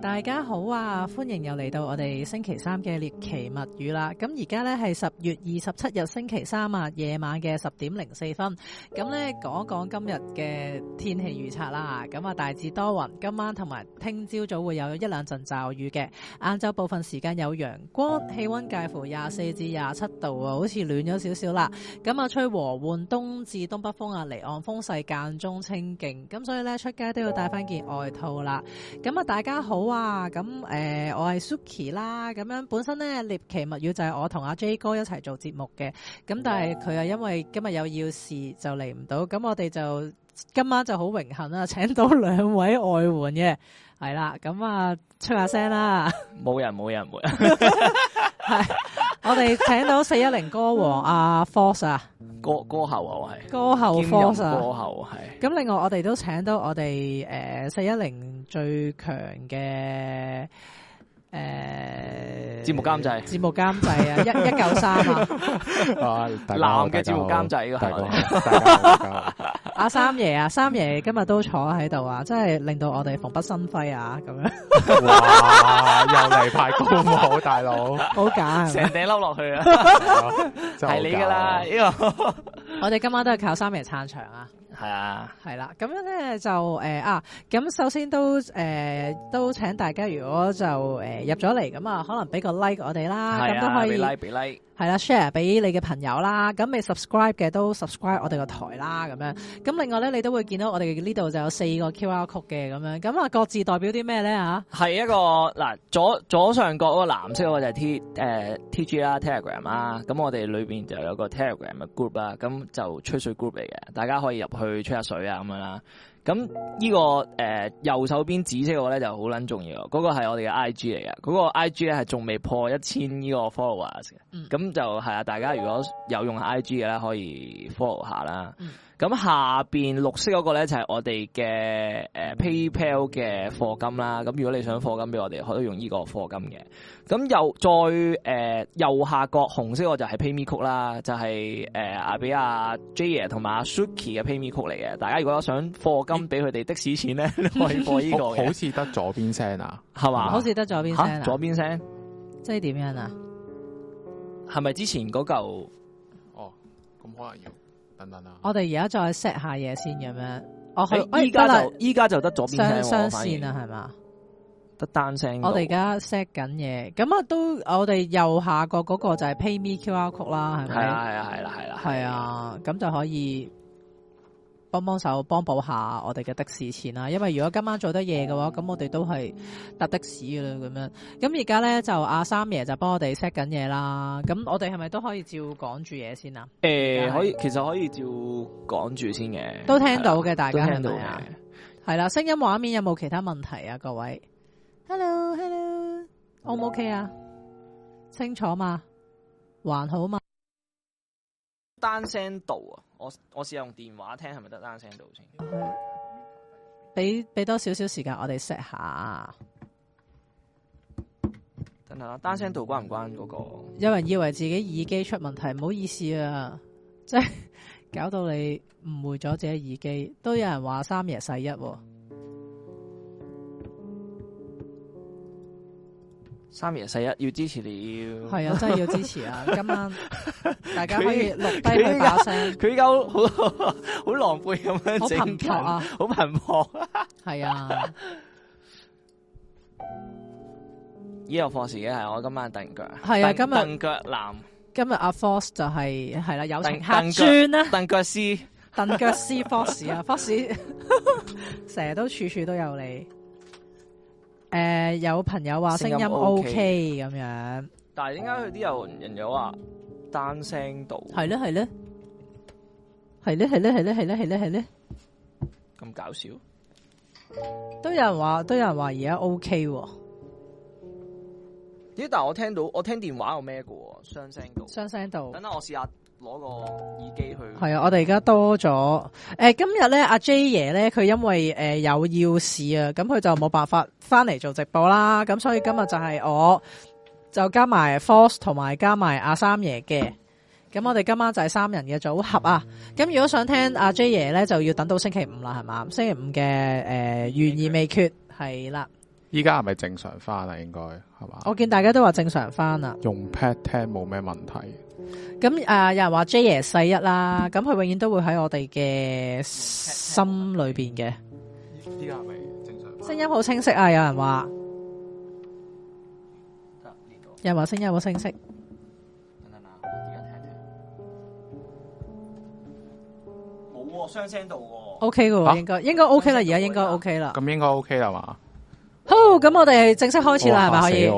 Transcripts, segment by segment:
大家好啊！歡迎又嚟到我哋星期三嘅獵奇物語啦。咁而家呢，係十月二十七日星期三啊，夜晚嘅十點零四分。咁呢，講一講今日嘅天氣預測啦。咁啊大致多雲，今晚同埋聽朝早會有一兩陣驟雨嘅。晏晝部分時間有陽光，氣溫介乎廿四至廿七度啊，好似暖咗少少啦。咁啊吹和緩東至東北風啊，離岸風勢間中清勁。咁所以呢，出街都要帶翻件外套啦。咁啊大家好。哇，咁誒、呃、我係 Suki 啦，咁樣本身咧《獵奇物語》就係我同阿 J 哥一齊做節目嘅，咁但係佢係因為今日有要事就嚟唔到，咁我哋就今晚就好榮幸啊請到兩位外援嘅，係啦，咁啊出下聲啦，冇人冇人冇人，係。 我哋請到四一零歌王阿、啊、Force 啊，歌歌后啊，係歌后 Force 啊，歌后係、啊。咁另外我哋都請到我哋誒四一零最強嘅誒、呃、節目監製，節目監製啊，一一九三啊，男嘅節目監製噶。阿三爺啊，三爺今日都坐喺度啊，真係令到我哋蓬蓽生輝啊，咁樣，哇， 又嚟派工喎，大佬，好 假，成地嬲落去啊，就係 你噶啦，呢個，我哋今晚都係靠三爺撐場啊，係啊，係啦，咁樣咧就誒啊，咁首先都誒、啊、都請大家如果就誒入咗嚟咁啊，可能俾個 like 我哋啦，咁都、啊、 可以。給 like，給 like 係啦，share 俾你嘅朋友啦，咁未 subscribe 嘅都 subscribe 我哋個台啦，咁樣。咁另外咧，你都會見到我哋呢度就有四個 QR 曲嘅咁樣。咁啊，各自代表啲咩咧吓？係一個嗱，左左上角嗰個藍色嗰個就係 T 誒、呃、T G 啦，Telegram 啦。咁、啊、我哋裏邊就有個 Telegram 嘅 group 啦、啊，咁就吹水 group 嚟嘅，大家可以入去吹下水啊咁樣啦、啊。咁呢、這個誒、呃、右手邊紫色個咧就好撚重要，嗰、那個係我哋嘅 I G 嚟嘅，嗰、那個 I G 咧係仲未破一千呢個 followers 嘅，咁、嗯、就係啊，大家如果有用 I G 嘅咧，可以 follow 下啦。嗯咁下邊綠色嗰個咧就係、是、我哋嘅誒、呃、PayPal 嘅課金啦，咁如果你想課金俾我哋，可以用呢個課金嘅。咁右再誒、呃、右下角紅色嗰個就係 PayMe Code 啦，就係誒阿俾阿 Jay 爺同埋阿 Suki 嘅 PayMe Code 嚟嘅。大家如果想課金俾佢哋的士錢咧，欸、 可以課呢個好。好似得左邊聲啊，係嘛吧？好似得左邊聲。吓、啊，左邊聲，即係點樣啊？係咪之前嗰嚿？哦，咁可能要。我哋而家再 set 下嘢先咁樣，我係依家就依家就得咗，聲，雙雙線啊，係嘛，得單聲。我哋而家 set 緊嘢，咁啊都我哋右下角嗰個就係 PayMe QR code 啦，係咪？係啊，係啦，係啦，係啊，咁就可以。幫幫手幫補下我哋嘅的，的士錢啦，因為如果今晚做得夜嘅話，咁我哋都係搭的士噶啦，咁樣。咁而家咧就阿三爺就幫我哋 set 緊嘢啦。咁我哋係咪都可以照講住嘢先啊？誒、欸，的可以，其實可以照講住先嘅。都聽到嘅，的大家聽到嘅。係啦的，聲音畫面有冇其他問題啊？各位，Hello，Hello，O 唔 OK 啊？清楚嘛？還好嘛。單聲道啊，我我試下用電話聽係咪得單聲道先。係。俾俾多少少時間我哋 set 下。等等，單聲道關唔關嗰個？有人以為自己耳機出問題，唔好意思啊，即係搞到你誤會咗自己耳機。都有人話三爺細一、啊。三月四一要支持你，係啊，真係要支持啊！今晚大家可以錄低佢叫聲，佢依家好好狼狽咁樣，好貧瘠啊，好貧瘠，係啊！呢個放士嘅係我今晚凳腳，係啊， 今日凳腳男，今日阿、啊、f o 就係係啦，友情客串啊。凳腳師，凳 腳師 f o 啊 f o 成日都處處都有你。誒、呃，有朋友話聲音 OK 咁、 OK，樣，但係點解佢啲有人有話單聲道？係咧係咧，係咧係咧係咧係咧係咧，咁搞笑都！都有人話都有人話而家 OK？咦、哦欸？但係我聽到我聽電話有咩嘅？雙聲道，雙聲道，等等我試下。攞個耳機去係啊！我哋而家多咗誒、欸，今日咧阿 J 爺咧佢，因為誒、呃、有要事啊，咁佢就冇辦法翻嚟做直播啦。咁所以今日就係我就加埋 Force 同埋加埋阿三爺嘅。咁我哋今晚就係三人嘅組合啊。咁、嗯、如果想聽阿 J 爺咧，就要等到星期五啦，係嘛？星期五嘅誒懸而未決係啦。依家係咪正常翻啊？應該係嘛？我見大家都話正常翻啊，用 pad 聽冇咩問題。咁誒、嗯呃，有人話 Jay 細一啦，咁佢永遠都會喺我哋嘅心裏邊嘅。呢個係咪正常？聲音好清晰啊！有人話，有人話聲音好清晰啊。冇喎，雙聲道喎。O K 嘅喎，應該應該 O K 啦，而家應該 O K 啦。咁應該 O K 啦嘛。好，咁我哋正式開始啦，係咪可以？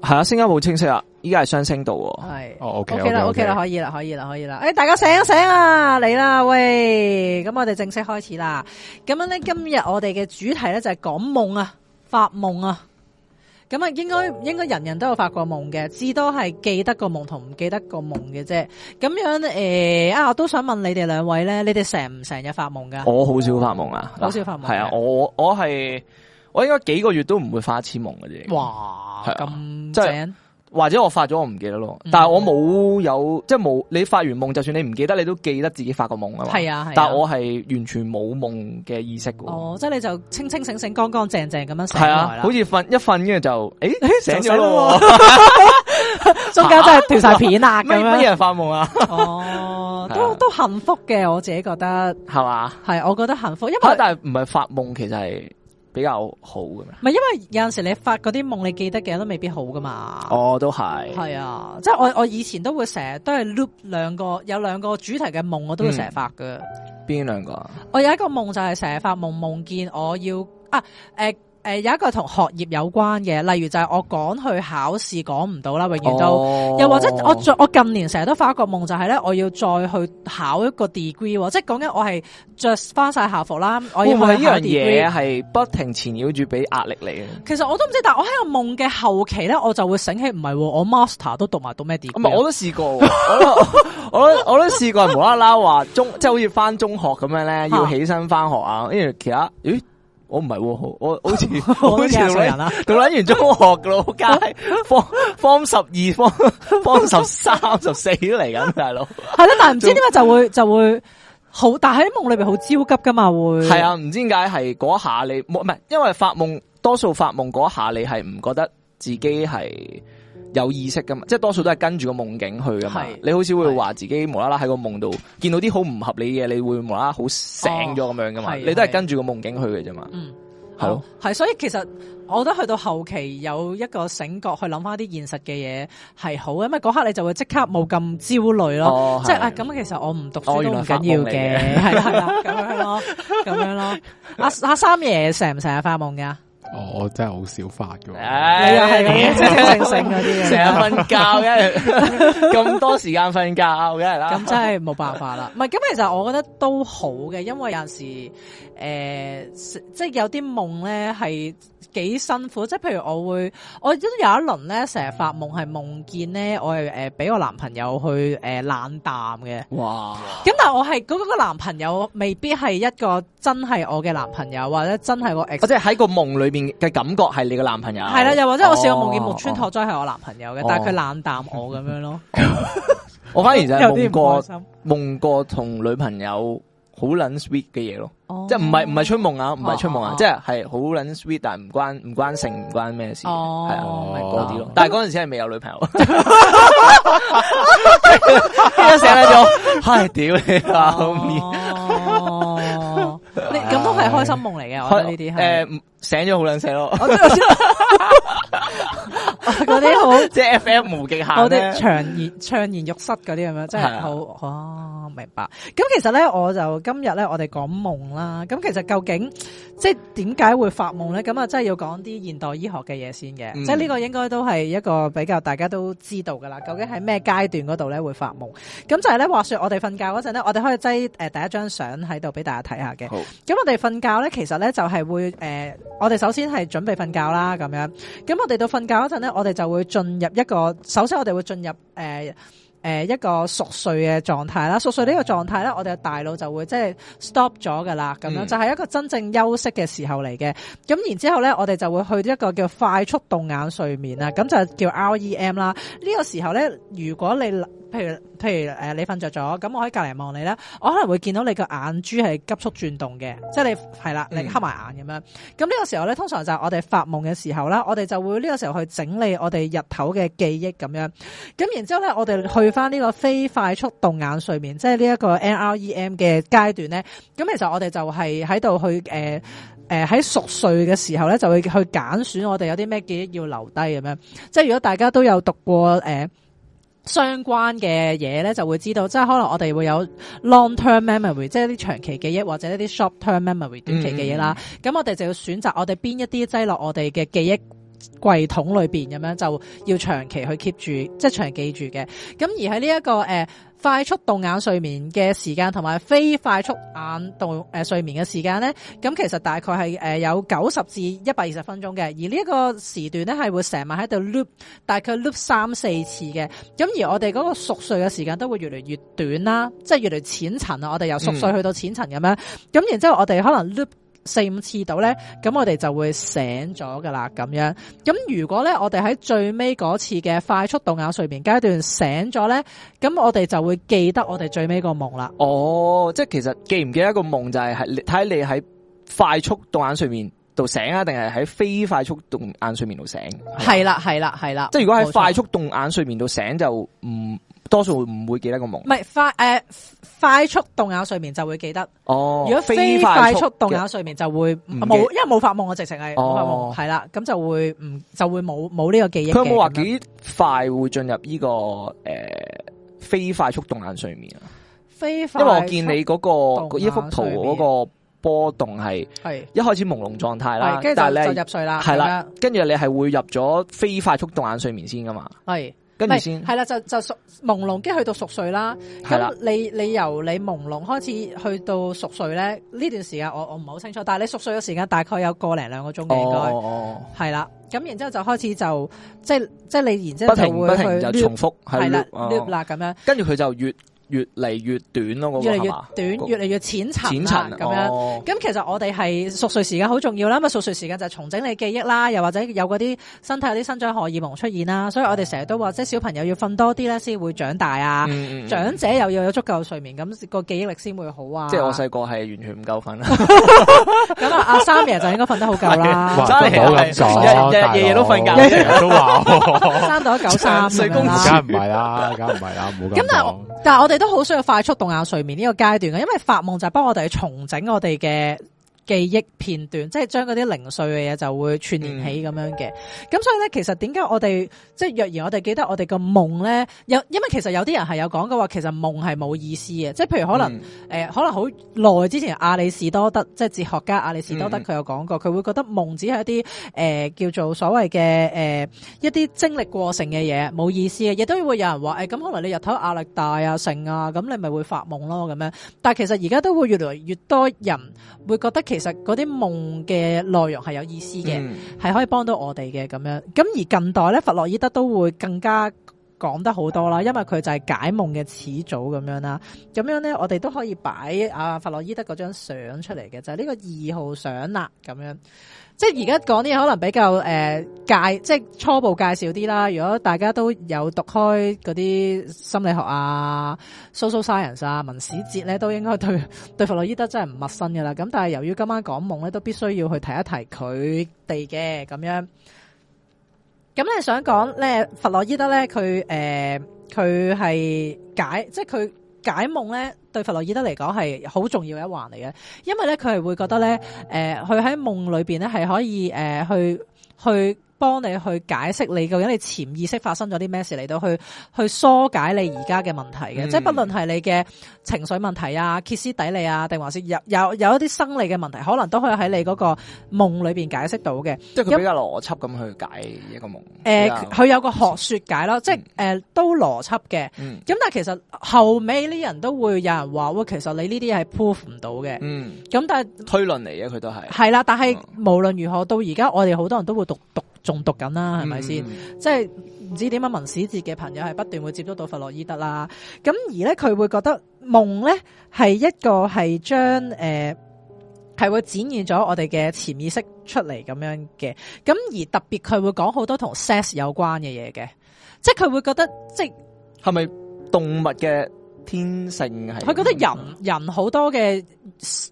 係啊，聲音好清晰啊！依家係雙聲道喎，係、哦是哦，OK 啦，OK 啦、okay, okay.，可以啦，可以啦，可以啦，誒，大家醒醒，醒啊，嚟啦，喂，咁我哋正式開始啦。咁樣咧，今日我哋嘅主題咧就係講夢啊，發夢啊。咁啊，哦、應該應該人人都有發過夢嘅，至多係記得個夢同唔記得個夢嘅啫。咁樣誒、呃，啊，我都想問你哋兩位咧，你哋成唔成日發夢噶？我好少發夢啊，好少發夢，係哇啊，啊，我我我係我應該幾個月都唔會發一次夢嘅啫。哇，咁正、啊。或者我發咗，我唔記得咯，但係我冇有，有即係冇。你發完夢，就算你唔記得，你都記得自己發個夢啊嘛。係啊，係、啊。但係我係完全冇夢嘅意識嘅。哦，即係你就清清，清，清光光正正醒醒、乾乾淨淨咁樣醒埋。係啊，好似瞓一瞓跟住就誒、欸欸、醒咗了咯。中間真係斷晒片 啊！咁咩咩人發夢啊？哦，都都幸福嘅，我自己覺得係嘛，係吧我覺得幸福，因為但係唔係發夢，其實係。比較好嘅咩？唔係，因為有陣時你發嗰啲夢，你記得嘅都未必好噶嘛。哦，都係。係啊，即係我我以前都會成日都係 loop 兩個，有兩個主題嘅夢，我都會成日發噶。嗯，邊兩個啊？我有一個夢就係成日發夢，夢見我要啊誒。呃誒，有一個係同學業有關嘅，例如就係我趕去考試，趕唔到啦，永遠都。又或者我我近年成日都發一個夢，就係咧，我要再去考一個 degree，即係講緊我係着翻晒校服啦，我要去考 degree。呢樣嘢係不停纏繞住俾壓力嚟？其實我都唔知，但係我喺個夢嘅後期咧，我就會醒起，唔係，我 master 都讀埋到咩 degree？我都試過，我我都試過無啦啦話中，即係好似翻中學咁樣咧，要起身翻學啊，因為其他咦？我唔係，我好似好似老人啊，讀捻完中學嘅老街，方 方十二，方方十， 方十三，十四嚟緊大佬，係 咯， 但係唔知點解就會 就會好，但喺夢裏邊好焦急噶嘛，會係啊，唔知點解係嗰下你，唔係因為發夢多數發夢嗰下你係唔覺得自己係。有意識噶嘛，即係多數都係跟住個夢境去噶嘛。是你好少會話自己無啦啦喺個夢度見到啲好唔合理嘅，你會無啦啦好醒咗咁樣噶嘛？哦、你都係跟住個夢境去嘅啫嘛。嗯，好。係、哦、所以其實我覺得去到後期有一個醒覺去諗翻啲現實嘅嘢係好，因為嗰刻你就會即刻冇咁焦慮咯。哦、即係啊，咁、哎、其實我唔讀書都唔緊要嘅，係啦，咁 樣咯，咁樣咯。阿阿、啊啊、三爺成唔成日發夢噶？哦、我真係好少發嘅，唉，係咁，靜性嗰啲，成日瞓覺嘅，咁多時間瞓覺梗係啦，咁 真係冇辦法啦。唔係， 咁其實我覺得都好嘅，因為有陣時。誒、呃，即係有啲夢咧係幾辛苦，即係譬如我會，我有一輪咧成日發夢，係夢見咧我係誒俾我男朋友去誒、呃、冷淡嘅。哇但我！咁但係我係嗰個男朋友未必係一個真係我嘅男朋友，或者真係個 ex，或者喺個夢裏面嘅感覺係你嘅男朋友。係啦，又或者我試過夢見木村拓哉係我男朋友嘅，哦、但係佢冷淡我咁樣咯。 我反而 有啲夢不 過夢過同女朋友。好撚 sweet 嘅嘢咯，即係唔係唔係春夢啊，唔係春夢啊，即係係好撚 sweet，但係唔關唔關性唔關咩事，係啊，嗰啲咯。但係嗰陣時係未有女朋友，醒咗，嗨，屌你啊！哦，你咁都係開心夢嚟嘅，我覺得呢啲係誒，醒咗好撚 sad 咯。嗰啲好即係 F.M. 無極限啲暢言暢言慾失嗰啲咁樣，真係好 哦，明白。咁其實咧，我就今日咧，我哋講夢啦。咁其實究竟即係點解會發夢咧？咁啊，真係要講啲現代醫學嘅嘢先嘅。嗯、即係呢個應該都係一個比較大家都知道噶啦。究竟喺咩階段嗰度咧會發夢？咁就係咧，話說我哋瞓覺嗰陣咧，我哋可以擠誒第一張相喺度俾大家睇下嘅。咁好我哋瞓覺咧，其實咧就係會誒、呃，我哋首先係準備瞓覺啦，咁樣。咁我哋到瞓覺嗰陣咧。我哋就會進入一個，首先我哋會進入誒誒、呃呃、一個熟睡嘅狀態啦，熟睡呢個狀態咧，我哋嘅大腦就會即係 stop 咗噶啦，咁樣就係、是、一個真正休息嘅時候嚟嘅。咁、嗯、然之後咧，我哋就會去一個叫快速動眼睡眠啊，咁就叫 REM 啦。呢個時候咧，如果你，譬如譬如誒，你瞓着咗，咁我喺隔籬望你咧，我可能會見到你個眼珠係急速轉動嘅，即係你係啦，你瞌埋眼咁樣。咁呢、嗯、個時候咧，通常就係我哋發夢嘅時候啦，我哋就會呢個時候去整理我哋日頭嘅記憶咁樣。咁然之後咧，我哋去翻呢個非快速動眼睡眠，即係呢一個 NREM 嘅階段咧。咁其實我哋就係喺度去誒誒喺熟睡嘅時候咧，就會去揀選我哋有啲咩記憶要留低咁樣、樣。即係如果大家都有讀過誒。呃呃相關嘅嘢咧，就會知道，即係可能我哋會有 long term memory，即係啲長期記憶，或者一啲 short term memory，短期嘅嘢啦。咁、嗯嗯、我哋就要選擇我哋邊一啲擠落我哋嘅記憶。櫃桶裏邊咁樣就要長期去 keep 住，即、就、係、是、長記住嘅。咁而喺呢一個誒、呃、快速動眼睡眠嘅時間同埋非快速眼動誒、呃呃、睡眠嘅時間咧，咁其實大概係誒有九十至一百二十分鐘嘅。而呢一個時段咧係會成晚喺度 loop，大概 loop 三四次嘅。咁而我哋嗰個熟睡嘅時間都會越嚟越短啦，即係越嚟淺層啊！我哋由熟睡去到淺層咁樣，咁、嗯、然之後我哋可能 loop。四五次到咧，咁我哋就會醒咗噶啦，咁樣。咁如果咧，我哋喺最尾嗰次嘅快速動眼睡眠階段醒咗咧，咁我哋就會記得我哋最尾個夢啦。哦，即係其實記唔記得一個夢就係係睇你喺快速動眼睡眠度醒啊，定係喺非快速動眼睡眠度、啊、醒？係啦，係啦，係啦。即係冇錯如果喺快速動眼睡眠度醒就唔。嗯多數會唔會記得個夢？唔係快誒，快速動眼睡眠就會記得。哦，如果非快速動眼睡眠就會冇，因為冇發夢嘅直情係冇發夢，係啦，咁就會唔就會冇冇呢個記憶嘅。佢有冇話幾快會進入呢個誒？非快速動眼睡眠啊？非，因為我見你嗰個呢幅圖嗰個波動係係一開始朦朧狀態啦，跟住你就入睡啦，係啦，跟住你係會入咗非快速動眼睡眠先噶嘛？係。唔係，係啦，就就熟朦朧，跟住去到熟睡啦。咁是的 你你由你朦朧開始去到熟睡咧，呢段時間我我唔係好清楚，但係你熟睡嘅時間大概有個零兩個鐘嘅應該，係啦、哦。咁然之後就開始就即即你然之後就會去不停不停就重複，係啦，loop 啦咁樣。跟住佢就越。越嚟越短咯，越嚟越短，越嚟越淺層，咁樣。咁其實我哋係熟睡時間好重要啦。咁啊熟睡時間就係重整你記憶啦，又或者有嗰啲身體有啲生長荷爾蒙出現啦。所以我哋成日都話，即係小朋友要瞓多啲咧，先會長大啊。長者又要有足夠睡眠，咁個記憶力先會好啊。即係我細個係完全唔夠瞓啦。咁啊阿 Sammy 就應該瞓得好夠啦。真係好咁日日夜夜都瞓晏，都話生到九三歲公子，梗唔係啊。梗唔係啦，唔好咁。但係我哋都。都好需要快速動眼睡眠呢個階段嘅，因為發夢就係幫我哋去重整我哋嘅。記憶片段，即係將嗰啲零碎嘅嘢就會串連起咁樣嘅。咁所以咧，其實點解我哋即係若然我哋記得我哋嘅夢咧？有因為其實有啲人係有講嘅話，其實夢係冇意思嘅。即係譬如可能誒，可能好耐之前，阿里士多德即係哲學家阿里士多德佢有講過，佢會覺得夢只係一啲誒叫做所謂嘅誒一啲精力過剩嘅嘢，冇意思嘅。亦都會有人話誒，咁可能你日頭壓力大啊，成啊，咁你咪會發夢咯咁樣。但係其實而家都會越來越多人會覺得其實嗰啲夢嘅內容係有意思嘅，係、嗯、可以幫到我哋嘅咁樣。咁而近代咧，弗洛伊德都會更加講得好多啦，因為佢就係解夢嘅始祖咁樣啦。咁樣咧，我哋都可以擺阿、啊、弗洛伊德嗰張相出嚟嘅，就係呢個二號相啦，咁樣。即係而家講啲嘢，可能比較誒介、呃，即係初步介紹啲啦。如果大家都有讀開嗰啲心理學啊、social science 啊、文史哲咧，都應該對對弗洛伊德真係唔陌生噶啦。咁但係由於今晚講夢咧，都必須要去提一提佢哋嘅咁樣。咁咧想講咧，弗洛伊德咧，佢誒佢係解，即係佢。解夢咧，對弗洛伊德嚟講係好重要嘅一環嚟嘅，因為咧佢係會覺得咧，誒、呃，佢喺夢裏邊咧係可以誒去、呃、去。去幫你去解釋你究竟你潛意識發生咗啲咩事嚟，到去去疏解你而家嘅問題嘅，即係不論係你嘅情緒問題啊、歇斯底里啊，定還是有有有一啲生理嘅問題，可能都可以喺你嗰個夢裏邊解釋到嘅。即係佢比較邏輯咁去解一個夢。誒，佢有個學說解咯，即係誒都邏輯嘅。咁但係其實後尾呢人都會有人話：，哇，其實你呢啲係 prove 唔到嘅。嗯。咁但係推論嚟嘅，佢都係係啦。但係無論如何，到而家我哋好多人都會讀讀。仲讀緊啦，係咪先？ 即係唔知點解文史哲嘅朋友係不斷會接觸到弗洛伊德啦。咁而咧，佢會覺得夢咧係一個係將誒係、呃、會展現咗我哋嘅潛意識出嚟咁樣嘅。咁而特別佢會講好多同 sex 有關嘅嘢嘅，即係佢會覺得即係係咪動物嘅？天性係，佢覺得人人好多嘅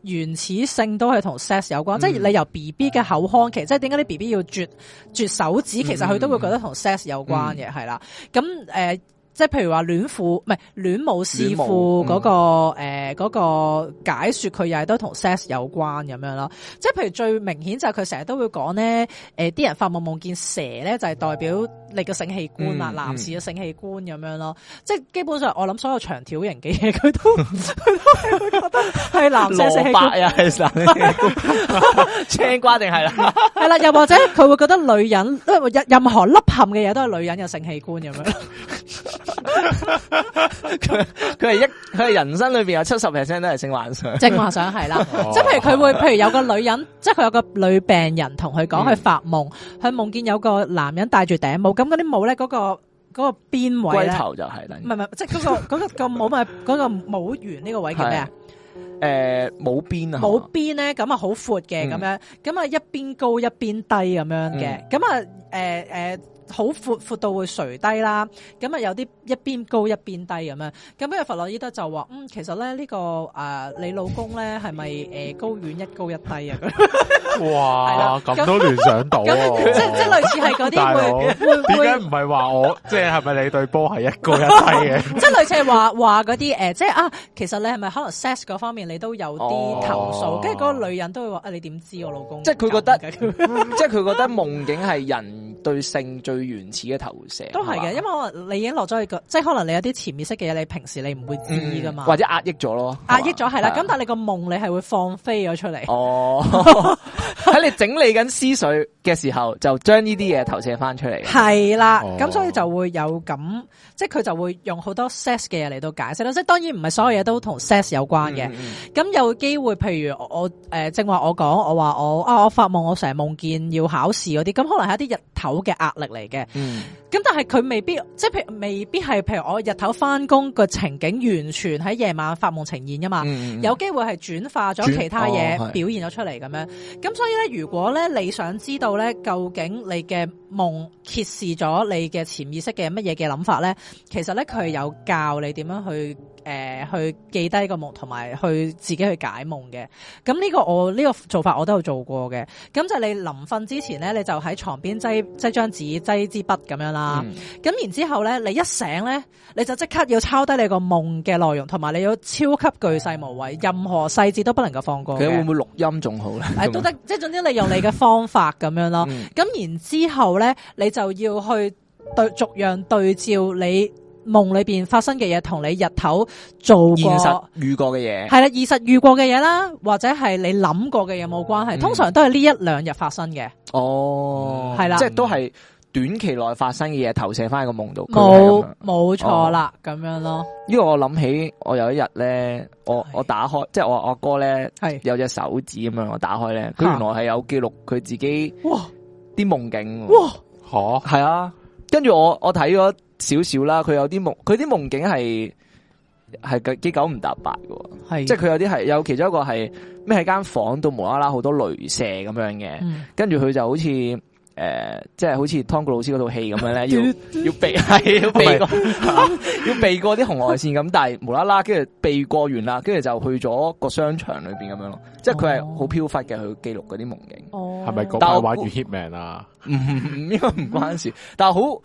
原始性都係同 sex 有關，嗯、即係你由 B B 嘅口腔期、嗯、其實即係點解啲 B B 要啜啜手指，其實佢都會覺得同 sex 有關嘅，係啦、嗯，咁、嗯、誒。即係譬如話戀父唔係戀母師父嗰個誒、嗯呃，嗰個解說佢又係都同 sex 有關咁樣咯。即係譬如最明顯就係佢成日都會講咧，誒、呃、啲人發夢夢見蛇咧就係代表你個性器官啊，嗯嗯、男士嘅性器官咁樣咯。即係基本上我諗所有長條形嘅嘢佢都佢 都係會覺得係男性性器官，啊、 青瓜定係啦，係啦， 又或者佢會覺得女人任、呃、任何凹陷嘅嘢都係女人嘅性器官咁樣。 佢佢係一佢係人生裏邊有七十 percent 都係性幻想，正幻想係啦。 即係譬如佢會，譬如有個女人，即係佢有個女病人同佢講，佢發夢，佢夢見有個男人戴住頂帽，咁嗰啲帽咧、嗰個、嗰、嗰個嗰、嗰個邊位咧，唔係唔係，即係嗰個個、嗰個帽咪嗰個帽緣呢個位叫咩啊？誒，呃、邊帽邊啊，帽邊咧，咁啊好闊嘅，咁樣咁啊一邊高一邊低咁樣嘅，咁啊誒誒。呃呃呃好闊闊到會垂低啦，咁啊有啲一邊高一邊低咁樣，咁因為弗洛伊德就話，嗯其實咧呢、這個誒、呃、你老公咧係咪誒睾丸一高一低啊？哇，咁 的都聯想到、啊， 即即，即類似係嗰啲會點解唔係話我， 即係咪你對波係一高一低嘅？ 即類似係話話嗰啲誒，即啊其實你係咪可能 sex 嗰方面你都有啲投訴？跟住嗰個女人都會話、啊、你點知我老公？ 即佢覺得， 即佢覺得夢境係人對性最最原始嘅投射都係嘅，因為我你已經落咗去個，即係可能你有啲潛意識嘅嘢，你平時你唔會知噶嘛，或者壓抑咗咯，壓抑咗係啦，咁但係你個夢你係會放飛咗出嚟，哦，喺你整理緊思緒嘅時候，就將呢啲嘢投射翻出嚟。係啦，咁所以就會有咁，即係佢就會用好多 sex 嘅嘢嚟到解釋啦。即係當然唔係所有嘢都同 sex 有關嘅，咁有機會，譬如我誒正話我講，我話我啊，我發夢我成日夢見要考試嗰啲，咁可能係一啲日頭嘅壓力嚟。嚟嘅，咁、嗯、但係佢未必，即係，未必係，譬如我日頭返工個情景，完全喺夜晚發夢呈現噶嘛，嗯、有機會係轉化咗其他嘢，哦，表現咗出嚟，咁樣。咁所以咧，如果咧你想知道咧，究竟你嘅夢揭示咗你嘅潛意識嘅乜嘢嘅諗法咧，其實咧佢有教你點樣去。誒、呃，去記低個夢，同埋去自己去解夢嘅。咁呢個我呢、這個做法我都有做過嘅。咁就你臨瞓之前咧，你就喺床邊擠擠張紙，擠支筆咁樣啦。咁、嗯、然之後咧，你一醒咧，你就即刻要抄低你個夢嘅內容，同埋你要超級巨細無遺，任何細節都不能夠放過。其實會唔會錄音仲好咧？ 都得，即係總之你用你嘅方法咁樣咯。咁、嗯嗯、然之後咧，你就要去對逐,逐樣對照你。夢裏邊發生嘅嘢同你日頭做過現實遇過嘅嘢係啦，現實遇過嘅嘢啦，或者係你諗過嘅嘢冇關係，通常都係呢一兩日發生嘅。哦，係啦、嗯，了即係都係短期內發生嘅嘢投射翻喺個夢度。冇冇錯啦，咁樣咯。嗯、因為我諗起我有一日咧，我、嗯、我打開，即係我阿哥咧，係是有隻手指咁樣，我打開咧，佢原來係有記錄佢自己哇啲夢境。哇，吓，係啊。跟住我，我睇咗少少啦，佢有啲夢，佢啲夢境係係幾九唔搭八嘅，是的 即係佢有啲係有其中一個係咩喺間房度無啦啦好多鐳射咁樣嘅，跟住佢就好似。誒、呃，即係好似湯古老師嗰套戲咁樣咧， 要 要避係， 要避過，要避過啲紅外線咁。但係無啦啦，跟住避過完啦，跟住就去咗個商場裏邊咁樣咯。即係佢係好飄忽嘅，去記錄嗰啲夢境。哦我，係咪嗰排玩越 Hitman 啊？唔，呢個唔關事，但係好。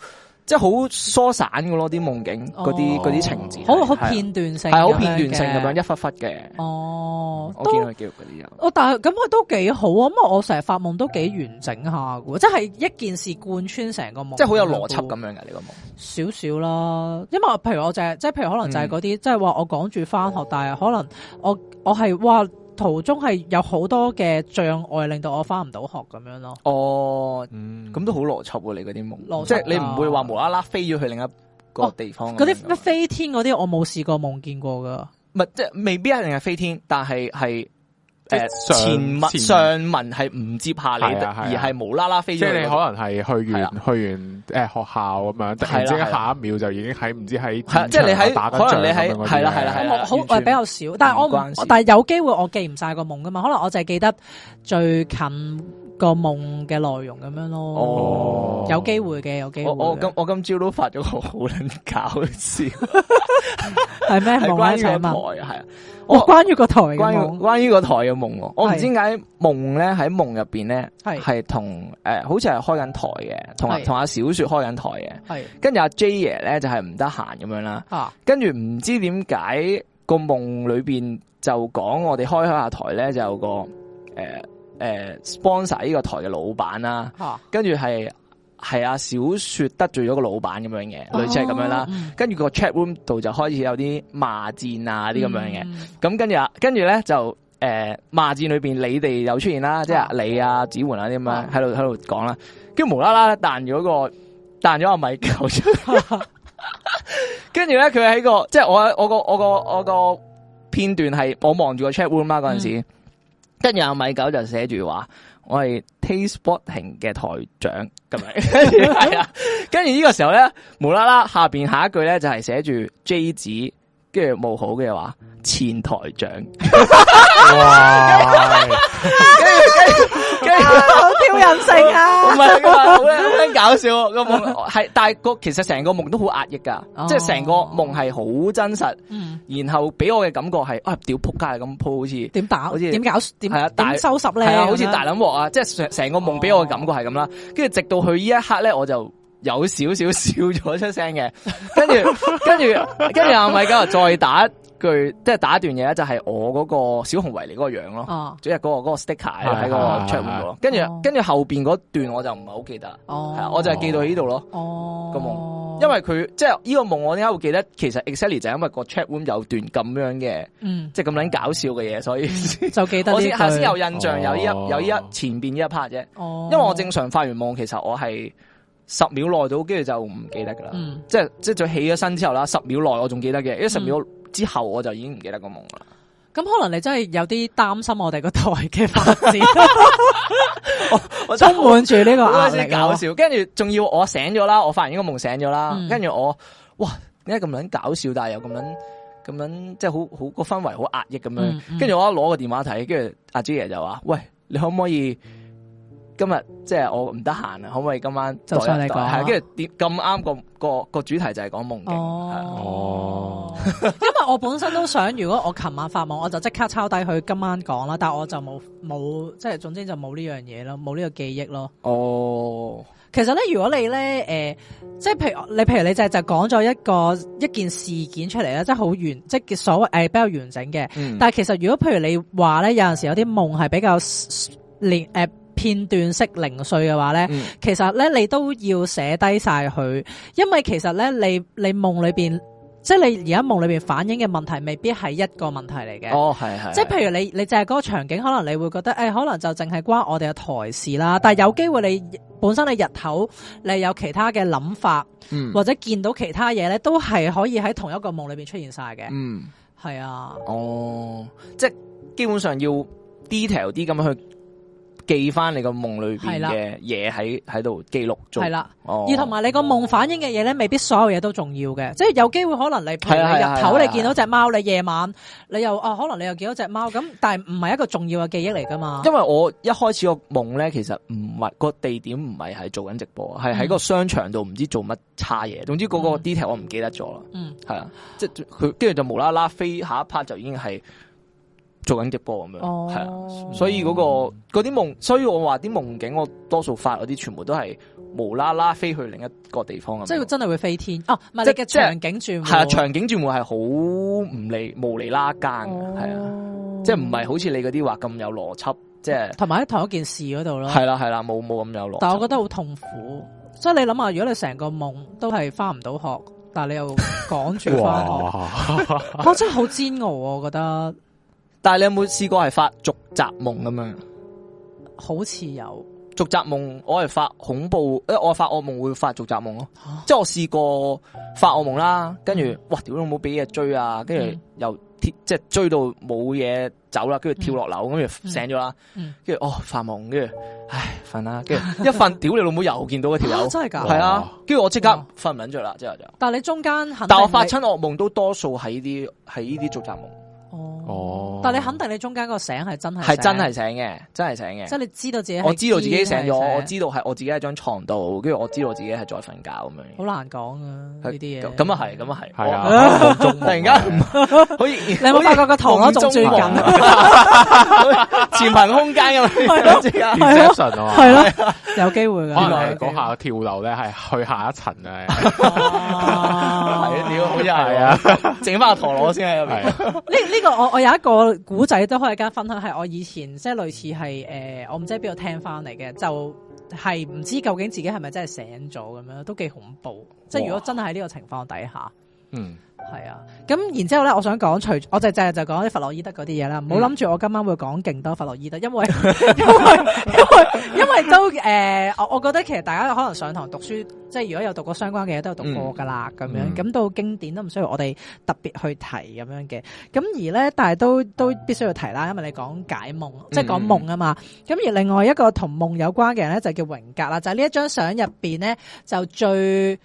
即係好疏散嘅咯，啲夢境、嗰啲啲情節，好好片段性，係好片段性咁樣的一忽忽嘅。哦、嗯，我見到佢叫嗰啲人。哦都，但係咁佢都幾好啊！咁我成日發夢都幾完整下嘅，即係一件事貫穿成個夢，即係好有邏輯咁樣嘅呢個夢。少少啦，因為譬如我就係即係譬如可能就係嗰啲，嗯、即係話我講住返學，但係可能我我係話。途中係有好多嘅障礙令，令到我翻唔到學咁樣咯。哦，咁都好邏輯喎、啊！你嗰啲夢，啊、即係你唔會話無啦啦飛咗去另一個地方。嗰啲乜飛天嗰啲，我冇試過夢見過噶。唔係，即係未必一定係飛天，但係係。即前物上文係唔接下你，而係無啦啦飛出嚟。即係你可能係去完去完誒學校咁樣，突然之間下一秒就已經喺唔知喺即係你喺可能你喺係啦係啦係啦，好誒比較少。但係我唔但係有機會我記唔晒個夢噶嘛？可能我就係記得最近個夢嘅內容咁樣咯。哦，有機會嘅有機會。我今我今朝都發咗個好撚搞笑嘅事。係咩？係關於彩夢啊？係啊。我關於個台有有關於，關於關於個台嘅夢，啊，是的 我唔知點解夢咧喺夢入邊咧係同誒，好似係開緊台嘅，同同阿小雪開緊台嘅，跟住阿 J 爺咧就係唔得閒咁樣啦，跟住唔知點解，個夢裏邊就講我哋開開下台咧，就有個誒誒 sponsor 呢個台嘅老闆啦，跟住係。係啊，小說得罪咗個老闆咁樣嘅，類似係咁樣啦。跟住、oh, 個 chat room 度就開始有啲罵戰啊啲咁樣嘅。咁跟住啊，跟住咧就誒罵戰裏邊，你哋又出現啦，即係你啊子煥啊啲咁樣喺度喺度講啦。跟住無啦啦彈咗個彈咗 個米球出嚟，跟住咧佢喺個即係我我個我個我個片段係我望住個 chat room 啊嗰陣時，跟住阿米九就寫住話：我係 Taste Boxing 嘅台長。咁樣，係啊， 跟住呢個時候咧，無啦啦下邊下一句咧就係寫住 J 字，跟住冇好嘅話，前台長。 哇 好任性啊！ 唔係好咧，好搞笑個夢係，但係個其實成個夢都好壓抑噶，oh、即係成個夢係好真實，oh、然後俾我嘅感覺係啊，屌仆街咁鋪，好似點打，好似點搞，點係啊，大收拾咧，係啊，好似大撚鑊啊，即係成成個夢俾我嘅感覺係咁啦。跟住、oh、直到佢呢一刻咧，我就有少少，少笑咗出聲嘅，跟住跟住跟住阿咪，哥又再，再打。再打再打佢即係打段嘢咧，就係我嗰個小熊維尼嗰個樣咯，即係嗰個個 sticker 喺個 chat room 度，跟住跟住後邊嗰段我就唔係好記得，係我就係記到呢度咯個夢，因為佢即係呢個夢我點解會記得，其實 exactly 就因為個 chat room 有段咁樣嘅，即係咁捻搞笑嘅嘢，所以就記得我頭先有印象有呢一有呢一前邊呢一 part 啫，因為我正常發完夢其實我係十秒內到，跟住就唔記得噶啦，即係即係再起咗身之後啦，十秒內我仲記得嘅，因為十秒。之後我就已經唔記得個夢啦。咁、嗯、可能你真係有啲擔心我哋個台嘅發展，我充滿住呢個。搞笑，跟住仲要我醒咗啦，我發現呢個夢醒咗啦。跟住、嗯、我，哇！點解咁捻搞笑，但係又咁捻咁捻，即係好好個氛圍好壓抑咁樣。跟住我一攞個電話睇，跟住阿 Jie 就話，喂，你可唔可以今日即係我唔得閒啊？可唔可以今晚就說？就上你講。係跟住點咁啱個個個，個主題就係講夢境。嗯、哦。 因為我本身都想，如果我琴晚發夢，我就即刻抄低佢今晚講啦。但我就冇冇，即係總之就冇呢樣嘢咯，冇呢個記憶咯。哦，其實咧，如果你咧，誒、呃，即係譬,譬,譬如你譬如你就係就講咗一個一件事件出嚟咧，即係好完，即係所謂誒、呃、比較完整嘅。嗯、但係其實如果譬如你話咧，有陣時有啲夢係比較連誒、呃、片段式零碎嘅話咧，嗯、其實咧你都要寫低晒佢，因為其實咧你你夢裏邊。即係你而家夢裏邊反映嘅問題，未必係一個問題嚟嘅。哦，係係。即係譬如你，你就係嗰個場景，可能你會覺得，誒、哎，可能就淨係關我哋嘅台事啦。嗯、但係有機會你本身你日頭你有其他嘅諗法，嗯、或者見到其他嘢咧，都係可以喺同一個夢裏邊出現晒嘅。嗯，係啊。哦，即係基本上要 detail 啲咁樣去。記翻你個夢裏邊嘅嘢喺喺度記錄咗，係啦了，哦、而同埋你個夢反映嘅嘢咧，未必所有嘢都重要嘅，即係有機會可能你日頭你見到隻貓，你夜晚你又啊、哦、可能你又見到隻貓，咁但係唔係一個重要嘅記憶嚟噶嘛？因為我一開始個夢咧，其實唔係個地點，唔係係做緊直播，係喺個商場度唔知做乜差嘢，嗯、總之嗰個 detail 我唔記得咗啦。嗯，係啊，即係佢跟住就無啦啦飛下一 part 就已經係。做緊直播咁樣，係啊、哦，所以嗰、嗰個嗰啲夢，所以我話啲夢境我多數發嗰啲，全部都係無啦啦飛去另一個地方啊！即係真係會飛天哦，唔係你嘅場景轉換係啊，場景轉換係好唔理無厘啦更嘅，係啊、哦，即係唔係好似你嗰啲話咁有邏輯，即係同埋喺同一件事嗰度咯，係啦係啦，冇冇咁有邏輯，但係我覺得好痛苦，所以你諗下，如果你成個夢都係翻唔到學，但係你又趕住翻學，我 哇 、喔、真係好煎熬，我覺得。但係你有冇試過係發續集夢咁樣？好似有續集夢，我係發恐怖，因為我發噩夢會發續集夢咯。啊、即係我試過發噩夢啦，跟住、嗯、哇，屌你老母俾嘢追啊！跟住又即係追到冇嘢走啦，跟住跳落樓咁，就醒咗啦。跟住、嗯嗯、哦，發夢，跟住唉瞓啦，跟住一瞓，屌你老母又見到嗰條友，真係㗎，係哇啊！跟住我即刻瞓唔緊着啦，之後就。但係你中間，但我發親噩夢都多數喺呢啲，喺呢啲續集夢。哦。哦！但你肯定你中間個醒係真係係真係醒嘅，真係醒嘅。即係你知道自己，我知道自己醒咗，我知道係我自己喺張床度，跟住我知道自己係在瞓覺咁樣。好難講啊呢啲嘢，咁啊係，咁啊係，係啊！突然間你冇發覺個陀螺仲轉緊？前頻空間咁樣，係咯，係咯，有機會嘅。講下跳樓咧，係去下一層嘅。係啊，屌，好似係啊，整翻個陀螺先喺入面。呢呢個我。我有一個古仔都可以加分享，係我以前即係類似係誒、呃，我唔知喺邊度聽翻嚟嘅，就係、是、唔知究竟自己係咪真係醒咗咁樣，都幾恐怖。即係哇 如果真係喺呢個情況底下，嗯。係啊，咁然之後咧，我想講除，我就淨係就講啲弗洛伊德嗰啲嘢啦。唔好諗住我今晚會講勁多弗洛伊德，因為 因為因為因為都誒、呃，我我覺得其實大家可能上堂讀書，即係如果有讀過相關嘅嘢，都有讀過噶啦，咁、嗯、樣咁到經典都唔需要我哋特別去提咁樣嘅。咁而咧，但係都都必須要提啦，因為你講解夢，嗯、即係講夢啊嘛。咁而另外一個同夢有關嘅人咧，就叫榮格啦。就呢、係、一張相入邊咧，就最。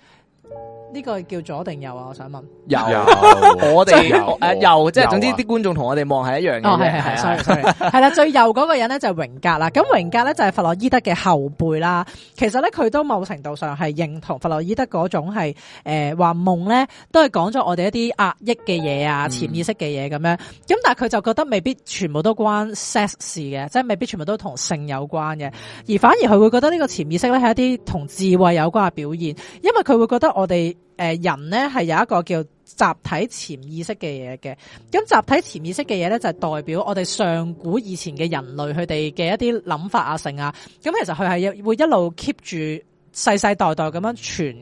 呢個叫左定右啊？我想問，右有？ 我哋誒有，右即係總之啲觀眾同我哋望係一樣嘅、哦，係係係，係啦， 最右嗰個人咧就係榮格啦。咁 榮格咧就係弗洛伊德嘅後輩啦。其實咧佢都某程度上係認同弗洛伊德嗰種係誒、話夢咧都係講咗我哋一啲壓抑嘅嘢啊，潛意識嘅嘢咁樣。咁但係佢就覺得未必全部都關 sex 事嘅，即係未必全部都同性有關嘅，而反而佢會覺得呢個潛意識咧係一啲同智慧有關嘅表現，因為佢會覺得我哋。誒，人咧係有一個叫集體潛意識嘅嘢嘅，咁集體潛意識嘅嘢咧就係代表我哋上古以前嘅人類佢哋嘅一啲諗法啊，成啊，咁其實佢係會一路 keep 住世世代代咁樣傳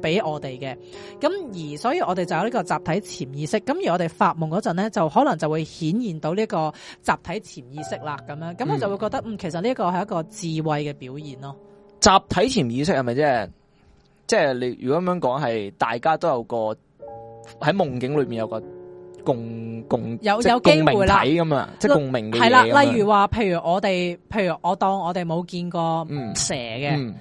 俾我哋嘅，咁而所以我哋就有呢個集體潛意識，咁而我哋發夢嗰陣咧，就可能就會顯現到呢個集體潛意識啦，咁樣，咁我就會覺得，嗯，嗯，其實呢個係一個智慧嘅表現咯。集體潛意識係咪啫？即係你如果咁樣講，係大家都有個喺夢境裏面有個共共有共體有機會啦，咁啊，即係共鳴。係啦，例如話，譬如我哋，譬如我當我哋冇見過蛇嘅，嗯嗯、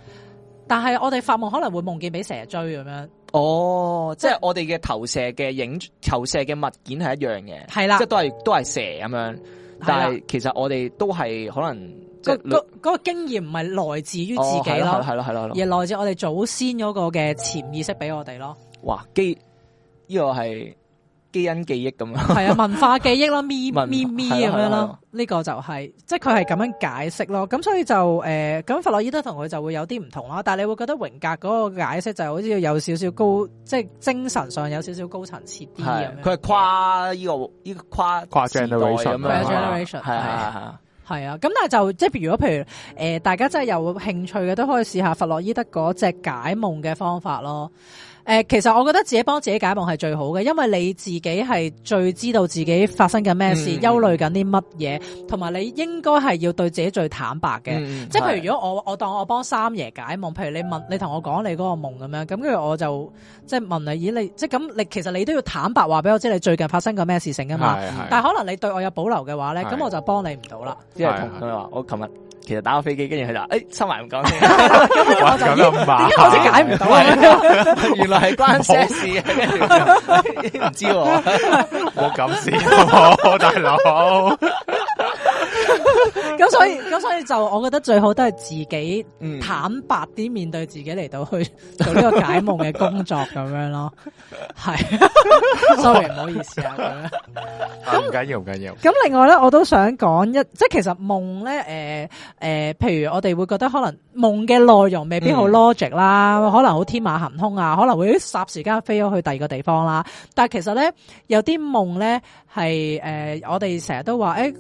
但係我哋發夢可能會夢見俾蛇追咁樣。哦，是即係我哋嘅投射嘅影，投射嘅物件係一樣嘅，係啦了，即係都係都係蛇咁樣。但係其實我哋都係可能。個個嗰個經驗唔係來自於自己咯，係咯，係咯而來自我哋祖先嗰個嘅潛意識俾我哋咯。哇！基呢個係基因記憶咁樣，係啊，文化記憶咯，咪咪咪咁樣咯，呢個就係即係佢係咁樣解釋咯。咁所以就誒咁，弗洛伊德同佢就會有啲唔同咯。但係你會覺得榮格嗰個解釋就好似有少少高，即係精神上有少少高層次啲咁樣。佢係跨呢個呢個跨跨世代咁樣，係啊，係啊。係啊，咁、嗯、但係就即係，如果譬如誒、呃，大家真係有興趣嘅，都可以試下弗洛伊德嗰隻解夢嘅方法咯。誒、呃，其實我覺得自己幫自己解夢係最好嘅，因為你自己係最知道自己發生緊咩事，嗯、憂慮緊啲乜嘢，同埋你應該係要對自己最坦白嘅。嗯、即係譬如如果我我當我幫三爺解夢，譬如你問你同我講你嗰個夢咁樣，咁跟住我就即係問你，咦，你即係咁你其實你都要坦白話俾我知你最近發生過咩事情啊嘛。嗯、但係可能你對我有保留嘅話咧，咁、嗯、是我就幫你唔到啦。即係同佢話，我琴日。其實打個飛機，跟住佢就誒、欸、收埋唔講嘢，咁又唔啱，欸、我先解唔到， 原來係關 size 事。 z e 事，唔知我冇咁事， 大佬。咁 所以，咁所以就我覺得最好都係自己坦白啲面對自己嚟到，去做呢個解夢嘅工作咁樣咯。係 ，sorry，唔好意思啊。咁唔緊要，唔緊要。咁另外咧，我都想講一，即係其實夢咧，誒、呃、誒、呃，譬如我哋會覺得可能夢嘅內容未必好 logic 啦，嗯、可能好天馬行空啊，可能會霎時間飛咗去第二個地方啦。但係其實咧，有啲夢咧係誒，我哋成日都話誒。欸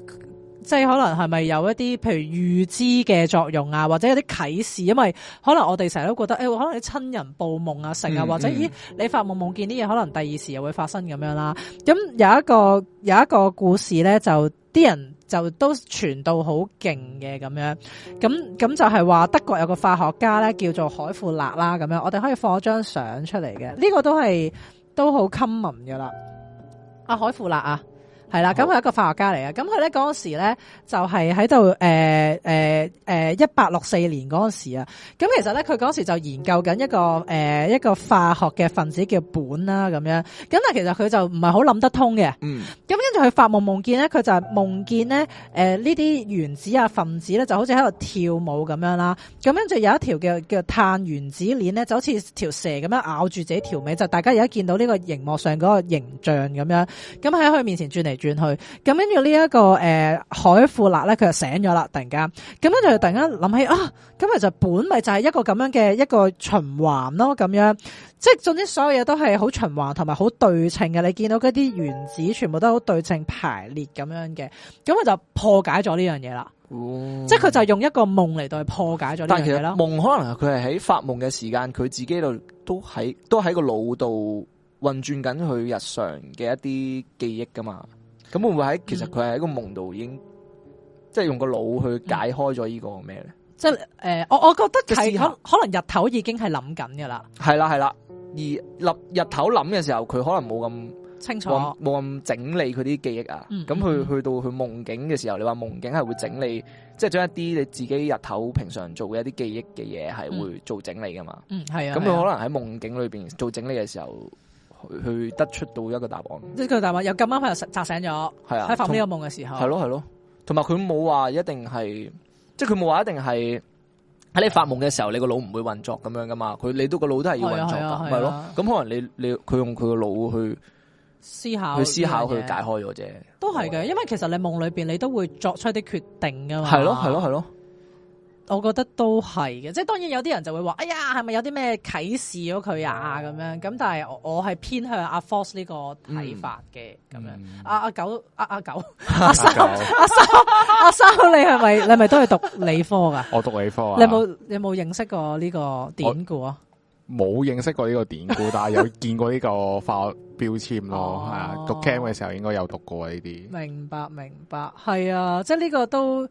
即係可能係咪有一啲譬如預知嘅作用啊，或者有啲啟示，因為可能我哋成日都覺得誒、哎，可能你親人報夢啊，成啊，或者、嗯嗯、咦，你發夢夢見啲嘢，可能第二時又會發生咁樣啦。咁有一個有一個故事咧，就啲人就都傳到好勁嘅咁樣。咁咁就係話德國有個化學家咧，叫做海富勒啦。咁樣我哋可以放一張相出嚟嘅，呢、這個都係都好襟聞嘅啦。阿、啊、海富勒啊！係啦，咁佢係一個化學家嚟嘅。咁佢咧嗰陣時咧就係喺度誒誒誒一八六四年嗰陣時啊，咁其實咧佢嗰陣時就研究緊一個誒、呃、一個化學嘅分子叫苯啦咁樣，咁但其實佢就唔係好諗得通嘅。嗯，咁跟住佢發夢夢見咧，佢就係夢見咧誒呢啲原子啊分子咧就好似喺度跳舞咁樣啦，咁跟住有一條叫叫碳原子鏈咧就好似條蛇咁樣咬住自己條尾，就大家而家見到呢個熒幕上嗰個形象咁樣，咁喺佢面前轉嚟轉去咁，跟住，這個呃、呢一個誒海富勒咧，佢就醒咗啦。突然間，咁樣就突然間諗起啊，咁咪就本咪就係一個咁樣嘅一個循環咯。咁樣，即係總之所有嘢都係好循環同埋好對稱嘅。你見到嗰啲原子全部都好對稱排列咁樣嘅，咁佢就破解咗呢樣嘢啦。嗯、即係佢就用一個夢嚟到去破解咗呢樣嘢啦。夢可能佢係喺發夢嘅時間，佢自己度都喺都喺個腦度運轉緊佢日常嘅一啲記憶噶嘛。咁會唔會喺其實佢係喺個夢度已經，即係用個腦去解開咗呢個咩咧？即係誒，我我覺得其實可可能日頭已經係諗緊噶啦。係啦係啦，而立日頭諗嘅時候，佢可能冇咁清楚，冇咁整理佢啲記憶啊。咁佢去到佢夢境嘅時候，你話夢境係會整理，即係將一啲你自己日頭平常做嘅一啲記憶嘅嘢係會做整理噶嘛？嗯，係啊。咁佢可能喺夢境裏邊做整理嘅時候。去得出到一個答案，即係佢個答案又咁啱喺度扎醒咗，係啊，喺發呢個夢嘅時候。係咯係咯，同埋佢冇話一定係，即係佢冇話一定係喺你發夢嘅時候，你個腦唔會運作咁樣噶嘛。佢你都個腦都係要運作噶，係咯。咁可能你你佢用佢個腦去思考，去思考去解開咗啫。都係嘅，因為其實你夢裏邊你都會作出一啲決定噶嘛。係咯係咯係咯。我覺得都係嘅，即係當然有啲人就會話，哎呀，係咪有啲咩啟示咗佢呀？咁、哦、樣咁，但係我係偏向阿 Force 呢個睇法嘅咁、嗯、樣。阿、啊、阿、啊、九，阿、啊、阿、啊、九，阿、啊、三，阿、啊九 啊、三，阿、啊、三，你係咪你係咪都係讀理科㗎？ 我讀理科啊！你有冇有冇認識過呢個典故啊？冇認識過呢個典故，但係有見過呢個化學標籤咯。係 啊，讀 chem 嘅時候應該有讀過呢啲。明白，明白，係啊，即係呢個都。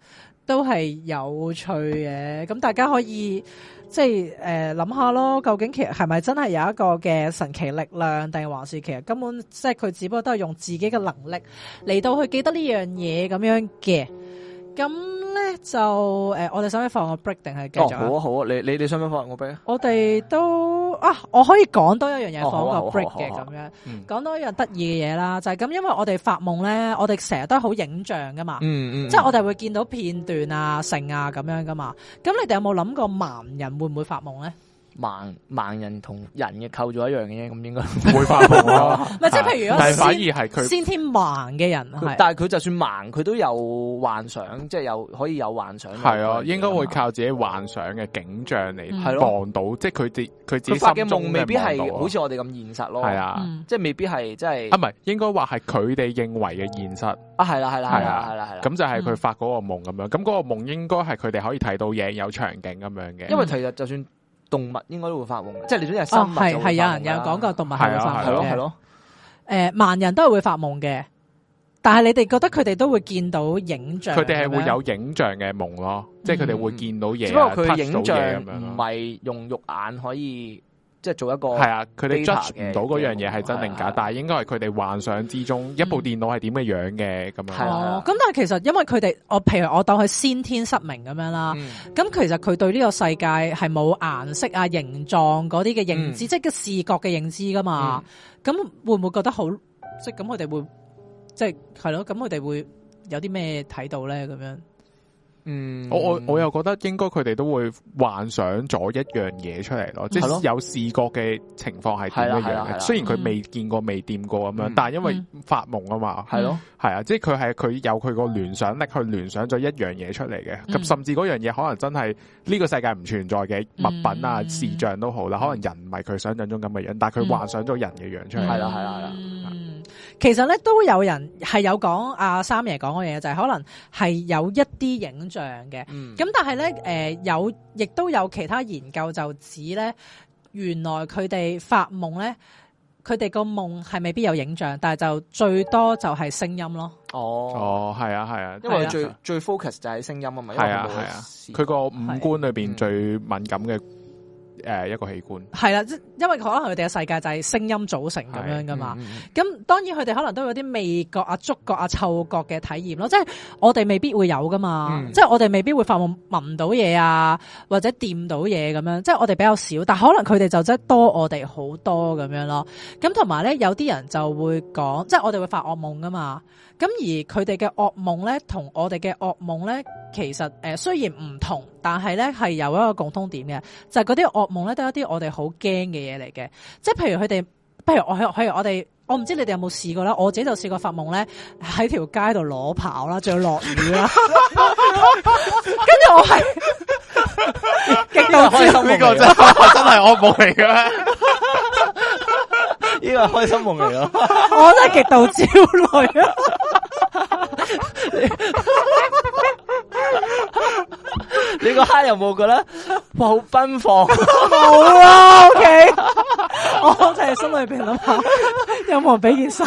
都係有趣嘅，咁大家可以即係誒諗下咯，究竟其實係咪真係有一個嘅神奇力量，定還是其實根本即係佢只不過都係用自己嘅能力嚟到去記得呢樣嘢咁樣嘅，咁。就誒、呃，我哋想唔想放個 break 定係繼續，哦、好啊，好啊，你你你想唔想放個 break 我哋都啊，我可以講多一樣嘢放個 break 嘅咁樣，講、啊啊啊嗯、多一樣得意嘅嘢啦，就係咁，因為我哋發夢咧，我哋成日都係好影像噶嘛，即係、嗯嗯嗯、我哋會見到片段啊、成啊咁樣噶嘛。咁你哋有冇諗過盲人會唔會發夢咧？盲盲人同人嘅構造一樣嘅，咁應該會發夢咯。咪即係譬如，但係反而係佢先天盲嘅人，但係佢就算盲，佢都有幻想，即係有可以有幻想。係啊，應該會靠自己幻想嘅景象嚟望到，即係佢哋佢自己發嘅夢未必係好似我哋咁現實咯。係啊，即係未必係即係啊，唔係應該話係佢哋認為嘅現實啊，係啦，係啦，係啦，係啦，係啦，咁就係佢發嗰個夢咁樣，咁嗰個夢應該係佢哋可以睇到嘢有場景咁樣嘅。因為其實就算。動物應該都會發夢，即係你都有生物系，係有人有講過動物係會發夢啊，係咯，係咯，誒，盲人都係會發夢嘅，但係你哋覺得佢哋都會見到影像，佢哋係會有影像嘅夢咯，即係佢哋會見到嘢。嗯、只不過佢影像唔係用肉眼可以。嗯嗯即係做一個，係啊，佢哋 judge 唔到嗰樣嘢係真定假，是是是是但係應該係佢哋幻想之中、嗯、一部電腦係點嘅樣嘅咁樣。哦，咁、嗯、但係其實因為佢哋，我譬如我當佢先天失明咁樣啦，咁、嗯嗯、其實佢對呢個世界係冇顏色啊、形狀嗰啲嘅認知，嗯、即係個視覺嘅認知噶嘛。咁、嗯嗯、會唔會覺得好？即係咁，佢哋會即係係咯。咁佢哋會有啲咩睇到咧？咁樣？嗯，我我我又覺得應該佢哋都會幻想咗一樣嘢出嚟咯，即係有視覺嘅情況係點樣樣。雖然佢未見過、未掂過咁樣，嗯、但係因為發夢啊嘛，係咯的，係啊的，即係佢係佢有佢個聯想力去聯想咗一樣嘢出嚟嘅。咁甚至嗰樣嘢可能真係呢個世界唔存在嘅物品啊、視、嗯、像都好啦，可能人唔係佢想象中咁嘅樣，但係佢幻想咗人嘅樣出嚟。係啦，係啦，係啦。其實咧都有人係有講阿三爺講嘅嘢，就係可能係有一啲影像嘅。咁但係咧，誒有亦都有其他研究就指咧，原來佢哋發夢咧，佢哋個夢係未必有影像，但係就最多就係聲音咯。哦，哦，係啊，係啊，因為最最 focus 就係聲音啊嘛。係啊，係啊，佢個五官裏邊最敏感嘅。誒，一個器官係啦，因為可能佢哋嘅世界就係聲音組成咁樣噶嘛的，咁、嗯嗯、當然佢哋可能都有啲味覺啊、觸覺啊、嗅覺嘅體驗咯，即係我哋未必會有噶嘛，嗯、即係我哋未必會發夢聞到嘢啊，或者掂到嘢咁樣，即係我哋比較少，但可能佢哋就真係多我哋好多咁樣咯。咁同埋咧，有啲人就會講，即係我哋會發噩夢噶嘛。咁而佢哋嘅噩夢咧，同我哋嘅噩夢咧，其實誒、呃、雖然唔同，但係咧係有一個共通點嘅，就係嗰啲噩夢咧都係一啲我哋好驚嘅嘢嚟嘅。即係譬如佢哋，譬如我，譬如我哋，我唔知你哋有冇試過啦。我自己就試過發夢咧喺條街度攞跑啦，仲要落雨啦，跟住我係極度開心。呢個真真係噩夢嚟嘅。呢個開心夢嚟咯，我真係極度焦慮啊， 啊， 啊！你個蝦有冇覺得？好奔放，冇啊，O K，我就係心裏邊諗下， 有冇俾件衫？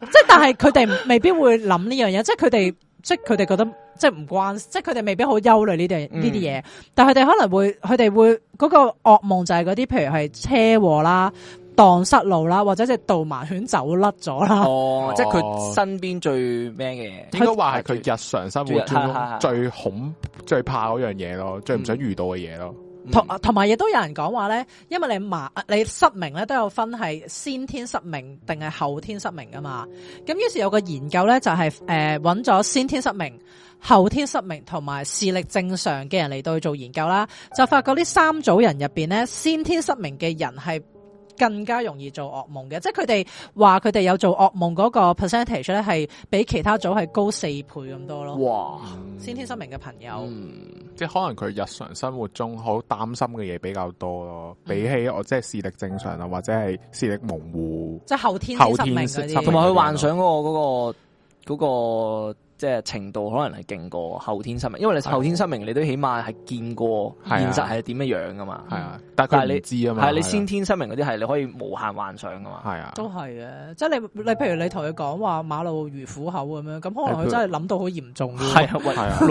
即係但係佢哋未必會諗呢樣嘢，即係佢哋。即係佢哋覺得即係唔關，即係佢哋未必好憂慮呢啲呢啲嘢。嗯、但係佢哋可能會佢哋會嗰、嗰個噩夢就係嗰啲，譬如係車禍啦、蕩失路啦，或者即係導盲犬走甩咗啦哦。哦，即係佢身邊最咩嘅嘢，應該話係佢日常生活中最恐最怕嗰樣嘢咯，最唔想遇到嘅嘢咯。嗯嗯同同埋，亦都有人講話咧，因為你盲你失明咧，都有分係先天失明定係後天失明㗎嘛。咁於是有個研究咧、就係，就係誒揾咗先天失明、後天失明同埋視力正常嘅人嚟到去做研究啦，就發覺呢三組人入邊咧，先天失明嘅人係更加容易做噩夢嘅，即係佢哋話佢哋有做噩夢嗰個 percentage 咧，係比其他組係高四倍咁多咯。哇！先天失明嘅朋友，嗯、即係可能佢日常生活中好擔心嘅嘢比較多咯。嗯、比起我即係視力正常啊，或者係視力模糊，即係後天失明嗰啲，同埋佢幻想嗰個嗰個嗰個。嗰個即係程度可能係勁過後天失明，因為你後天失明，你都起碼係見過現實係點樣樣噶嘛。係啊，但係你知啊嘛。係你先天失明嗰啲係你可以無限幻想噶嘛。係啊，都係嘅。即係你你譬如你同佢講話馬路如虎口咁樣，咁可能佢真係諗到好嚴重啲。係啊，老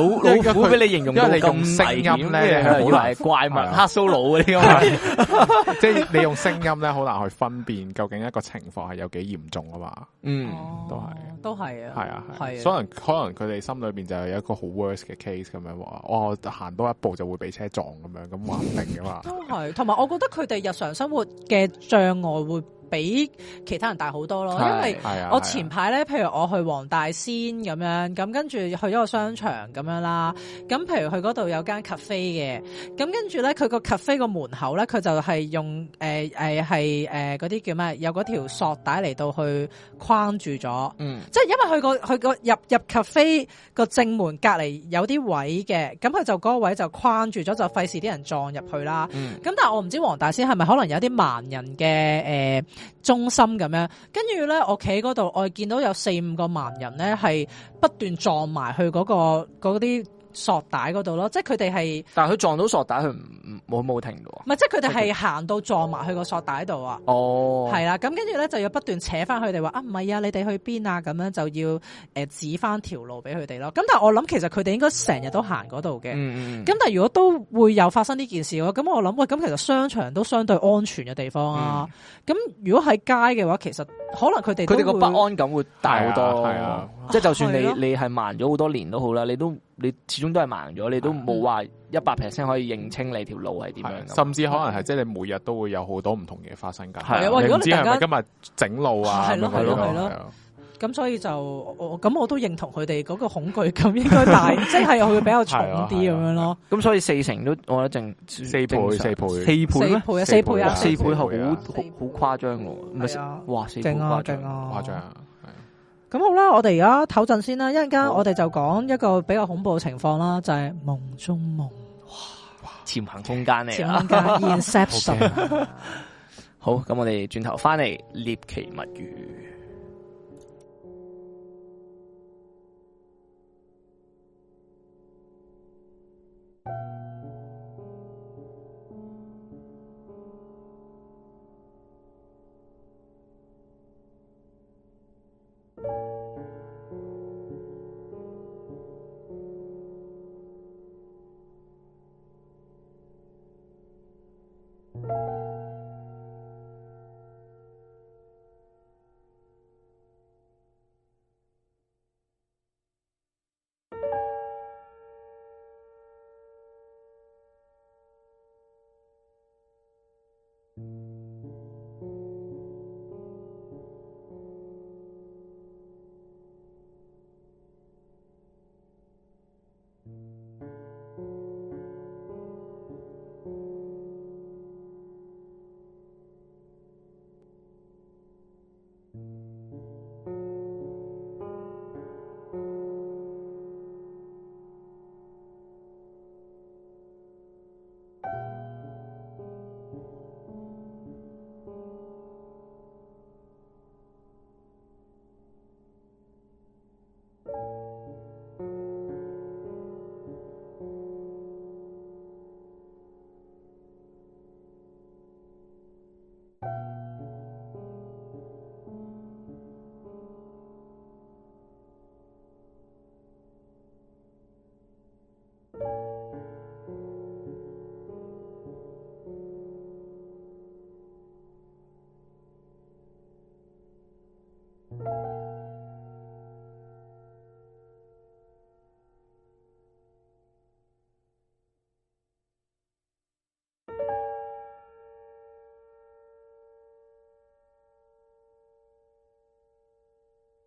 老虎俾你形容因為你用聲音咧，好難怪物。黑蘇魯嗰啲，即係你用聲音咧，好難去分辨究竟一個情況係有幾嚴重啊嘛。嗯，都係，都係啊。係啊，係。可能可能。可能佢哋心裏邊就係有一個好 worse 嘅 case 咁樣喎，哦，行多一步就會俾車撞咁樣，咁話唔定噶嘛。都係，同埋我覺得佢哋日常生活嘅障礙會。比其他人大好多咯，因為我前排咧，譬如我去黃大仙咁樣，咁跟住去咗個商場咁樣啦，咁譬如去嗰度有間 cafe 嘅，咁跟住咧佢個 cafe 個門口咧，佢就係用誒誒係誒嗰啲叫咩？有嗰條索帶嚟到去框住咗，嗯，即係因為佢個佢個入入 cafe 個正門隔離有啲位嘅，咁佢就嗰個位就框住咗，就費事啲人撞入去啦，嗯，咁但係我唔知黃大仙係咪可能有啲盲人嘅誒？中心咁樣，跟住咧，我企嗰度，我見到有四五個盲人咧，嗰個，係不斷撞埋去嗰個嗰啲。索帶嗰度咯，即係佢哋係，但係佢撞到索帶，佢唔冇冇停到。唔係，即係佢哋係行到撞埋去個索帶度啊。哦，係啦，咁跟住咧就要不斷扯翻佢哋話啊，唔係啊，你哋去邊啊？咁樣就要誒指翻條路俾佢哋咯。咁但係我諗，其實佢哋應該成日都行嗰度嘅。嗯咁、嗯、但係如果都會有發生呢件事嘅話，咁我諗喂，咁其實商場都相對安全嘅地方啊。咁、嗯嗯、如果喺街嘅話，其實可能佢哋佢哋個不安感會大好多。係啊。即係就算你你係盲咗好多年都好啦，你都你始終都係盲咗，你都冇話一百 percent 可以認清你條路係點樣。甚至可能係即係你每日都會有好多唔同嘢發生噶。唔知係咪今日整路啊？係咯係咯係咯。咁所以就我咁我都認同佢哋嗰個恐懼感應該大，即係會比較重啲咁樣咯。咁所以四成都我覺得正，四倍四倍四倍四倍啊四倍啊四倍好好誇張噶，唔係啊哇四誇張誇張。咁好啦，我哋而家唞陣先啦，一陣間我哋就講一個比較恐怖嘅情況，就是，啦，就係夢中夢，哇！潛行空間嚟啊，Inception，好，咁我哋轉頭翻嚟獵奇物語。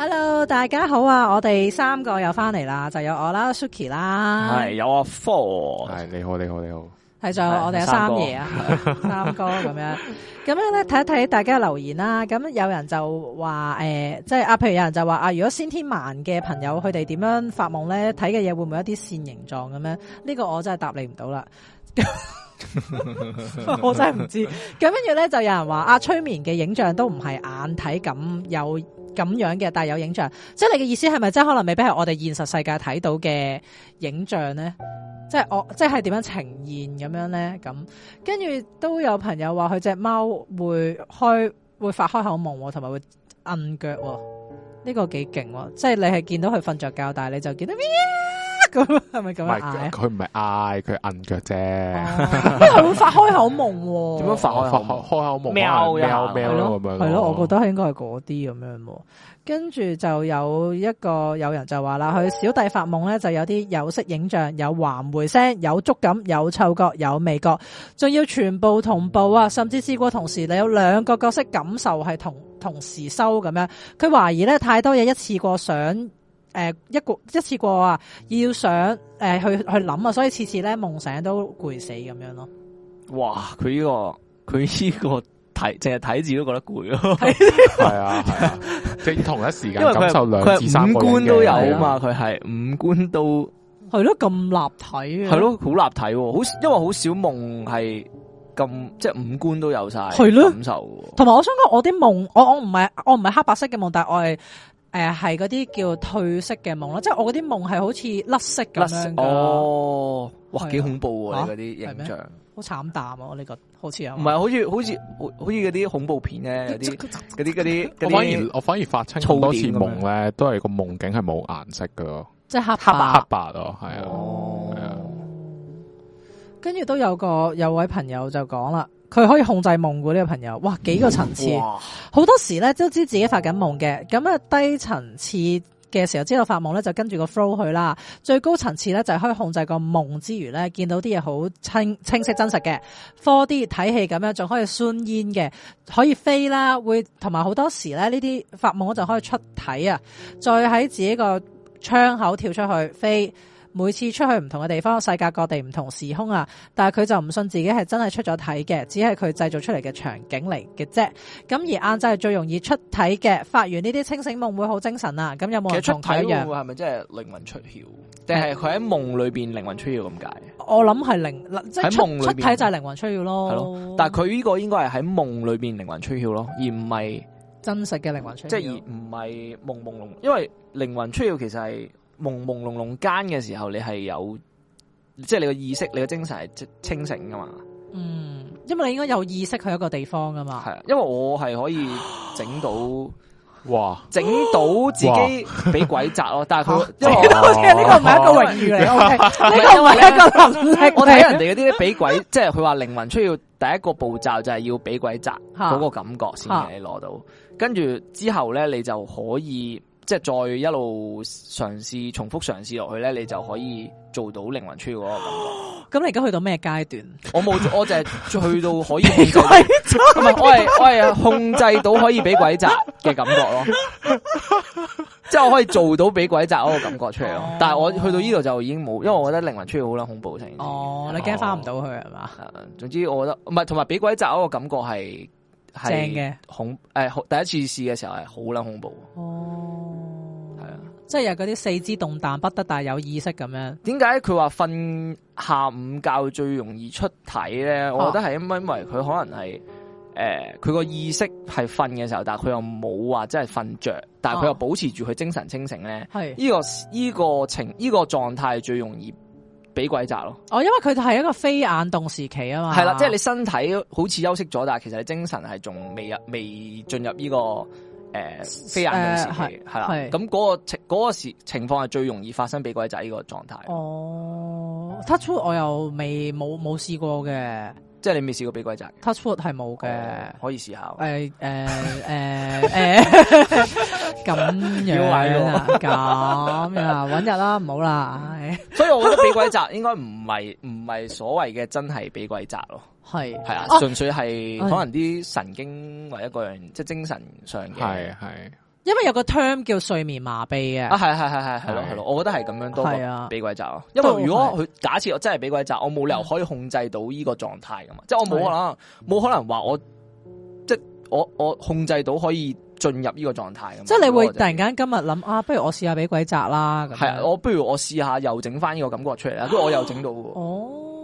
Hello，大家好啊！我哋三個又翻嚟啦，就有我啦，Suki 啦，係有、啊、Four，係，你好，你好，你好。係就我哋有三爺啊， 三哥咁樣，咁樣咧，睇一睇大家留言啦。咁有人就話誒、欸，即係啊，譬如有人就話啊，如果先天盲嘅朋友，佢哋點樣發夢咧，睇嘅嘢，會唔會一啲線形狀咁樣？呢個我真係答你唔到啦， 我真係唔知。咁跟住咧就有人話啊，催眠嘅影像都唔係眼睇咁有咁樣嘅，但有影像。即係你嘅意思係咪真可能未必係我哋現實世界睇到嘅影像咧？即係我，即係點樣呈現咁樣咧？咁跟住都有朋友話佢隻貓會開，會，開會發開口夢，同埋會摁腳，呢、這個幾勁。即係你係見到佢瞓着覺，但係你就見到。咁係咪咁啊？佢唔係嗌，佢摁腳啫。因為佢會發開口夢。點樣發？發，發開口夢？喵呀，係咯，係咯，我覺得應該係嗰啲咁樣。跟住就有一個有人就話啦，佢小弟發夢咧，就有啲有色影像，有環回聲，有觸感，有嗅覺，有味覺，仲要全部同步啊！甚至試過同時，你有兩個角色感受係同同時收咁樣。佢懷疑咧，太多嘢一次過想。誒、呃，一個一次過啊，要想，誒、呃、去去諗啊，所以次次咧夢醒都攰死咁樣咯。哇，佢呢、這個佢呢、這個睇淨係睇字都覺得攰咯，係啊係啊，即、啊、 同一時間感受兩至三個五觀都有啊嘛，佢係五官都係咯咁立體嘅，係咯好立體，好因為好少夢係咁，即係五官都有晒，係咯感受。同埋了我想講，我啲夢，我我唔係我唔係黑白色嘅夢，但係我係。誒，係嗰啲叫褪色嘅夢囉，即係我嗰啲夢係好似甩色咁樣噶。哦，哇，啊、幾恐怖㗎嗰啲印象，好慘淡啊！我呢個好似有，唔係好似好似好似嗰啲恐怖片咧，啲嗰啲嗰啲。我反而我反而發生好多次夢咧，都係個夢境係冇顏色噶，即係黑白黑白咯，係啊，係啊。跟住、啊哦啊、都有個有位朋友就講啦。佢可以控制夢嘅呢，這個朋友，哇幾個層次，好哇 多時咧都知自己發緊夢嘅。咁啊低層次嘅時候知道發夢咧就跟住個 flow 去啦，最高層次咧就係可以控制個夢之餘咧，見到啲嘢好清清晰真實嘅 4D 啲睇戲咁樣，仲可以酸煙嘅，可以飛啦，會同埋好多時咧呢啲發夢我就可以出體啊，再喺自己個窗口跳出去飛。每次出去唔同嘅地方，世界各地唔同時空啊！但係佢就唔信自己係真係出咗體嘅，只係佢製造出嚟嘅場景嚟嘅啫。咁而晏晝係最容易出體嘅，發完呢啲清醒夢會好精神啊！咁有冇人出體一樣？係咪即係靈魂出竅？定係佢喺夢裏邊靈魂出竅咁解？是的 我諗係靈即係出，出體就係靈魂出竅咯。係咯，但係佢呢個應該係喺夢裏邊靈魂出竅咯，而唔係真實嘅靈魂出竅，即係而唔係夢朦朦朧。因為靈魂出竅其實係。朦朦朧朧間嘅時候，你係有，即係你個意識、你個精神係即清醒噶嘛？嗯，因為你應該有意識去一個地方噶嘛。係啊， 因為我係可以整到，哇、啊，整到自己俾鬼砸咯。但係佢，呢個唔係一個榮譽嚟，呢個唔係一個，因為因為我睇人哋嗰啲俾鬼，即係佢話靈魂出竅第一個步驟就係要俾鬼砸嗰個感覺先嘅攞到，跟住之後咧你就可以。即係再一路嘗試重複嘗試落去咧，你就可以做到靈魂出嗰個感覺。咁、嗯、你而家去到咩階段？我冇，我淨係去到可以俾鬼，唔係我係我係控制到可以俾鬼砸嘅感覺咯。即係我可以做到俾鬼砸嗰個感覺出嚟咯。但係我去到呢度就已經冇，因為我覺得靈魂出越好捻恐怖先。啊、哦，你驚翻唔到去係嘛？哦、總之我覺得唔係，同埋俾鬼砸嗰個感覺係正嘅，恐誒第一次試嘅時候係好捻恐怖。哦、嗯。即係嗰啲四肢動彈不得，但係有意識咁樣。點解佢話瞓下午覺最容易出體咧？啊、我覺得係因因為佢可能係誒佢個意識係瞓嘅時候，但係佢又冇話真係瞓着，但係佢又保持住佢精神清醒咧。係呢、啊呢個呢、呢個情呢、呢個狀態最容易俾鬼責咯。哦，因為佢係一個非眼動時期啊嘛。係啦，即係你身體好似休息咗，但係其實你精神係仲未入未進入呢、呢個。誒，飛人嘅時期係啦，咁嗰個情嗰個時情況係最容易發生俾鬼壓呢個狀態。哦，touch wood 我又未冇冇試過嘅，即係你未試過俾鬼壓？touch wood 係冇嘅，可以試下。誒誒誒誒，咁樣，咁樣，搵日啦，唔好啦。所以我覺得俾鬼壓應該唔係唔係所謂嘅真係俾鬼壓咯。係係啊，純粹係可能啲神經或一，一個人即係精神上嘅係係。因為有個 term 叫睡眠麻痹嘅。啊係係係係係咯係咯，我覺得係咁樣多過俾鬼扎。因為如果佢假設我真係俾鬼扎，我冇理由可以控制到呢個狀態噶嘛。即係我冇可能冇可能話我即係我我控制到可以進入呢個狀態。即係你會突然間今日諗啊，不如我試下俾鬼扎啦。係啊，我不如我試下又整翻呢個感覺出嚟啦。不過我又整到哦。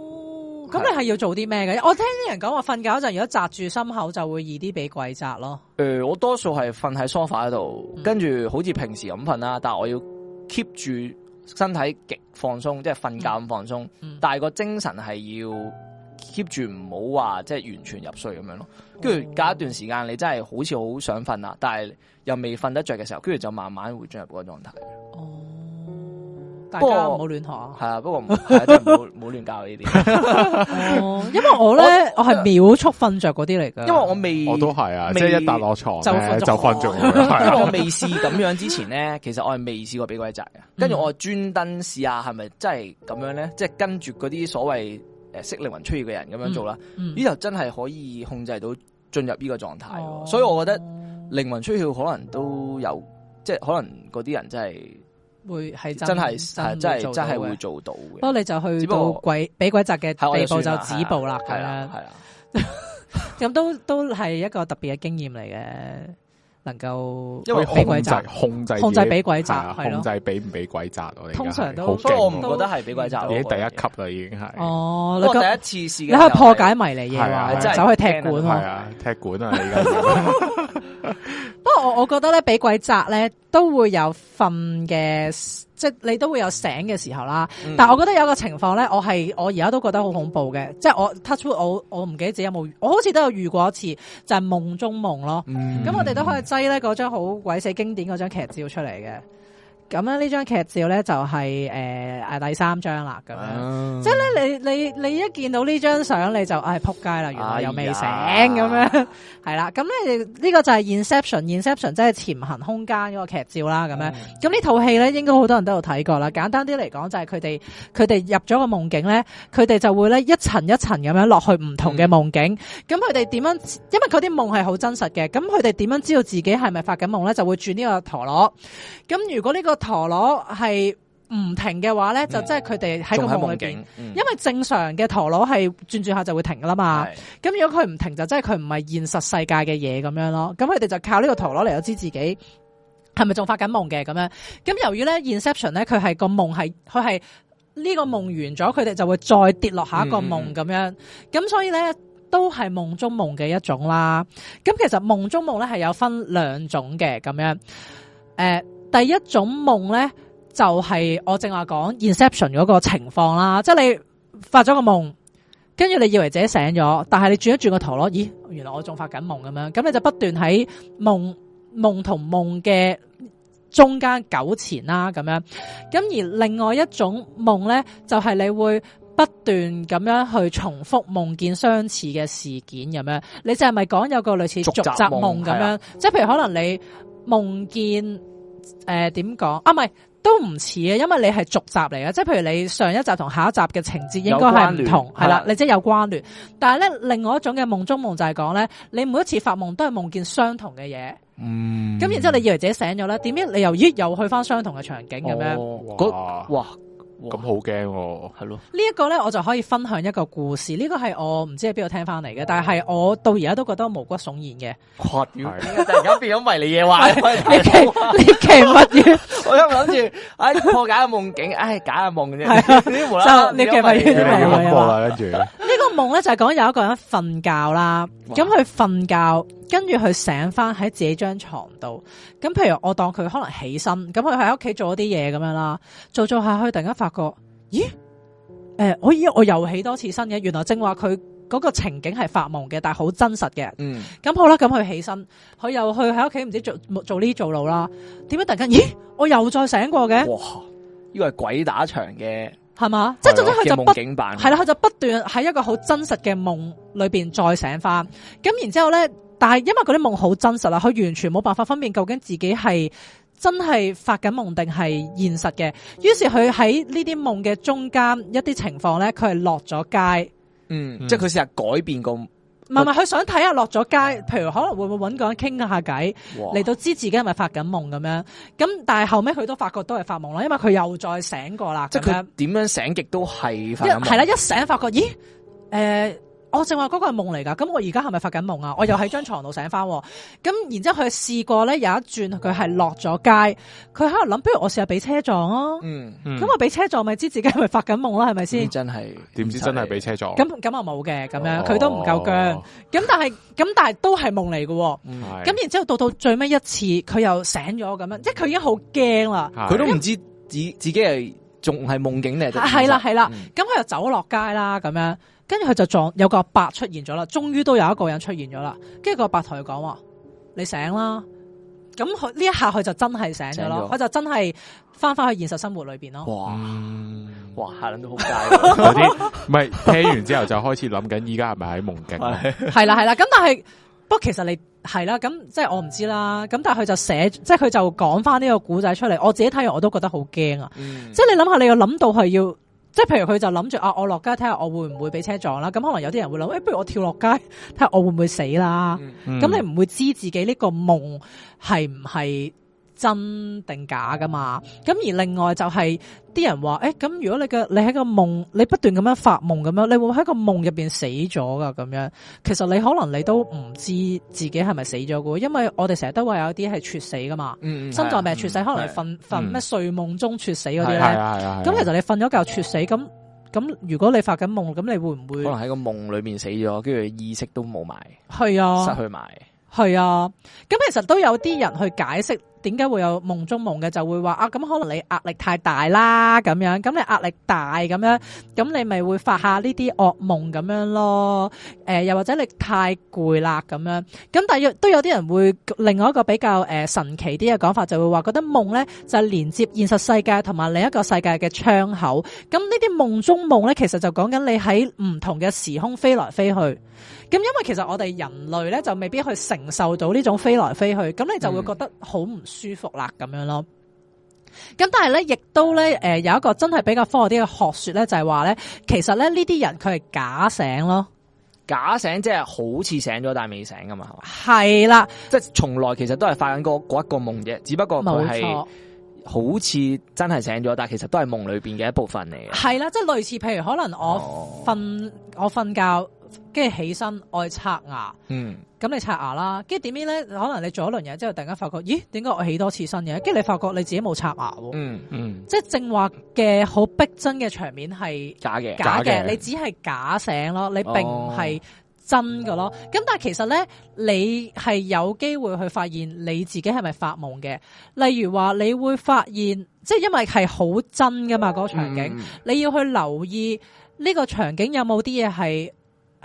咁你係要做啲咩嘅？我聽啲人講話瞓覺嗰陣，如果扎住心口，就會易啲俾鬼扎咯。誒、呃，我多數係瞓喺梳化度，嗯、跟住好似平時咁瞓啦。但係我要 keep 住身體極放鬆，即係瞓覺咁放鬆。嗯、但係個精神係要 keep 住唔好話即係完全入睡咁樣咯。跟住隔一段時間，你真係好似好想瞓啦，但係又未瞓得着嘅時候，跟住就慢慢會進入嗰個狀態。嗯不過唔好亂學，係啊！不過唔好唔好亂教呢啲。因為我咧，我係秒速瞓着嗰啲嚟噶。因為我未，我都係啊，即係一笪落床就就瞓着。我未試咁樣之前咧，其實我係未試過俾鬼扎。跟住我專登試下係咪真係咁樣咧？即係跟住嗰啲所謂誒，識靈魂出竅嘅人咁樣做啦。呢度真係可以控制到進入呢個狀態，所以我覺得靈魂出竅可能都有，即係可能嗰啲人真係。會係真係新，真係是真係會做到嘅。不過你就去到鬼俾鬼責嘅地步就止步啦，係啦，係啊，咁 都都係一個特別嘅經驗嚟嘅。能夠因為俾鬼扎，控制，控制俾鬼扎，控制俾唔俾鬼扎，我哋通常都好，所以我唔覺得係俾鬼扎。你已經第一級啦，已經係哦，第一次事，你係破解迷你嘢嘛？走去踢館係啊，踢館啊！依家不過我我覺得咧，俾鬼扎咧都會有份嘅。即係你都會有醒嘅時候啦，但係我覺得有個情況咧，我係我而家都覺得好恐怖嘅，即係我 touch 出我我唔記得自己有冇，我好似都有遇過一次就係、是、夢中夢咯，咁、嗯、我哋都可以擠咧嗰張好鬼死經典嗰張劇照出嚟嘅。咁呢張劇照咧就係、是、誒、呃、第三張啦，咁樣、啊、即係咧你你你一見到呢張相你就誒扑街啦，原來又未醒咁、哎、呀咁樣係啦，咁咧呢個就係、是《Inception》《Inception》嗯、即係潛行空間嗰個劇照啦，咁樣咁呢套戲咧應該好多人都有睇過啦。簡單啲嚟講就係佢哋佢哋入咗個夢境咧，佢哋就會咧一層一層咁樣落去唔同嘅夢境。咁佢哋點樣？因為佢啲夢係好真實嘅。咁佢哋點樣知道自己係咪發緊夢咧？就會轉呢個陀螺。咁如果呢、呢個陀螺係唔停嘅話咧，嗯、就即係佢哋喺個夢裏邊，嗯、因為正常嘅陀螺係轉轉下就會停噶啦嘛。咁、嗯、如果佢唔停，就即係佢唔係現實世界嘅嘢咁樣咯。咁佢哋就靠呢個陀螺嚟，得知自己係咪仲發緊夢嘅咁樣。咁由於咧《Inception》咧，佢係個夢係，佢係呢個夢完咗，佢哋就會再跌落下一個夢咁樣。咁、嗯、所以咧都係夢中夢嘅一種啦。咁其實夢中夢咧係有分兩種嘅咁樣，誒、呃。第一種夢呢，就係、是、我正話講 inception 嗰個情況啦，即係你發咗個夢，跟住你以為自己醒咗，但係你轉一轉個頭咯，咦，原來我仲發緊夢咁樣，咁你就不斷喺夢夢同夢嘅中間糾纏啦，咁樣，咁而另外一種夢呢，就係、是、你會不斷咁樣去重複夢見相似嘅事件咁樣，你就係咪講有個類似續集夢逐集夢咁樣，即係譬如可能你夢見。誒，點講、呃？啊，唔係，都唔似啊，因為你係續集嚟嘅。即係譬如你上一集同下一集嘅情節應該係唔同，係啦，即係有關聯了的。但係咧，另外一種嘅夢中夢就係講咧，你每一次發夢都係夢見相同嘅嘢，咁、嗯、然之後你以為自己醒咗咧，點知、嗯、你由一又去返相同嘅場景咁樣，嗰、哦、哇。那個哇咁好驚，係咯。呢一個咧，我就可以分享一個故事。呢個係我唔知喺邊度聽翻嚟嘅，但係我到而家都覺得毛骨悚然嘅。幻月突然間變咗迷你嘢壞，你奇你奇乜嘢，我喺度諗住，哎，破解個夢境，哎，假個夢啫。就你奇乜嘢啲咩鬼啊？跟住呢個夢咧，就係講有一個人瞓覺啦，咁佢瞓覺。跟住佢醒翻喺自己張床度，咁譬如我當佢可能起身，咁佢喺屋企做咗啲嘢咁樣啦，做做下佢突然間發覺，咦？誒、欸，我、欸、咦我又起多次身嘅，原來正話佢嗰個情景係發夢嘅，但係好真實嘅。嗯，好，咁好啦，咁佢起身，佢又去喺屋企唔知做做呢做路啦，點解突然間咦？我又再醒過嘅，哇！呢個係鬼打牆嘅，係嘛吧？的即係佢就夢境版，係啦，佢就不斷喺一個好真實嘅夢裏邊再醒翻，咁然之後咧。但係因為嗰啲夢好真實啦，佢完全冇辦法分辨究竟自己係真係發緊夢定係現實嘅。於是佢喺呢啲夢嘅中間一啲情況咧，佢係落咗街。嗯，嗯即係佢成日改變咁、嗰個。唔係係，佢、嗯、想睇下落咗街，譬如可能會唔會揾個人傾下偈，嚟到哇知自己係咪發緊夢咁樣。咁但係後尾，佢都發覺都係發夢啦，因為佢又再醒過啦。即係佢點樣醒極都，亦都係發夢。係啦，一醒發覺，咦，誒、呃。我正話嗰個係夢嚟噶，咁我而家係咪發緊夢啊？我又喺張床度醒翻，咁然之後佢試過咧，有一轉佢係落咗街，佢喺度諗：不如我試下俾車撞咯。嗯，咁我俾車撞咪知自己係咪發緊夢咯？係咪先？真係，點知真係俾車撞？咁咁啊冇嘅，咁樣佢都唔夠驚。咁但係咁但係都係夢嚟嘅。咁然之後到到最尾一次，佢又醒咗咁樣，即係佢已經好驚啦。佢都唔知自自己係仲係夢境咧。係啦係啦，咁佢又走落街啦，咁樣。跟住佢就撞有個阿伯，伯出現咗啦，終於都有一個人出現咗啦。跟住個阿伯同佢講：話你醒啦。咁佢呢一下佢就真係醒咗咯，佢了就真係翻翻去現實生活裏邊咯。哇、嗯、哇吓都好街啲，唔係 聽完之後就開始諗緊，依家係咪喺夢境啊？係啦係啦，咁但係不過其實你係啦，咁即係我唔知啦。咁但係佢就寫，即係佢就講翻呢個古仔出嚟。我自己睇完我都覺得好驚啊！即係、嗯、 你諗下，你又諗到係要。即係譬如佢就諗住啊，我落街睇下我會唔會俾車撞啦，咁可能有啲人會諗，誒、欸、不如我跳落街睇下我會唔會死啦，咁、嗯、你唔會知自己呢個夢係唔係真定假噶嘛？咁而另外就係、是、啲人話誒，咁、欸、如果你嘅你喺個夢，你不斷咁樣發夢咁樣，你會喺個夢入邊死咗噶咁樣。其實你可能你都唔知自己係咪死咗嘅，因為我哋成日都話有啲係猝死噶嘛，心臟病猝死，嗯、可能瞓瞓咩睡夢、嗯、中猝死嗰啲咧。咁、嗯嗯、其實你瞓咗覺猝死，咁咁如果你發緊夢，咁你會唔會可能喺個夢裏面死咗，跟住意識都冇埋，係啊，失去埋，係啊。咁、啊啊、其實都有啲人去解釋。點解會有夢中夢嘅？就會話啊，咁可能你壓力太大啦，咁樣，咁你壓力大咁樣，咁你咪會發下呢啲惡夢咁樣咯？誒、呃，又或者你太攰啦咁樣，咁但係都有啲人會另外一個比較誒、呃、神奇啲嘅講法，就會話覺得夢呢，就係、是、連接現實世界同埋另一個世界嘅窗口。咁呢啲夢中夢呢，其實就講緊你喺唔同嘅時空飛來飛去。咁因為其實我哋人類咧就未必去承受到呢種飛來飛去，咁你就會覺得好唔舒服啦咁、嗯、樣咯。咁但係咧，亦都咧，誒、呃、有一個真係比較科學啲嘅學說咧，就係話咧，其實咧呢啲人佢係假醒咯，假醒即係好似醒咗但係未醒噶嘛，係啦，即係從來其實都係發緊嗰一個夢嘅，只不過佢係好似真係醒咗，但係其實都係夢裏邊嘅一部分嚟嘅，係啦，即係類似，譬如可能我瞓、哦、我瞓覺。跟住起身，我去刷牙。咁、嗯、你刷牙啦。跟住點樣咧？可能你做咗輪嘢之後，突然間發覺，咦？點解我起多次身嘅？跟住你發覺你自己冇刷牙。嗯嗯即，即係正話嘅好逼真嘅場面係假嘅，假嘅。你只係假醒咯，你並唔係真噶咯。咁、哦、但係其實咧，你係有機會去發現你自己係咪發夢嘅？例如話你會發現，即係因為係好真噶嘛，嗰、那個場景，嗯、你要去留意呢個場景有冇啲嘢係。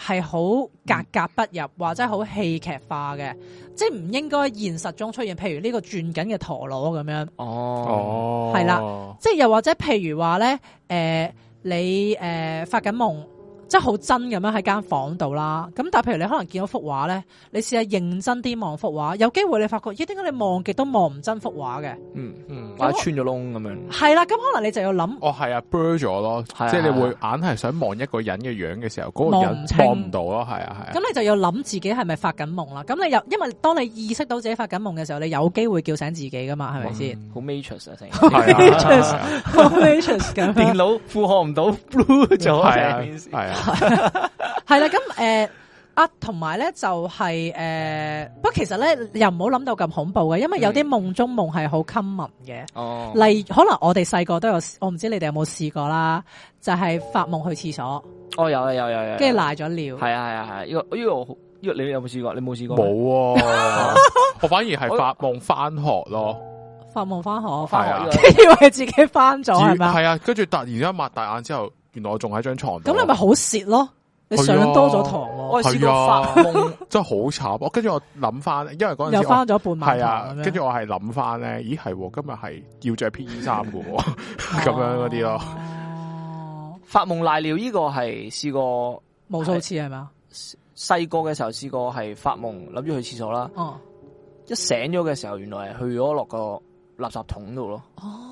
係好格格不入，或者好戲劇化嘅，即係唔應該現實中出現。譬如呢個轉緊嘅陀螺咁樣。哦、嗯，係啦，即係又或者譬如話咧，誒、呃，你誒、呃、發緊夢。即係好真咁樣喺間房度啦，咁但係譬如你可能見到幅畫咧，你試下認真啲望幅畫，有機會你發覺咦點解你望極都望唔真幅畫嘅？嗯嗯，即係穿咗窿咁樣。係啦，咁可能你就要諗，哦係啊，blur 咗咯，即係你會硬係想望一個人嘅樣嘅時候，嗰個人望唔到咯，係啊係。咁你就要諗自己係咪發緊夢啦？咁你又因為當你意識到自己發緊夢嘅時候，你有機會叫醒自己噶嘛？係咪先？好 matrix 啊，成。m a t r i matrix 嘅電腦負荷唔到 blur 咗，係啊，係啊。係啦，咁誒、 呃、啊，同埋咧就係、是、誒、不、呃、過，其實咧又唔好諗到咁恐怖嘅，因為有啲夢中夢係好襟聞嘅。哦、嗯，例如可能我哋細個都有，我唔知你哋有冇試過啦，就係、是、發夢去廁所。哦，有有有有，跟住賴咗尿。係啊係啊係，呢個呢個呢個，你有冇試過？你冇試過？冇、啊。 我反而係發夢翻學咯，發夢翻學翻，跟住、啊、 以為自己翻咗係嘛？係自嗎啊，跟住突然間擘大眼之後。原來我仲喺張床度。咁你咪好蝕咯？你上多咗堂咯，是啊、我試過發夢，是啊、 真係好慘。我跟住我諗翻，因為嗰陣時又翻咗半晚，係啊。跟住我係諗翻咧，咦，係今日係要着 P E 衫嘅，咁樣嗰啲咯。哦，發夢賴尿呢個係試過無數次係咪啊？細個嘅時候試過係發夢諗住去廁所啦。哦，一醒咗嘅時候，原來係去咗落個垃圾桶度咯。哦。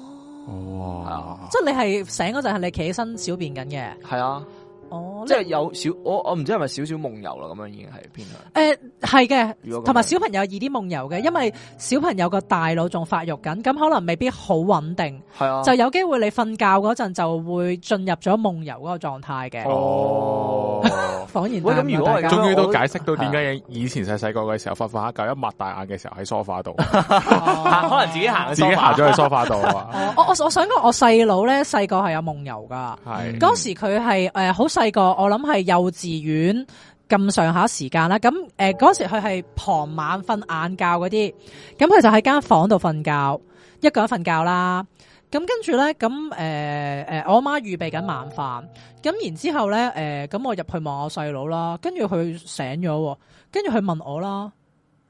哦，即係你係醒嗰陣，係你企起身小便緊嘅。係啊，哦，即係有少，我我唔知係咪少少夢遊啦，咁樣已經係偏向，誒係嘅，同埋 這小朋友易啲夢遊嘅，因為小朋友個大腦仲發育緊，咁可能未必好穩定，係啊，就有機會你瞓覺嗰陣就會進入咗夢遊嗰個狀態嘅。哦。Oh. 咁如果家終於都解釋到點解以前細細個嘅時候，發發一覺，一擘大眼嘅時候喺梳化度， 可能自己行， 自己行咗去梳化度啊 ！我我我想講，我細佬咧細個係有夢遊㗎，係嗰是時佢係誒好細個，我諗係幼稚園咁上下時間啦。咁誒嗰時佢係傍晚瞓晏覺嗰啲，咁佢就喺間房度瞓覺，一個人瞓覺啦。咁跟住咧，咁誒誒，我媽預備緊晚飯，咁然之後咧，誒、呃、咁、呃、我入去望我細佬啦，跟住佢醒咗，跟住佢問我啦，誒、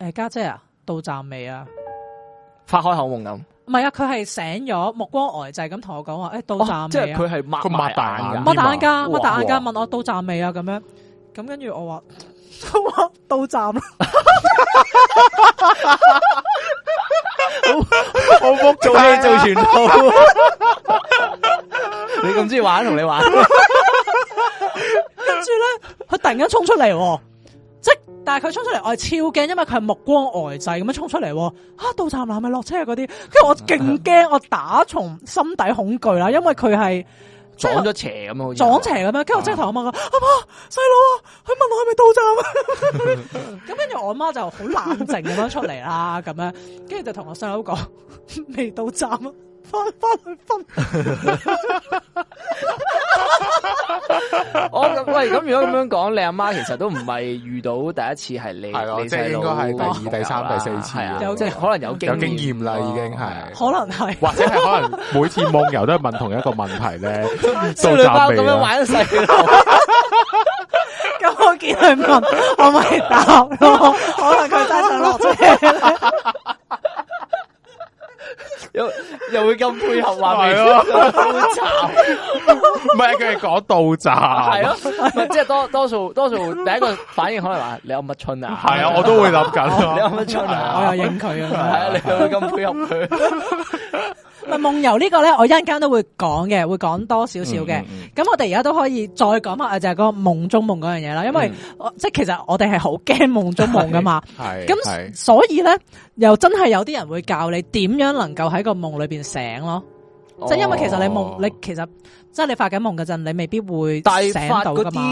欸、家姐啊，到站未啊？發開口夢咁，唔係啊，佢係醒咗，目光呆滯咁同我講話，誒、哎、到站未、哦、啊？即係佢係擘擘大眼，擘大眼㗎，擘大眼㗎，問我到站未啊？咁樣，咁跟住我話。 到站啦了笑！ 我屋 做咩做全套？你咁中意玩同你玩，跟住咧， 佢突然間衝出嚟，即係，但係佢衝出嚟，我係超驚，因為佢係目光呆滯咁樣衝出嚟。啊，到站啦，係咪落車嗰、啊、啲。跟住我勁驚，我打從心底恐懼啦，因為佢係。撞咗邪咁樣，撞邪咁樣。跟住我即刻同我媽講：阿媽，細佬啊，佢問我係咪到站啊？咁跟住我阿媽就好冷靜咁樣出嚟啦。咁樣 跟住就同我細佬講： 未到站啊！分分分！我喂，咁如果咁樣講，你阿媽其實都唔係遇到第一次，係你，係咯， 即係應該係第二、第三、第四次，係啊，啊啊即係可能有經驗啦， 已經係，可能係，或者係可能每次夢遊都係問同一個問題咧，小女包咁樣玩細，咁我見佢問，我咪答，可能佢真上落車。又又會咁配合話咩？倒茶，唔係佢係講倒茶，係咯，即係多多數多數第一個反應可能話你有乜春啊？係啊，我都會諗緊，你有乜春啊？我又影佢啊，係啊，你會咁配合佢。咪夢遊呢個咧，我一陣間都會講嘅，會講多少少嘅。咁、嗯、我哋而家都可以再講下就係個夢中夢嗰樣嘢啦，嗯、因為、嗯、即係其實我哋係好驚夢中夢噶嘛。係，咁所以咧又真係有啲人會教你點樣能夠喺個夢裏邊醒咯。哦、即係因為其實你夢你其實即係你發緊夢嗰陣，你未必會醒到噶嘛。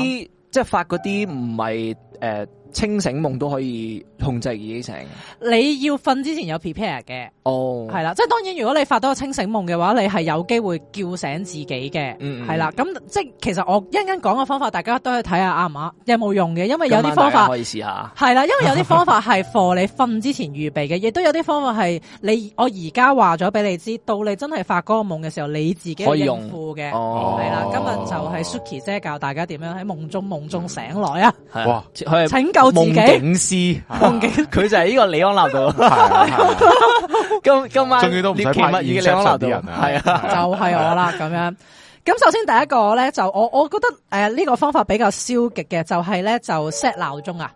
即係發嗰啲唔係誒。呃清醒夢都可以控制自己醒。你要瞓之前有 prepare 嘅，哦，係啦，即係當然，如果你發到個清醒夢嘅話，你係有機會叫醒自己嘅，係啦、mm。咁、hmm. 即係其實我一陣講嘅方法，大家都去睇下啱唔啱，有冇用嘅？因為有啲方法可以試下，係啦，因為有啲方法係 for 你瞓之前預備嘅，亦都 有啲方法係你我而家話咗俾你知，到你真係發嗰個夢嘅時候，你自己可以應付嘅，係啦、oh.。今日就係 Suki 姐教大家點樣喺夢中夢中醒來啊！ 的哇，請救！夢境師，夢、啊、境佢、啊、就係呢個李安納度。今今更晚仲要都唔乜使李安納度人啊，係啊，就係我啦咁 樣。咁首先第一個咧，就我我覺得誒呢個方法比較消極嘅，就係、是、咧就 set 鬧鐘啊。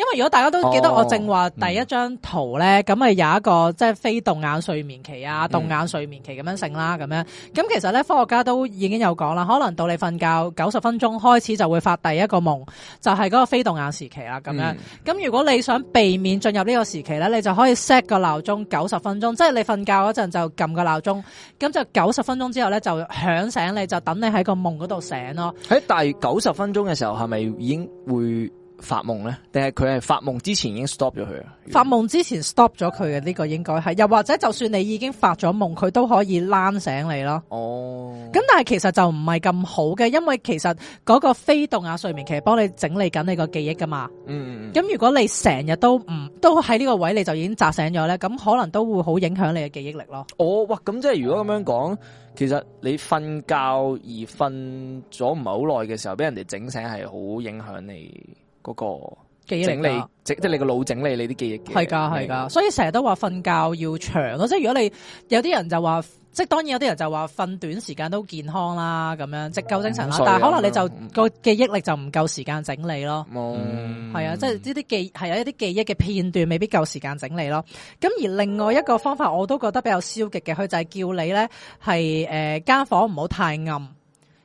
因為如果大家都記得我正話第一張圖咧，咁咪、哦嗯、有一個即係非動眼睡眠期啊，動眼睡眠期咁、嗯、樣成啦，咁樣咁其實咧，科學家都已經有講啦，可能到你瞓覺九十分鐘開始就會發第一個夢，就係、是、嗰個非動眼時期啦，咁樣咁、嗯、如果你想避免進入呢個時期咧，你就可以 set 個鬧鐘九十分鐘，即係你瞓覺嗰陣就撳個鬧鐘，咁就九十分鐘之後咧就響醒你，你就等你喺個夢嗰度醒咯。喺第九十分鐘嘅時候，係咪已經會？發夢咧，定係佢係發夢之前已經 stop 咗佢啊？發夢之前 stop 咗佢嘅呢個應該係，又或者就算你已經發咗夢，佢都可以攋醒你咯。哦，咁但係其實就唔係咁好嘅，因為其實嗰個非動眼睡眠其實幫你整理緊你個記憶噶嘛。嗯，嗯，嗯，咁如果你成日都唔都喺呢個位，你就已經扎醒咗咧，咁可能都會好影響你嘅記憶力咯。哦，哇，咁即係如果咁樣講，嗯、其實你瞓覺而瞓咗唔係好耐嘅時候，俾人哋整醒係好影響你。嗰個整理記憶啊，即係你個腦整理你啲記憶嘅。係噶，係噶，所以成日都話瞓覺要長咯。即係如果你有啲人就話，即係當然有啲人就話瞓短時間都健康啦，咁樣即夠精神啦。嗯嗯，但係可能你就個、嗯、記憶力就唔夠時間整理咯。冇、嗯，係啊，嗯，即係呢啲記係有一啲記憶嘅片段未必夠時間整理咯。咁而另外一個方法我都覺得比較消極嘅，佢就係叫你咧係誒，間、呃呃、房唔好太暗，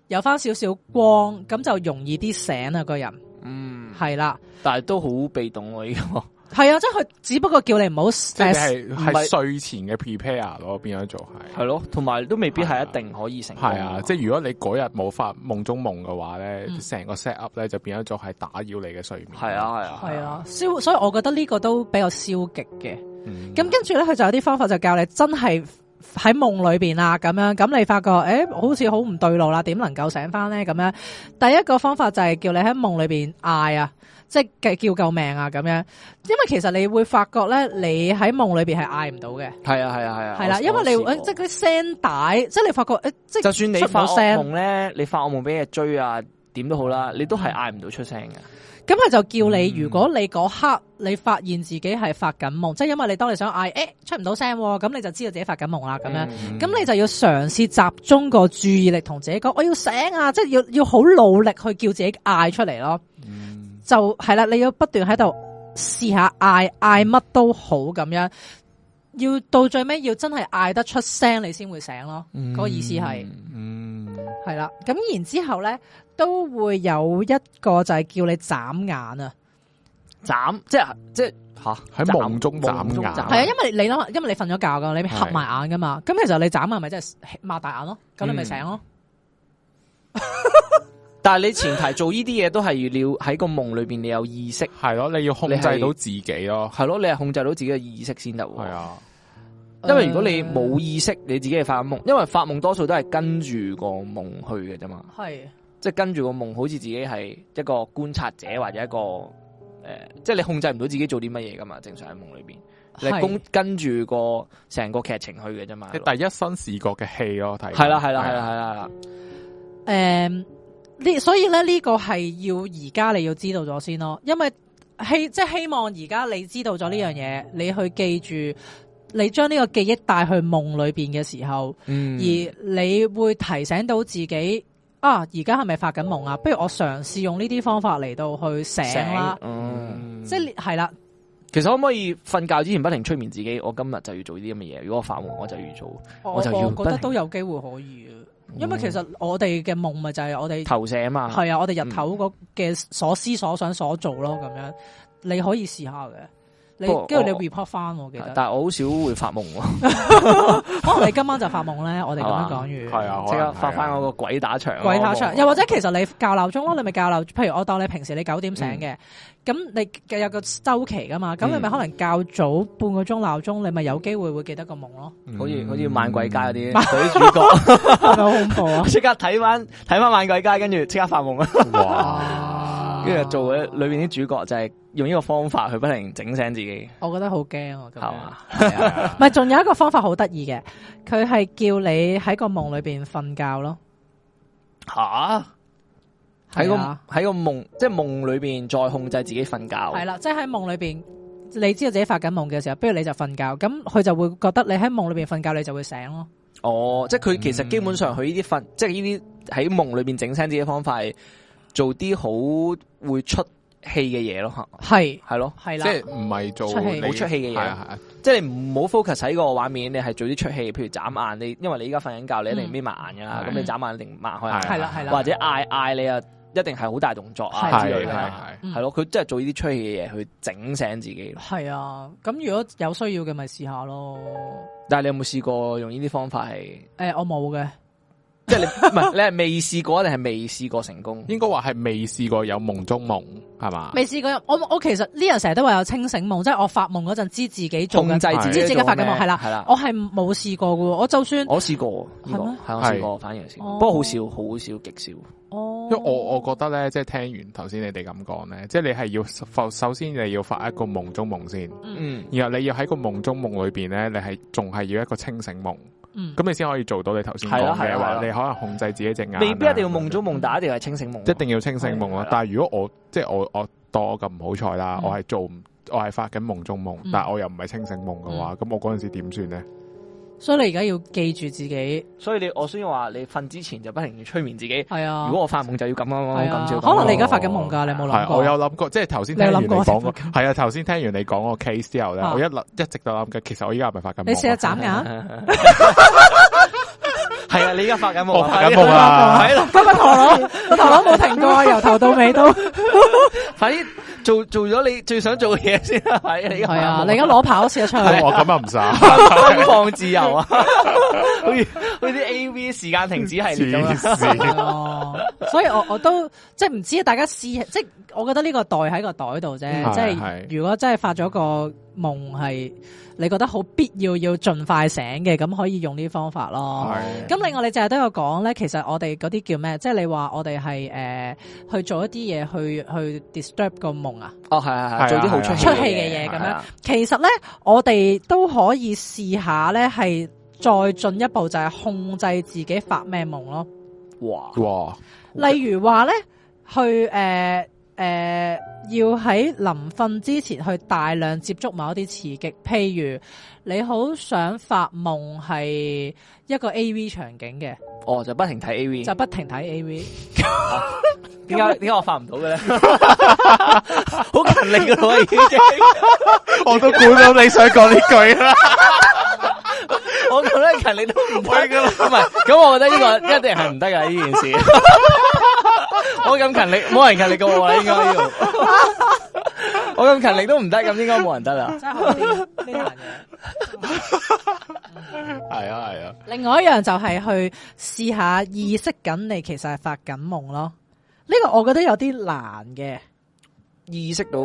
有翻少少光，咁就容易啲醒啊個人，家人，家人家。嗯。係啦，但係都好被動咯、啊，呢個係啊，即係佢只不過叫你唔好，即係係睡前嘅 prepare、er, 咯，變咗做係係咯，同埋都未必係一定可以成功。係啊，啊，即係如果你嗰日冇發夢中夢嘅話咧，成、嗯、個 set up 咧就變咗做係打擾你嘅睡眠。係啊係啊係啊，消、啊啊、所以我覺得呢個都比較消極嘅。咁跟住咧，佢就有啲方法就教你真係。喺夢裏邊啦、啊，咁樣咁你發覺，誒、欸，好似好唔對路啦，點能夠醒翻咧？咁樣第一個方法就係叫你喺夢裏邊嗌啊，即係叫救命啊，咁樣，因為其實你會發覺咧，你喺夢裏邊係嗌唔到嘅。係啊係啊係啊。係啦、啊啊啊啊，因為你即係佢聲大，即係你發覺，誒，即係就算你發惡夢咧，你發惡夢俾嘢追啊，點都好啦，你都係嗌唔到出聲嘅。咁佢就叫你，如果你嗰刻你發現自己係發緊夢，嗯、即係因為你當你想嗌，誒、欸、出唔到聲，咁你就知道自己發緊夢啦。咁樣、嗯，咁你就要嘗試集中個注意力同自己講，我要醒啊！即係要要好努力去叫自己嗌出嚟咯。嗯、就係啦，你要不斷喺度試下嗌嗌，乜都好咁樣，要到最尾要真係嗌得出聲，你先會醒咯。嗯、個意思係。係啦，咁然之後咧都會有一個就係叫你眨眼啊，眨即係即係吓喺夢中眨，眨眼，係啊眼，因為你諗，因為你瞓咗覺噶，你合埋眼噶嘛，咁是其實你眨眼咪真係擘大眼咯，咁你咪醒咯。嗯、 但係你前提做呢啲嘢都係要喺個夢裏邊你有意識，係咯， 你要控制到自己咯、啊，係咯，你係控制到自己嘅意識先得喎。因為如果你冇意識，你自己係發夢，因為發夢多數都係跟住個夢去嘅啫嘛，係是，即係跟住個夢，好似自己係一個觀察者或者一個誒、呃，即係你控制唔到自己做啲乜嘢噶嘛，正常喺夢裏邊，是你跟跟住個成個劇情去嘅啫嘛，第一身視覺嘅戲咯，睇，係啦係啦係啦係啦，誒，呢啦、嗯、所以咧呢個係要而家你要知道咗先咯，因為希即係希望而家你知道咗呢樣嘢，嗯、你去記住。你將呢個記憶帶去夢裏邊嘅時候，嗯、而你會提醒到自己：啊，而家係咪發緊夢啊？不如我嘗試用呢啲方法嚟到去醒啦、嗯嗯。即係係啦。其實可唔可以瞓覺之前不停催眠自己？我今日就要做呢啲咁嘅嘢。如果我發夢，我就要做，我就要。我我覺得都有機會可以、嗯、因為其實我哋嘅夢咪就係我哋投射啊嘛。係啊，我哋日頭嘅所思所想所做咯，咁、嗯、樣你可以試下嘅。你跟住你 report 翻，我記得。但係我好少會發夢喎，可能你今晚就發夢咧。我哋咁樣講完，係啊，即刻發翻嗰個鬼打墻。鬼打墻，又或者其實你校鬧鐘咯，你咪校鬧。譬如我當你平時你九點醒嘅，咁你有個周期噶嘛？咁你咪可能校早半個鐘鬧鐘，你咪有機會會記得個夢咯。好似好似《猛鬼街》嗰啲，嗰啲主角好恐怖啊！即刻睇翻睇翻《猛鬼街》，跟住即刻發夢啊！跟住做嘅裏面啲主角就係用呢個方法去不停整醒自己。我覺得好驚啊！係嘛吧？唔係，仲有一個方法好得意嘅，佢係叫你喺個夢裏邊瞓覺咯、啊。吓、啊？喺個喺個夢，即係夢裏邊再控制自己瞓覺。係啦，即係喺夢裏邊，你知道自己發緊夢嘅時候，不如你就瞓覺。咁佢就會覺得你喺夢裏邊瞓覺，你就會醒咯。哦，即係佢其實基本上佢呢啲瞓，嗯、即係呢啲喺夢裏邊整醒自己嘅方法。做啲好會出戲嘅嘢咯，吓，係係咯，係啦，即係唔係做冇出戲嘅嘢，係啊係，即係唔好 focus 喺個畫面，你係做啲出戲，譬如眨眼，你因為你而家瞓緊覺，你一定眯埋眼噶啦，咁你眨眼定擘開，係啦係，或者嗌嗌你啊，一定係好大動作啊之類，係係咯，佢真係做呢啲出戲嘅嘢去整醒自己。係啊，咁如果有需要嘅，咪試下咯。但係你有冇試過用呢啲方法係？誒，我冇嘅。即係你係未試過定係未試過成功？應該話係未試過有夢中夢係嘛？未試過，我我其實呢人成日都話有清醒夢，即係我發夢嗰陣知自己控制自己發嘅夢係啦係啦，我係冇試過嘅。我就算我試過係我試過，反而不過好少好少極少。哦，因為我我覺得咧，即係聽完頭先你哋咁講咧，即係你係要首先你要發一個夢中夢先，嗯，然後你要喺個夢中夢裏邊咧，你係仲係要一個清醒夢。咁、嗯、你先可以做到你頭先講嘅話，你可能控制自己隻眼，未必一定要夢中夢，打一定係清醒夢，嗯、一定要清醒夢啦。嗯、但係如果我即係我我當我咁唔好彩啦，我係、嗯、做我係發緊夢中夢，嗯、但係我又唔係清醒夢嘅話，咁、嗯、我嗰陣時點算咧？所以你而家要記住自己，所以你我雖然話你瞓之前就不停催眠自己。係啊，如果我發夢就要咁樣咁樣，咁可能你而家發緊夢噶，你有冇諗過？我有諗過，即係頭先聽完你講，係啊，頭先聽完你講個 case 之後咧，我一一直都諗嘅。其實我依家係咪發緊夢？你試下斬人？係啊，你而家發緊夢，發緊夢啊！喺度，不不陀螺，陀螺冇停過，由頭到尾都，反正。做做咗你最想做嘅嘢先啦，係啊，係啊，你而家攞跑試出去 對、哦，我咁又唔使，放 自由啊， 好似啲 A V 時間停止係咁咯，所以我我都即係唔知大家試，即係我覺得呢個袋喺個袋度啫，即係的如果真係發咗個。夢係你覺得好必要要盡快醒嘅，咁可以用呢方法咯。咁的另外你淨係都有講咧，其實我哋嗰啲叫咩？即係你話我哋係誒去做一啲嘢去去 disturb 個夢啊？哦，係係係，做啲好出氣出戲嘅嘢咁樣。其實咧，我哋都可以試下咧，係再進一步就係控制自己發咩夢咯。哇哇！哇哇例如話咧，去誒。呃誒、呃，要喺臨瞓之前去大量接觸某一啲刺激，譬如你好想發夢係一個 AV 場景嘅，哦，就不停睇 AV，就不停睇 AV。點解點解我發唔到嘅咧？好勤力㗎我已經， 我都估到你想講呢句啦。 我覺得勤力都唔得噶啦，唔係，咁是我覺得呢個一定係唔得噶呢件事。我咁 勤力冇人勤力過我，應該要。 我咁勤力都唔得，咁應該冇人得啦。真係好難嘅，係啊係啊。啊另外一樣就係去試下意識緊你其實係發緊夢咯。呢、這個我覺得有啲難嘅，意識到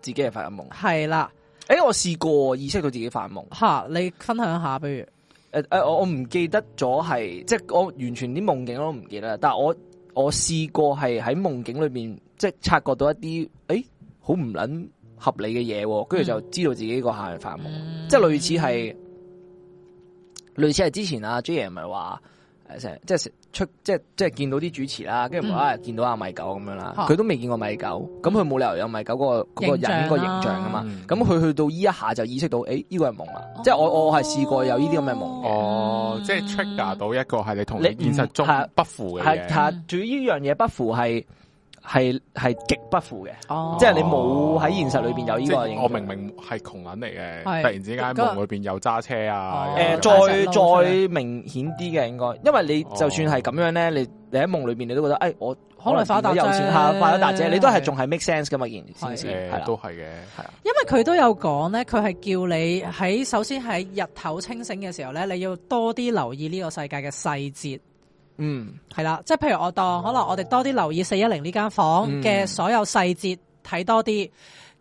自己係發緊夢。係啦、啊。誒、欸，我試過意識到自己發夢吓，你分享下，譬如誒誒、呃呃，我唔記得咗係，即係我完全啲夢境我都唔記得，但係我我試過係喺夢境裏面，即係察覺到一啲誒，好唔撚合理嘅嘢，跟住就知道自己個下係發夢、嗯，即係類似係類似係之前阿 Jay 唔係話誒，即係即係。出即係即係見到啲主持啦，跟住啊見到阿米九咁樣啦，佢、啊、都未見過米九。咁佢冇理由有米九，那個嗰個人嗰個形象啊嘛，咁佢、嗯、去到依一下就意識到，誒、欸、呢、這個係夢啦，哦、即係我我係試過有呢啲咁嘅夢。哦，嗯、即係 trigger 到一個係你同你現實中不符嘅嘢。係，主要呢樣嘢不符係。嗯。係係極不符嘅，即係你冇喺現實裏邊有呢個。我明明係窮人嚟嘅，突然之間夢裏邊又揸車啊！誒，再再明顯啲嘅，應該，因為你就算係咁樣咧，你你喺夢裏邊，你都覺得誒，我可能發達，有錢吓，發達啫，你都係仲係 make sense 噶嘛，然先先係都係嘅，係啊。因為佢都有講咧，佢係叫你喺首先喺日頭清醒嘅時候咧，你要多啲留意呢個世界嘅細節。嗯，係啦，即係譬如我當可能我哋多啲留意四一零呢間房嘅所有細節睇多啲，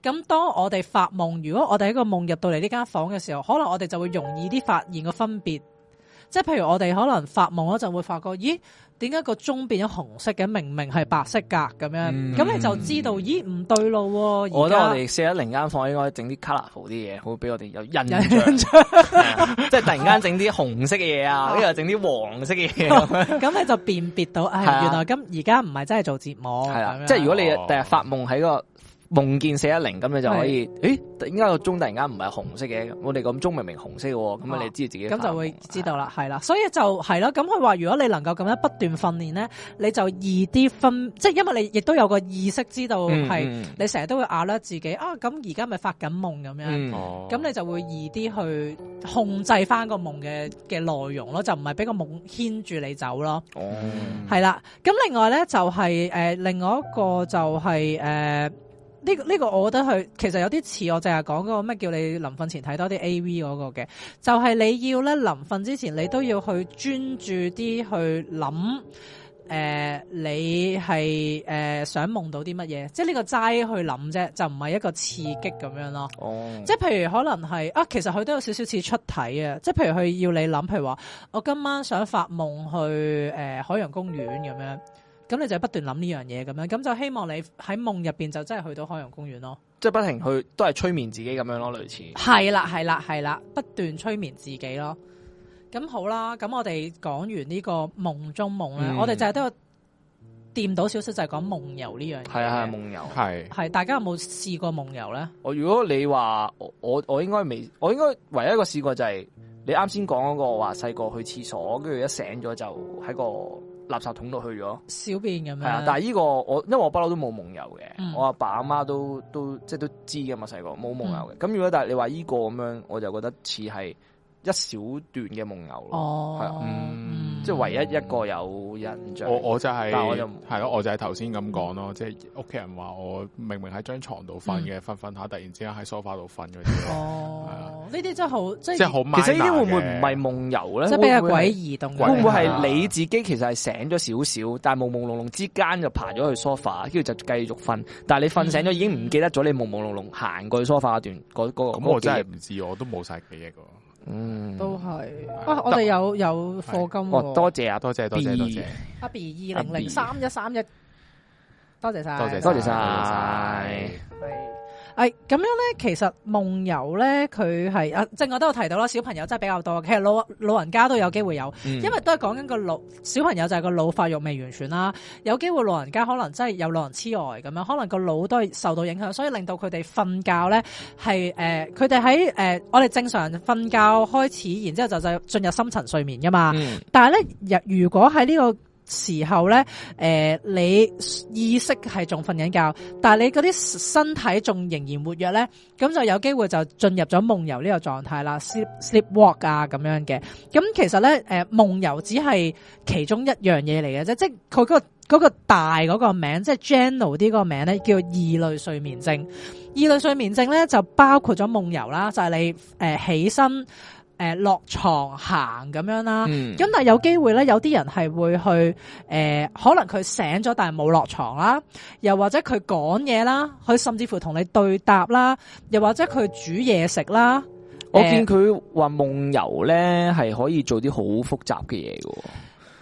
咁、嗯、當我哋發夢，如果我哋喺個夢入到嚟呢間房嘅時候，可能我哋就會容易啲發現個分別。即係譬如我哋可能發夢，我就會發覺，咦。點解個鐘變咗紅色嘅？明明係白色格咁、嗯、樣咁你就知道咦唔對路、啊。我覺得我哋四一零間房間應該整啲 colourful 啲嘢，好俾我哋有印象，即係突然間整啲紅色嘅嘢啊，或者又整啲黃色嘅嘢，咁 你就辨別到誒，哎、呀原來咁而家唔係真係做節目，係、嗯、啊，啊即係如果你第日發夢喺個。夢見四一零咁你就可以，誒，點解個鐘突然間唔係紅色嘅，我哋個鐘明明紅色嘅，咁你知自己。咁、啊、就會知道啦，係啦的，所以就係咯，咁佢話如果你能夠咁樣不斷訓練咧，你就易啲分，即係因為你亦都有個意識知道係、嗯，你成日都會咬咧自己啊，咁而家咪發緊夢咁樣，咁、嗯、你就會易啲去控制翻個夢嘅嘅內容咯，就唔係俾個夢牽住你走咯。哦、嗯，係啦，咁另外咧就係、是、誒、呃，另外一個就係、是、誒。呃呃呢個呢個，這個、我覺得佢其實有啲似我淨係講嗰個咩叫你臨瞓前睇多啲 AV 嗰個嘅，就係、是、你要咧臨瞓之前，你都要去專注啲去諗，誒、呃、你係誒、呃、想夢到啲乜嘢，即係呢個齋去諗啫，就唔係一個刺激咁樣咯。哦，即係譬如可能係啊，其實佢都有少少似出體啊，即係譬如佢要你諗，譬如話我今晚想發夢去誒、呃、海洋公園咁樣。咁你就不斷諗呢樣嘢咁樣，咁就希望你喺夢入邊就真係去到海洋公園咯，即係不停去，都係催眠自己咁樣咯，類似係啦，係啦，係啦，不斷催眠自己咯。咁好啦，咁我哋講完呢個夢中夢咧，嗯、我哋就係得掂到少少，就係講夢遊呢樣嘢。係啊係啊夢遊，係，係大家有冇試過夢遊咧？我如果你話我我我應該未，我應該唯一一個試過就係你啱先講嗰個話細個去廁所，跟住一醒咗就喺個。垃圾桶都去咗小便咁樣。係啊，但係依個我，因為我不嬲都冇夢遊嘅，嗯、我阿爸阿媽都都即係都知嘅嘛，細個冇夢遊嘅。咁、嗯、如果但係你話依個咁樣，我就覺得似係一小段嘅夢遊咯，係即係唯一一個有印象。我我就係，係咯，我就係頭先咁講咯，即係屋企人話我明明喺張床度瞓嘅，瞓瞓下突然之間喺梳化度瞓嗰啲咯。係呢啲真係好，即係好。其實呢啲會唔會唔係夢遊咧？即係比較詭異，會唔會係你自己其實係醒咗少少，但係朦朦朧朧之間就爬咗去梳化，跟住就繼續瞓。但係你瞓醒咗已經唔記得咗你朦朦朧朧行過去梳化嗰段，嗰咁我真係唔知，我都冇晒記憶噶。嗯，都係。啊，我哋有有課金。哦，多謝啊，多謝多謝多謝。B B 二零零三一三一，多謝晒，多謝晒。係咁、哎、樣咧，其實夢遊咧，佢係啊，正我都有提到啦。小朋友真係比較多，其實老老人家都有機會有，嗯、因為都係講緊個腦。小朋友就係個腦發育未完全啦，有機會老人家可能真係有老人痴呆咁樣，可能個腦都係受到影響，所以令到佢哋瞓覺咧係誒，佢哋喺誒，我哋正常瞓覺開始，然之後就就進入深層睡眠㗎嘛。嗯、但係咧，如如果喺呢、這個時候咧，誒、呃，你意識係仲瞓緊覺，但係你嗰啲身體仲仍然活躍咧，咁就有機會就進入咗夢遊呢個狀態啦，sleep sleep walk 啊咁樣嘅。咁、嗯、其實咧，誒、呃，夢遊只係其中一樣嘢嚟嘅啫，即係佢嗰個、那個大嗰個名， 即係 general 啲個名咧叫異類睡眠症。異類睡眠症咧就包括咗夢遊啦，就係、是、你誒、呃、起身。誒，落床行咁樣啦，咁但係有機會咧，有啲人係會去誒、呃，可能佢醒咗但係冇落床啦，又或者佢講嘢啦，佢甚至乎同你對答啦，又或者佢煮嘢食啦。嗯嗯、我見佢話夢遊咧，係可以做啲好複雜嘅嘢嘅。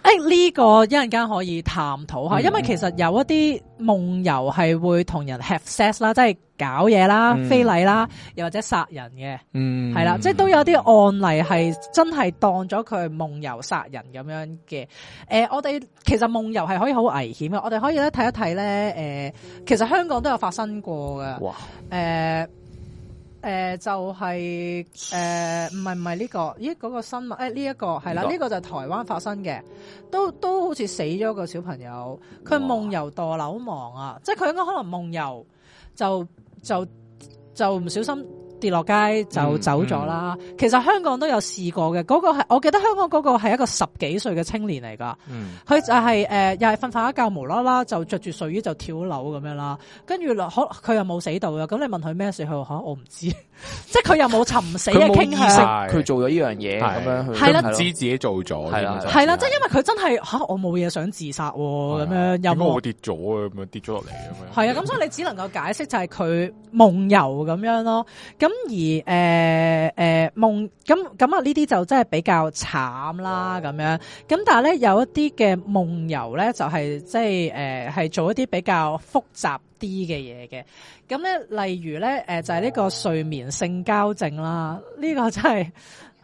誒、呢、欸，這個一陣間可以探討下，因為其實有一啲夢遊係會同人 have sex 啦，即係搞嘢啦、非禮啦，又或者殺人嘅，嗯，係啦，即係都有啲案例係真係當咗佢係夢遊殺人咁樣嘅。誒、呃，我哋其實夢遊係可以好危險嘅，我哋可以咧睇一睇咧，誒、呃，其實香港都有發生過嘅，哇，誒、呃。誒、呃、就係誒唔係唔係呢個？咦嗰、那個新聞誒呢一個係啦，呢、這個、個就係台灣發生嘅，都都好似死咗個小朋友，佢夢遊墮樓亡啊！哇即係佢應該可能夢遊，就就就唔小心。跌落街就走咗啦，其實香港都有試過嘅，嗰個係我記得香港嗰個係一個十幾歲嘅青年嚟㗎，佢就係誒又係瞓瞓一覺無啦啦就着住睡衣就跳樓咁樣啦，跟住可佢又冇死到嘅，咁你問佢咩事，佢話吓我唔知。即係佢又冇尋死嘅傾向，佢做咗呢樣嘢咁樣，係啦唔知自己做咗，係啦，即係因為佢真係吓，我冇嘢想自殺咁樣，又冇跌咗咁樣跌咗落嚟咁樣，係啊，咁所以你只能夠解釋就係佢夢遊咁樣咯，咁而誒誒夢咁咁啊呢啲就真係比較慘啦咁樣，咁但係咧有一啲嘅夢遊咧就係即係誒係做一啲比較複雜。啲嘅嘢嘅，咁咧，例如咧，誒，就係呢個睡眠性交症啦，呢個真係，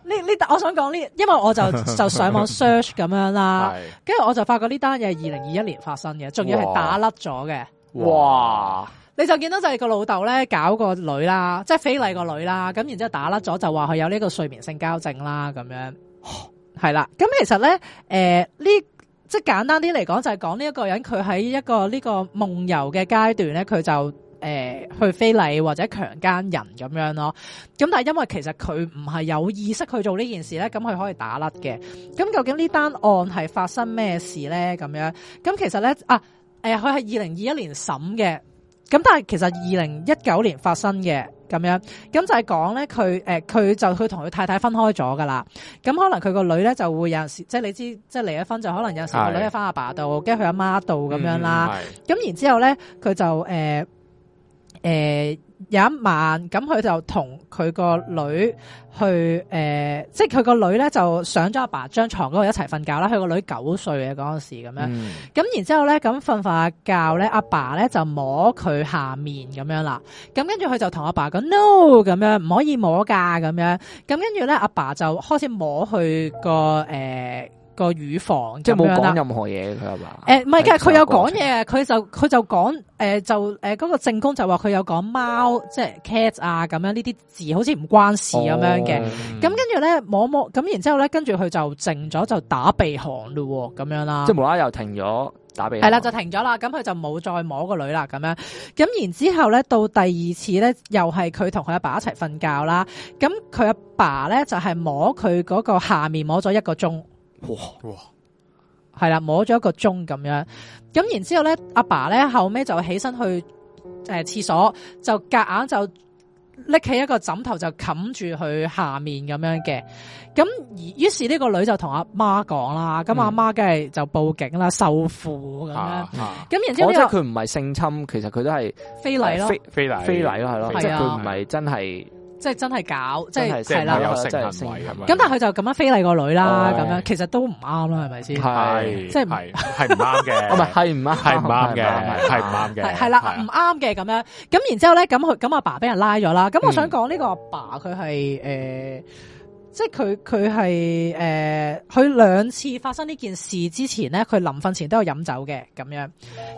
呢呢，我想講呢，因為我就 就上網 search 咁樣啦，跟住 我就發覺呢單嘢係二零二一年發生嘅，仲要係打甩咗嘅，哇！你就見到就係個老豆咧搞個女啦，即係非禮個女啦，咁然之後打甩咗就話佢有呢個睡眠性交症啦，咁樣係啦，咁 其實咧，誒，呢。呃這個即係簡單啲嚟講，就係、是、講呢一個人佢喺一個呢個夢遊嘅階段咧，佢就誒、呃、去非禮或者強姦人咁樣咯。咁但係因為其實佢唔係有意識去做呢件事咧，咁佢可以打甩嘅。咁究竟呢單案係發生咩事咧？咁樣咁其實咧啊誒，佢係二零二一年審嘅，咁但係其實二零一九年發生嘅。咁樣，咁就係講咧，佢、呃、誒，佢就去同佢太太分開咗噶啦。咁可能佢個女咧就會有陣時，即係你知，即係離咗婚就可能有陣時個女喺翻阿爸度，跟住佢阿媽度咁樣啦。咁、嗯、然之後咧，佢就誒誒。呃呃有一晚，咁佢就同佢個女去誒、呃，即係佢個女咧就上咗阿爸張床嗰度一齊瞓覺啦。佢個女九歲嘅嗰陣時咁、嗯、樣，咁然之後咧咁瞓瞓下覺咧，阿爸咧就摸佢下面咁樣啦。咁跟住佢就同阿爸講 No，咁樣唔可以摸噶咁樣。咁跟住咧阿爸就開始摸佢個誒。呃個乳房即係冇講任何嘢，佢阿爸，誒，唔係嘅，佢有講嘢，佢就佢就講誒、呃，就誒嗰、呃呃嗰個證供就話佢有講貓，即係 cat 啊咁樣呢啲字，好似唔關事咁樣嘅。咁跟住咧摸摸，咁然之後咧，跟住佢就靜咗，就打鼻鼾咯咁樣啦。即係無啦啦又停咗打鼻鼾。係啦，就停咗啦，咁佢就冇再摸個女啦咁樣。咁然之後咧，到第二次咧，又係佢同佢阿爸一齊瞓覺啦。咁佢阿爸咧就係摸佢嗰個下面摸咗一個鐘。哇哇，係啦，摸咗一個鐘咁樣，咁然之後咧，阿爸咧後尾就起身去誒廁、呃、所，就夾硬就拎起一個枕頭就冚住佢下面咁樣嘅，咁而於是呢個女就同阿媽講啦，咁阿媽梗係就報警啦，受苦咁樣，咁、啊啊、然之後我覺得佢唔係性侵，其實佢都係非禮咯，咯，咯，啊、非非禮，非禮咯係咯，即係佢唔係真係。即係真係搞，即係係啦，咁但係佢就咁樣非禮個女啦，咁樣其實都唔啱啦，係咪先？係即係唔係係唔啱嘅，唔係係唔啱，係唔啱嘅，係唔啱嘅，係啦，唔啱嘅咁樣。咁然之後咧，咁咁阿爸俾人拉咗啦。咁我想講呢個阿爸佢係誒，即係佢佢係誒，佢、呃就是呃、兩次發生呢件事之前咧，佢臨瞓前都有飲酒嘅咁樣。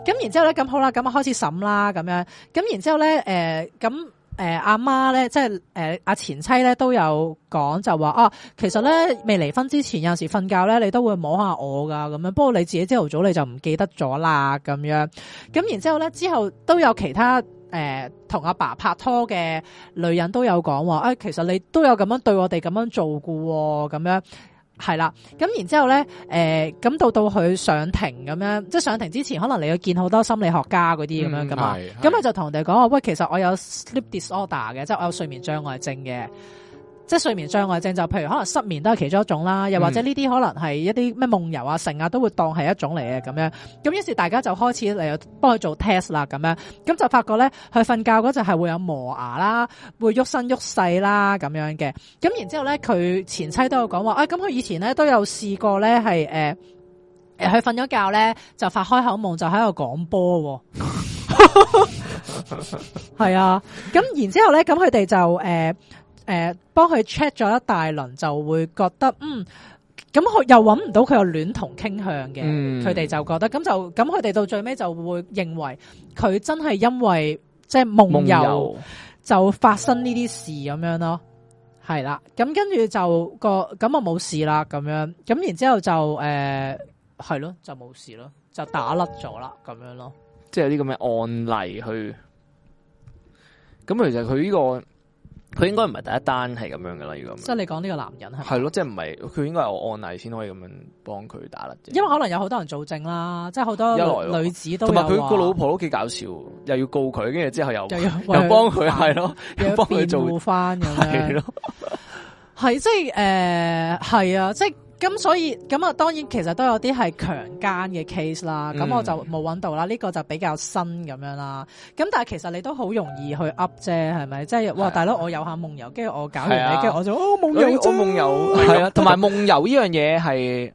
咁然之後咧，咁好啦，咁開始審啦咁樣。咁然之後咧，誒咁。誒阿媽咧，即係誒阿前妻咧，都有講就話啊，其實咧未離婚之前，有時瞓覺咧，你都會摸下我噶咁樣，不過你自己朝頭早你就唔記得咗啦咁樣。咁然之後咧，之後都有其他誒同阿爸拍拖嘅女人都有講話啊，其實你都有咁樣對我哋咁樣做過咁樣。係啦，咁然之後咧，誒、呃，咁到到佢上庭咁樣，即係上庭之前，可能你要見好多心理學家嗰啲咁樣噶嘛，咁佢就同人哋講話，喂，其實我有 sleep disorder 嘅，即係我有睡眠障礙症嘅。即係睡眠障礙症，就譬如可能失眠都係其中一種啦，又或者呢啲可能係一啲咩夢遊啊、成啊，都會當係一種嚟嘅咁樣。咁於是大家就開始嚟幫佢做 test 啦，咁樣，咁就發覺咧，佢瞓覺嗰陣係會有磨牙啦，會喐身喐勢啦，咁樣嘅。咁然之後咧，佢前妻有、哎、前都有講話，誒，咁佢以前咧都有試過咧，係、呃、誒，佢瞓咗覺咧就發開口夢，就喺度講波，係 啊。咁然之後咧，咁佢哋就誒。呃誒幫佢 check 咗一大輪，就會覺得嗯，咁佢又揾唔到佢有戀童傾向嘅，佢哋、嗯、就覺得咁就咁佢哋到最尾就會認為佢真係因為即係、就是、夢遊，夢遊就發生呢啲事咁、嗯、樣咯，係啦，咁跟住就個咁就冇事啦咁樣，咁然之後就誒係咯，就冇事咯，就打甩咗啦咁樣咯，即係有啲咁嘅案例去，咁其實佢呢、呢個。佢應該唔係第一單係咁樣噶啦，如果即係你講呢個男人係係咯，即係唔係佢應該有案例先可以咁樣幫佢打甩，因為可能有好多人做證啦，即係好多女，女子都有，同埋佢個老婆都幾搞笑，又要告佢，跟住之後又有有又幫佢，係咯 又幫佢做翻咁樣，係即係誒，係啊，啊，啊，即係。咁所以咁啊，當然其實都有啲係強姦嘅 case 啦。咁我就冇揾到啦，呢、嗯、個就比較新咁樣啦。咁但係其實你都好容易去 up 啫，係咪？即係哇，係啊、大佬我有下夢遊，跟住我搞完你，跟住係、啊、我就哦夢遊，我夢遊，我、啊啊、但夢遊係啊。同、就、埋、係、夢遊呢樣嘢係，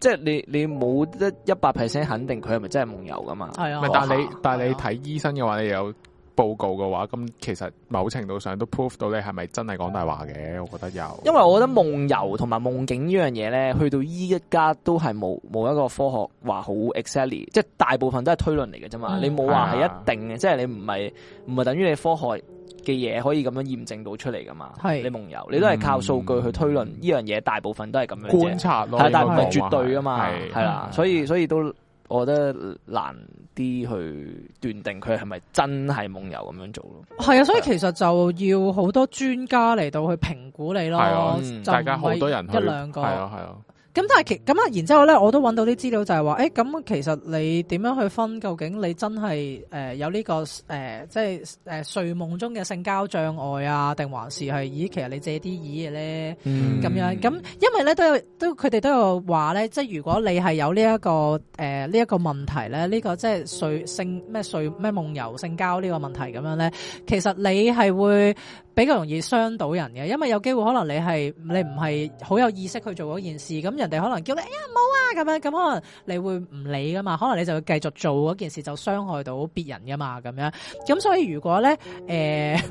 即係你你冇得一百 percent 肯定佢係咪真係夢遊㗎嘛？係啊。但係你但係你睇醫生嘅話，你有，報告嘅話，咁其實某程度上都 prove 到你係咪真係講大話嘅？我覺得有。因為我覺得夢遊同埋夢境呢樣嘢咧，去到依一家都係冇冇一個科學話好 exactly，即係大部分都係推論嚟嘅啫嘛。你冇話係一定嘅，即係你唔係唔係等於你科學嘅嘢可以咁樣驗證到出嚟噶嘛？係你夢遊，你都係靠數據去推論呢樣嘢，大部分都係咁樣觀察咯。係，大部分係絕對噶嘛？係啦，所以所以都。我覺得難啲去斷定佢係咪真係夢遊咁樣做咯。係啊，所以其實就要好多專家嚟到去評估你咯。係啊，大家好多人一兩個。係啊，係啊。咁但係其咁啊，然之後咧，我都揾到啲資料就係話，誒、哎、咁其實你點樣去分，究竟你真係誒、呃、有呢、這個誒、呃、即係誒、呃、睡夢中嘅性交障礙啊，定還是係咦其實你借啲意嘅咧咁樣？咁因為咧都有都佢哋都有話咧，即係如果你係有呢、這、一個誒呢一個問題咧，呢、這個即係睡性咩睡咩夢遊性交呢個問題咁樣咧，其實你係會。比較容易傷到人嘅，因為有機會可能你係你唔係好有意識去做嗰件事，咁人哋可能叫你哎呀冇啊咁樣，咁可能你會唔理噶嘛，可能你就會繼續做嗰件事，就傷害到別人噶嘛，咁樣，咁所以如果咧，誒、呃，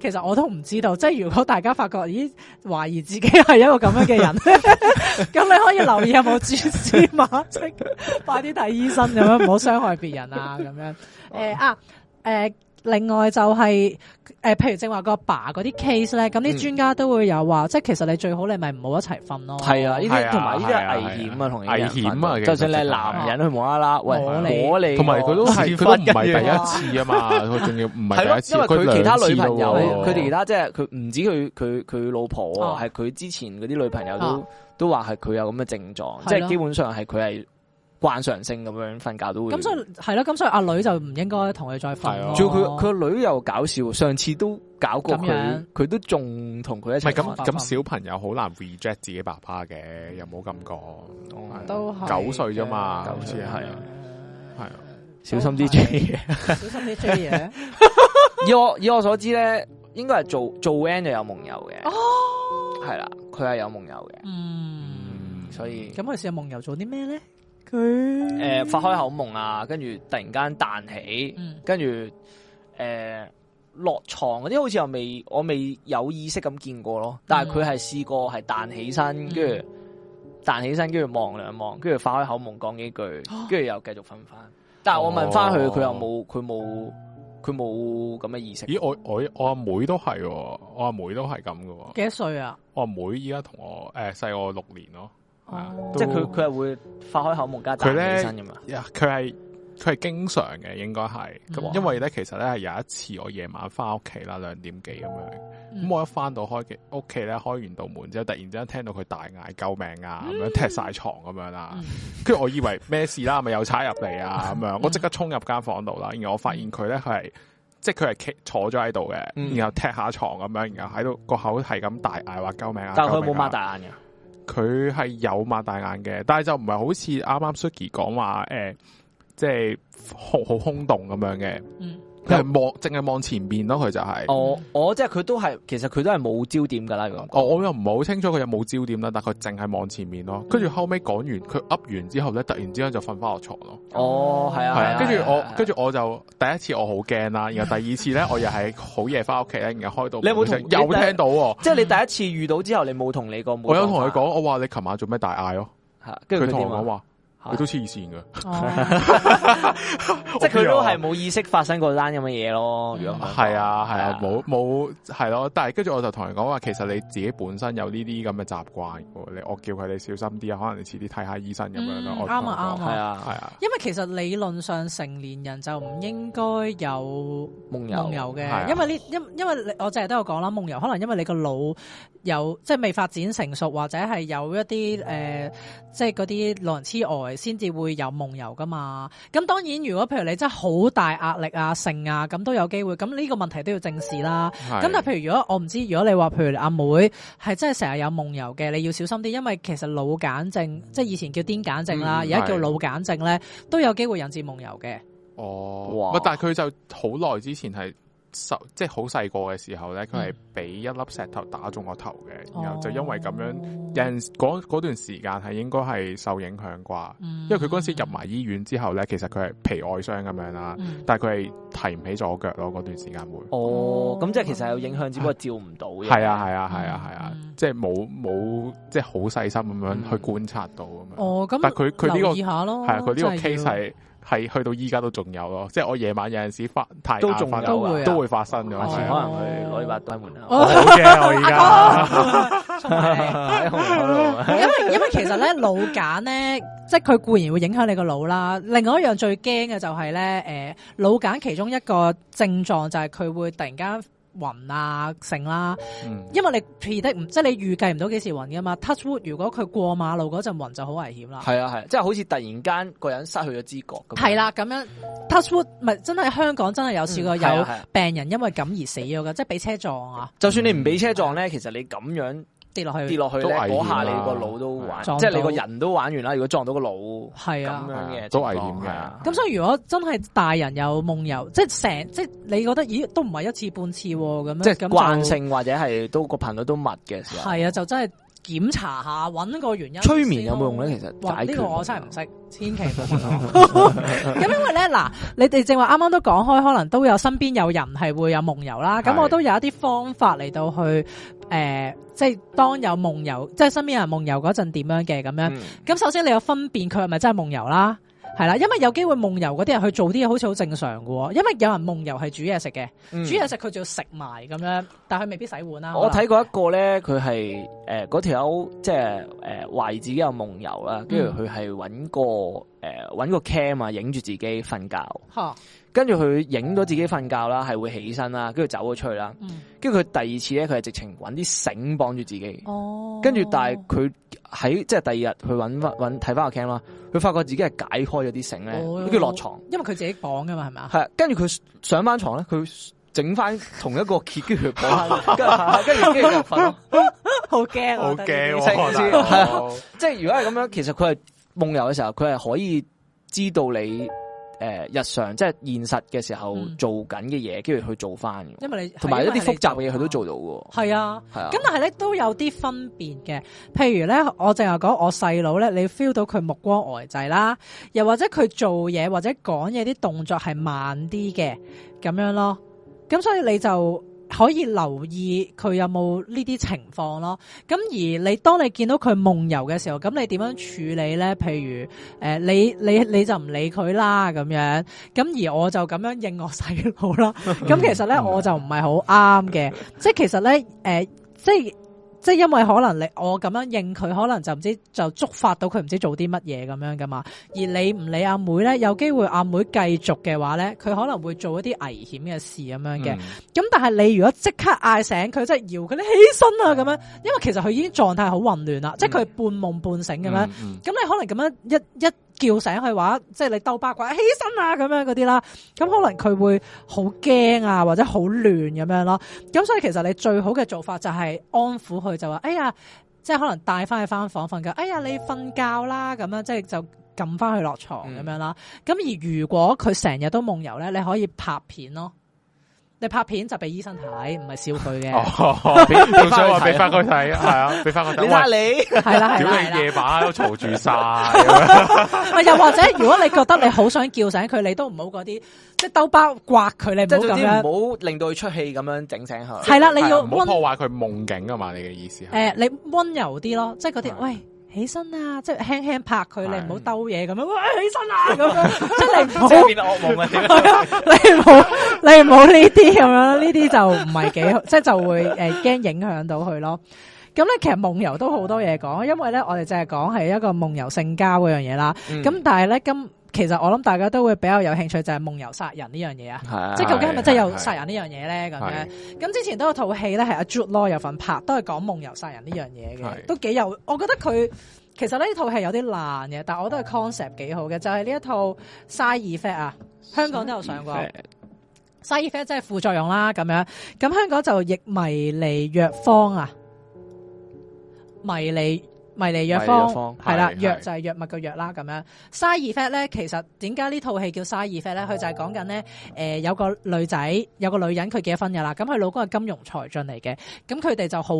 其實我都唔知道，即係如果大家發覺咦懷疑自己係一個咁樣嘅人，咁 你可以留意有冇蛛絲馬迹， 快啲睇醫生咁樣，唔好傷害別人啊，咁樣，誒啊，誒、呃。呃呃呃另外就係誒，譬如正話個爸嗰啲 case 咧，咁啲專家都會有話，即係其實你最好你咪唔好一齊瞓咯。係啊，呢啲同埋呢啲危險啊，同危險啊，就算你係男人去無啦啦，為咗你，同埋佢都係佢都唔係第一次啊嘛，佢仲要唔係第一次。因為佢其他女朋友，佢哋而家即係佢唔止佢佢佢老婆啊，係佢之前嗰啲女朋友都都話係佢有咁嘅症狀，即係基本上係佢係。慣常性咁樣瞓覺都會，咁所以係啦，咁所以阿女就唔應該同佢再瞓。仲要佢佢個女又搞笑，上次都搞過佢，佢都仲同佢一齊。唔係咁咁，小朋友好難 reject 自己爸爸嘅，又冇咁講。都九歲啫嘛，九歲係係，小心啲追嘢，小心啲追嘢。以我以我所知咧，應該係做做 end 就有夢遊嘅，哦，係啦，佢係有夢遊嘅。嗯，所以咁佢試下夢遊做啲咩咧？佢誒、 呃，發開口夢啊，跟住突然間彈起，跟住誒落床嗰啲，好似又未，我未有意識咁見過咯。但係佢係試過係彈起身，跟住彈起身，跟住望兩望，跟住發開口夢，講幾句，跟住又繼續瞓翻。但係我問翻佢，佢、哦、又冇，佢冇，佢冇咁嘅意識。咦，我我我阿妹都係，我阿妹都係咁嘅，幾多歲啊？我阿妹依家同我誒細我六年咯。啊、即係佢，佢係會發開口門加打起身嘛？佢係佢係經常嘅，應該係咁。嗯、因為咧，其實咧係有一次我，我夜晚翻屋企啦，兩點幾咁樣。咁、嗯、我一翻到開屋企咧，開完道門之後，突然之間聽到佢大嗌救命啊！咁、嗯、樣踢晒床咁樣啦！跟住、嗯、我以為咩事啦？咪又踩入嚟啊！咁、啊、樣，我即刻衝入間房度啦。然後我發現佢咧，佢係即係佢係坐咗喺度嘅，嗯、然後踢下床咁樣，然後喺度個口係咁大嗌話救命啊！但佢冇擘大眼嘅、啊。佢係有擘大眼嘅，但係就唔係好似啱啱 Suki 講話誒、欸、即係好好空洞咁樣嘅。嗯。係望，淨係望前面咯，佢就係。哦，我即係佢都係，其實佢都係冇焦點噶啦。哦，我又唔係好清楚佢有冇焦點啦，但係佢淨係望前面咯。跟住後尾講完，佢 up 完之後咧，突然之間就瞓翻落床咯。哦，係啊。係啊。跟住我，跟住我就第一次我好驚啦。然後第二次咧，我又係好夜翻屋企咧，然後開到你有冇同？有聽到，即係你第一次遇到之後，你冇同你個，我有同佢講，我話你琴晚做咩大嗌？咯，吓，佢同我講話。佢都黐線㗎，即係佢都係冇意識發生過單咁嘅嘢咯。係啊係啊，冇冇係咯。但係跟住我就同人講話，其實你自己本身有呢啲咁嘅習慣，你我叫佢，你小心啲啊，可能你遲啲睇下醫生咁樣咯。啱啊啱啊，係啊係啊。因為其實理論上成年人就唔應該有夢遊夢遊嘅，因為呢因因為我淨係都有講啦，夢遊可能因為你個腦有即係未發展成熟，或者係有一啲誒，即係嗰啲老人痴呆。先至會有夢遊噶嘛，咁當然如果譬如你真係好大壓力啊、性啊，咁都有機會，咁呢個問題都要正視啦。咁是但譬如如果我唔知，如果你話譬如阿妹係真係成日有夢遊嘅，你要小心啲，因為其實腦癇症，嗯、即係以前叫癲癇症啦，而家、嗯、叫腦癇症咧，嗯、都有機會引致夢遊嘅。哦，哇但係佢就好耐之前係。十即係好細個嘅時候咧，佢係俾一粒石頭打中個頭嘅，然後就因為咁樣，有陣嗰段時間係應該係受影響啩，因為佢嗰陣時入埋醫院之後咧，其實佢係皮外傷咁樣啦，但係佢係提唔起左腳咯，嗰段時間會哦。咁即係其實有影響，只不過照唔到。係啊，係啊，係啊，係啊，即係冇冇即係好細心咁樣去觀察到咁樣。哦，咁但係佢佢呢個係啊，佢呢個 case 係。係去到依家都仲有咯，即係我夜晚有陣時發太都仲有，啊，都會，啊、都會發生嘅，哦、可能去攞把門，因為因為其實咧，腦梗咧，即係佢固然會影響你個腦啦。另外一樣最驚嘅就係、是、咧，誒、呃，腦梗其中一個症狀就係佢會突然間。暈啊，剩啦，嗯、因為你 predict 唔，即係你預計唔到幾時暈噶嘛。Touchwood 如果佢過馬路嗰陣暈就好危險啦。係啊係、啊，即係好似突然間個人失去咗知覺咁樣。係啦、啊，咁樣、嗯、Touchwood 咪真係香港真係有試過有病人因為咁而死咗噶、嗯啊啊，即係俾車撞啊。就算你唔俾車撞咧，嗯啊、其實你咁樣。跌落去跌落去咧，嗰、啊、下你個腦都玩，到即係你個人都玩完啦。如果撞到個腦，係啊咁樣嘅，都危險㗎。咁所以如果真係大人有夢遊，啊、即係成，即係、啊、你覺得，咦，都唔係一次半次咁是樣。即係慣性或者係都個頻率都密嘅時候。係啊，就真係。檢查下，揾個原因。催眠有冇用咧？其實呢哇解決 個我真係唔識，嗯、千祈唔好。咁 因為咧，嗱，你哋正話啱啱都講開，可能都有身邊有人係會有夢遊啦。咁是我都有一啲方法嚟到去，誒、呃，即係當有夢遊，即係身邊有人夢遊嗰陣點樣嘅咁樣。咁、嗯、首先你要分辨佢係咪真係夢遊啦。係啦，因為有機會夢遊嗰啲人去做啲嘢，好似好正常嘅喎。因為有人夢遊係煮嘢食嘅，嗯、煮嘢食佢就要食埋咁樣，但佢未必洗碗啦。我睇過一個咧，佢係誒嗰條友即係誒、呃、懷疑自己有夢遊啦，跟住佢係揾個誒揾個 cam 啊，影住、呃、自己瞓覺。嗯嗯跟住佢影到自己瞓覺啦，係會起身啦，跟住走咗出去啦。跟住佢第二次咧，佢係直情揾啲繩綁住自己。哦。跟住，但係佢喺即係第二日去揾翻揾睇翻個 cam 啦，佢發覺自己係解開咗啲繩咧，哦、跟住落床。因為佢自己綁噶嘛，係咪？係。跟住佢上翻床咧，佢整翻同一個結嘅血綁，跟住跟住就瞓。好驚！好驚！係啊，即係 如果係咁樣，其實佢係夢遊嘅時候，佢係可以知道你。誒、呃、日常即係現實嘅時候做緊嘅嘢，跟住、嗯、去做返。因為你同埋一啲複雜嘅嘢，佢都做到嘅。係、嗯、啊，係啊。咁但係咧都有啲分別嘅。譬如咧，我淨係講我細佬咧，你 feel 到佢目光呆滯啦，又或者佢做嘢或者講嘢啲動作係慢啲嘅咁樣咯。咁所以你就。可以留意佢有冇呢啲情況咯，咁而你當你見到佢夢遊嘅時候，咁你點樣處理咧？譬如誒、呃，你你你就唔理佢啦咁樣，咁而我就咁樣認我細佬啦。咁 其實咧，我就唔係好啱嘅，即係其實咧，誒，即係。即係因為可能你我咁樣認佢，可能就唔知就觸發到佢唔知做啲乜嘢咁樣噶嘛。而你唔理阿妹咧，有機會阿妹繼續嘅話咧，佢可能會做一啲危險嘅事咁樣嘅。咁、嗯、但係你如果即刻嗌醒佢，即係搖佢咧起身啊咁樣，因為其實佢已經狀態好混亂啦，嗯、即係佢半夢半醒咁樣。咁、嗯嗯、你可能咁樣一一。叫醒佢話，即係你鬥八卦，起身啊咁樣嗰啲啦，咁可能佢會好驚啊，或者好亂咁樣咯。咁所以其實你最好嘅做法就係安撫佢，就話哎呀，即係可能帶翻去翻房瞓覺。哎呀，你瞓覺啦，咁樣即係就撳翻去落床咁樣啦。咁、嗯、而如果佢成日都夢遊咧，你可以拍片咯。你拍片就俾醫生睇，唔係笑佢嘅。俾想話俾翻佢睇，係啊，俾翻個。你吓你，係啦係屌你夜晚都嘈住晒。又或者，如果你覺得你好想叫醒佢，你都唔好嗰啲即係兜包刮佢，你唔好咁樣，唔好令到佢出氣咁樣整醒佢。係啦，你要唔好破壞佢夢境啊嘛？你嘅意思係誒，你温柔啲咯，即係嗰啲喂。起身啊！即係輕輕拍佢，的你唔好兜嘢咁樣。喂，起身啦，啊！咁樣，真係唔好變噩夢啊！你唔好，你唔好呢啲咁樣，呢啲就唔係幾好，即係就會誒驚、欸、影響到佢咯。咁咧，其實夢遊都好多嘢講，因為咧我哋淨係講係一個夢遊性交嗰、嗯、樣嘢啦。咁但係咧今。其實我諗大家都會比較有興趣就係夢遊殺人呢樣嘢啊，是即係究竟係咪真係有殺人呢樣嘢咧咁樣？咁之前都有套戲咧，係阿 Jude Law 有份拍，都係講夢遊殺人呢樣嘢嘅，是都幾有。我覺得佢其實呢套戲有啲爛嘅，但係我覺得係 concept 幾好嘅，就係、是、呢一套 Side Effect 啊，香港都有上過。Side Effect 即係副作用啦，咁樣咁香港就《亦迷離藥方》啊，《迷離》。迷離藥方係啦，藥的就係藥物嘅藥啦，咁樣的。《Side Effect》咧，其實點解呢套戲叫《Side Effect》咧、哦？佢就係講緊咧，誒有個女仔，有個女人，佢結咗婚㗎啦。咁佢老公係金融才俊嚟嘅，咁佢哋就好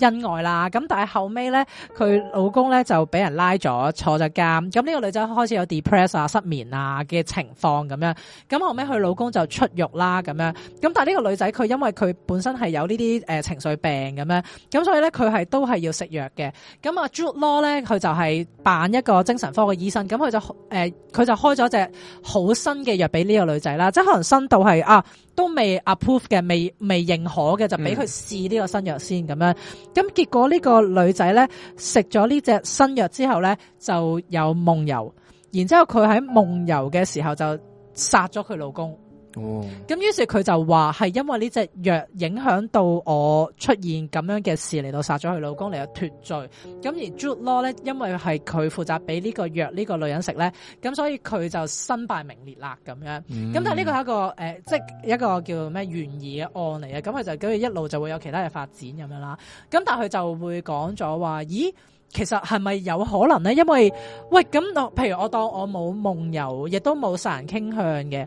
恩愛啦，咁但係後尾咧，佢老公咧就俾人拉咗坐咗監，咁呢個女仔開始有 depress 啊、失眠啊嘅情況咁樣，咁後尾佢老公就出獄啦咁樣，咁但係呢個女仔佢因為佢本身係有呢啲誒情緒病咁樣，咁所以咧佢係都係要食藥嘅。咁阿 Jude Law 咧，佢就係扮一個精神科嘅醫生，咁佢就誒佢、呃、就開咗隻好新嘅藥俾呢個女仔啦，即係可能新到係啊都未 approve 嘅、未未認可嘅，就俾佢試呢個新藥先咁樣。嗯嗯。咁結果呢個女仔咧食咗呢隻新藥之後咧就有夢遊，然之後佢喺夢遊嘅時候就殺咗佢老公。哦，咁於是佢就話係因為呢隻藥影響到我出現咁樣嘅事嚟到殺咗佢老公嚟到脫罪，咁而 Jude Law 咧因為係佢負責俾呢個藥呢個女人食咧，咁所以佢就身敗名裂啦咁樣，咁、嗯、但係呢個係一個誒、呃、即係一個叫咩懸疑嘅案嚟嘅。咁佢就咁樣一路就會有其他嘅發展咁樣啦，咁但係佢就會講咗話，咦其實係咪有可能咧？因為喂咁我譬如我當我冇夢遊，亦都冇殺人傾向嘅。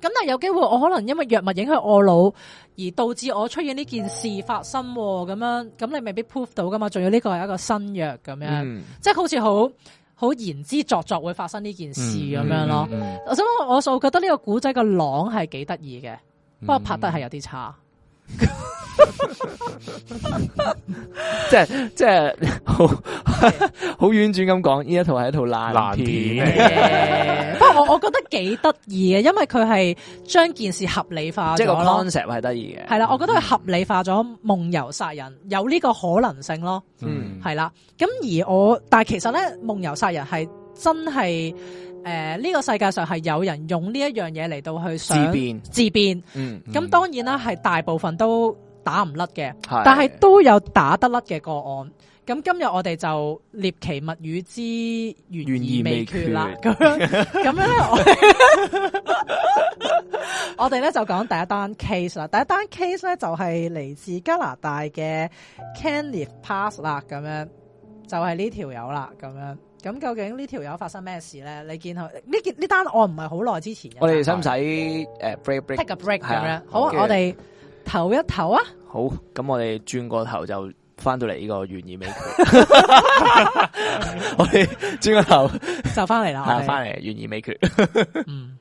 咁但係有機會，我可能因為藥物影響我腦，而導致我出現呢件事發生咁樣。咁你未必 prove 到㗎嘛？仲要呢個係一個新藥咁樣，嗯、即係好似好好言之鑿鑿會發生呢件事咁樣咯。嗯嗯嗯嗯嗯、我想我所覺得呢個古仔嘅狼係幾得意嘅，不過拍得係有啲差。嗯嗯嗯 即係即係好好婉轉咁講，呢一套係一套爛片。不過我我覺得幾得意嘅，因為佢係將件事合理化，即係個 concept 係得意嘅。係啦，我覺得佢合理化咗夢遊殺人有呢個可能性咯。嗯，係啦。咁而我，但係其實咧，夢遊殺人係真係誒，呢個世界上係有人用呢一樣嘢嚟到去想自辯，自辯。嗯，咁當然啦，係大部分都。打唔甩嘅，但係都有打得甩嘅個案。咁、嗯、今日我哋就獵奇物語之懸疑未決啦。咁 樣咁樣咧， 我我哋咧就講第一單 case 啦。第一單 case 咧就係嚟自加拿大嘅 c a n n y Pass 啦。咁樣就係呢條友啦。咁樣咁究竟呢條友發生咩事咧？你見佢呢件呢單案唔係好耐之前嘅。我哋使唔使誒 break break 咁樣？好，我哋。Okay. 唞一唞啊，好，咁我哋轉個頭就翻到嚟呢個懸疑美劇 我哋轉個頭就翻嚟啦，翻嚟懸疑美劇。 嗯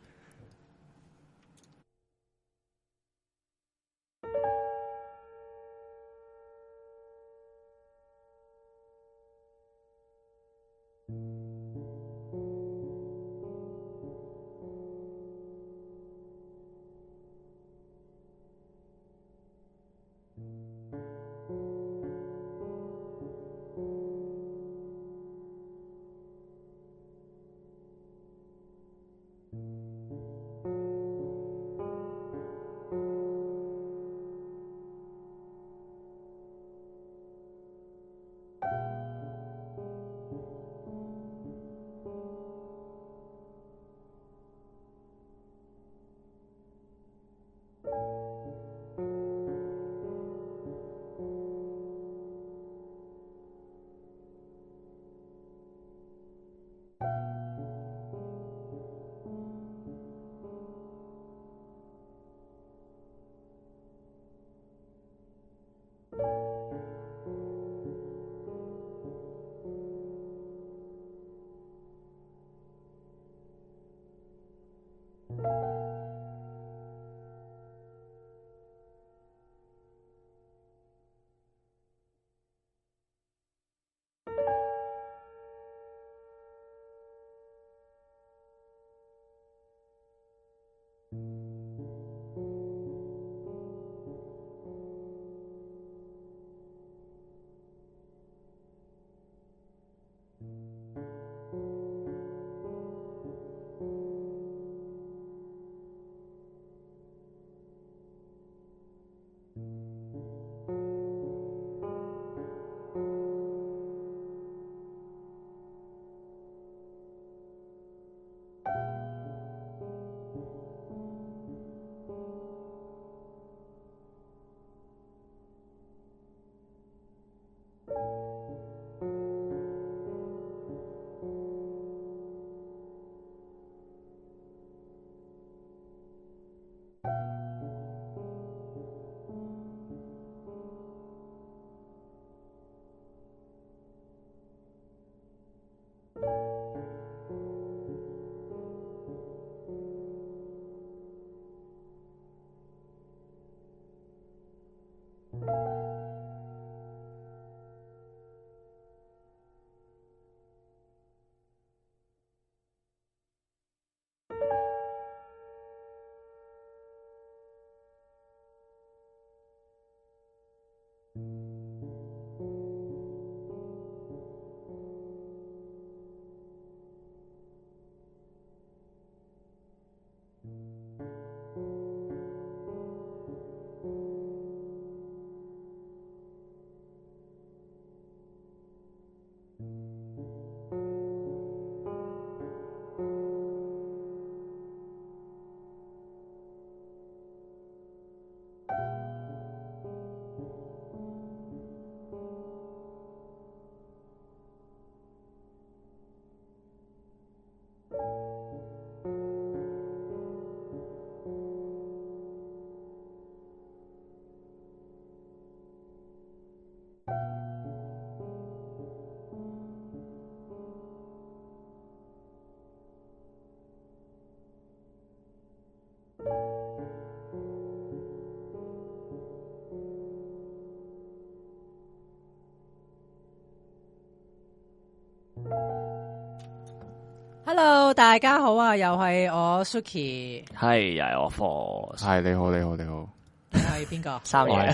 Hello，大家好啊，又係我 Suki，係呀，我 Four，係你好，你好，你好，係邊個？ 三爺爺，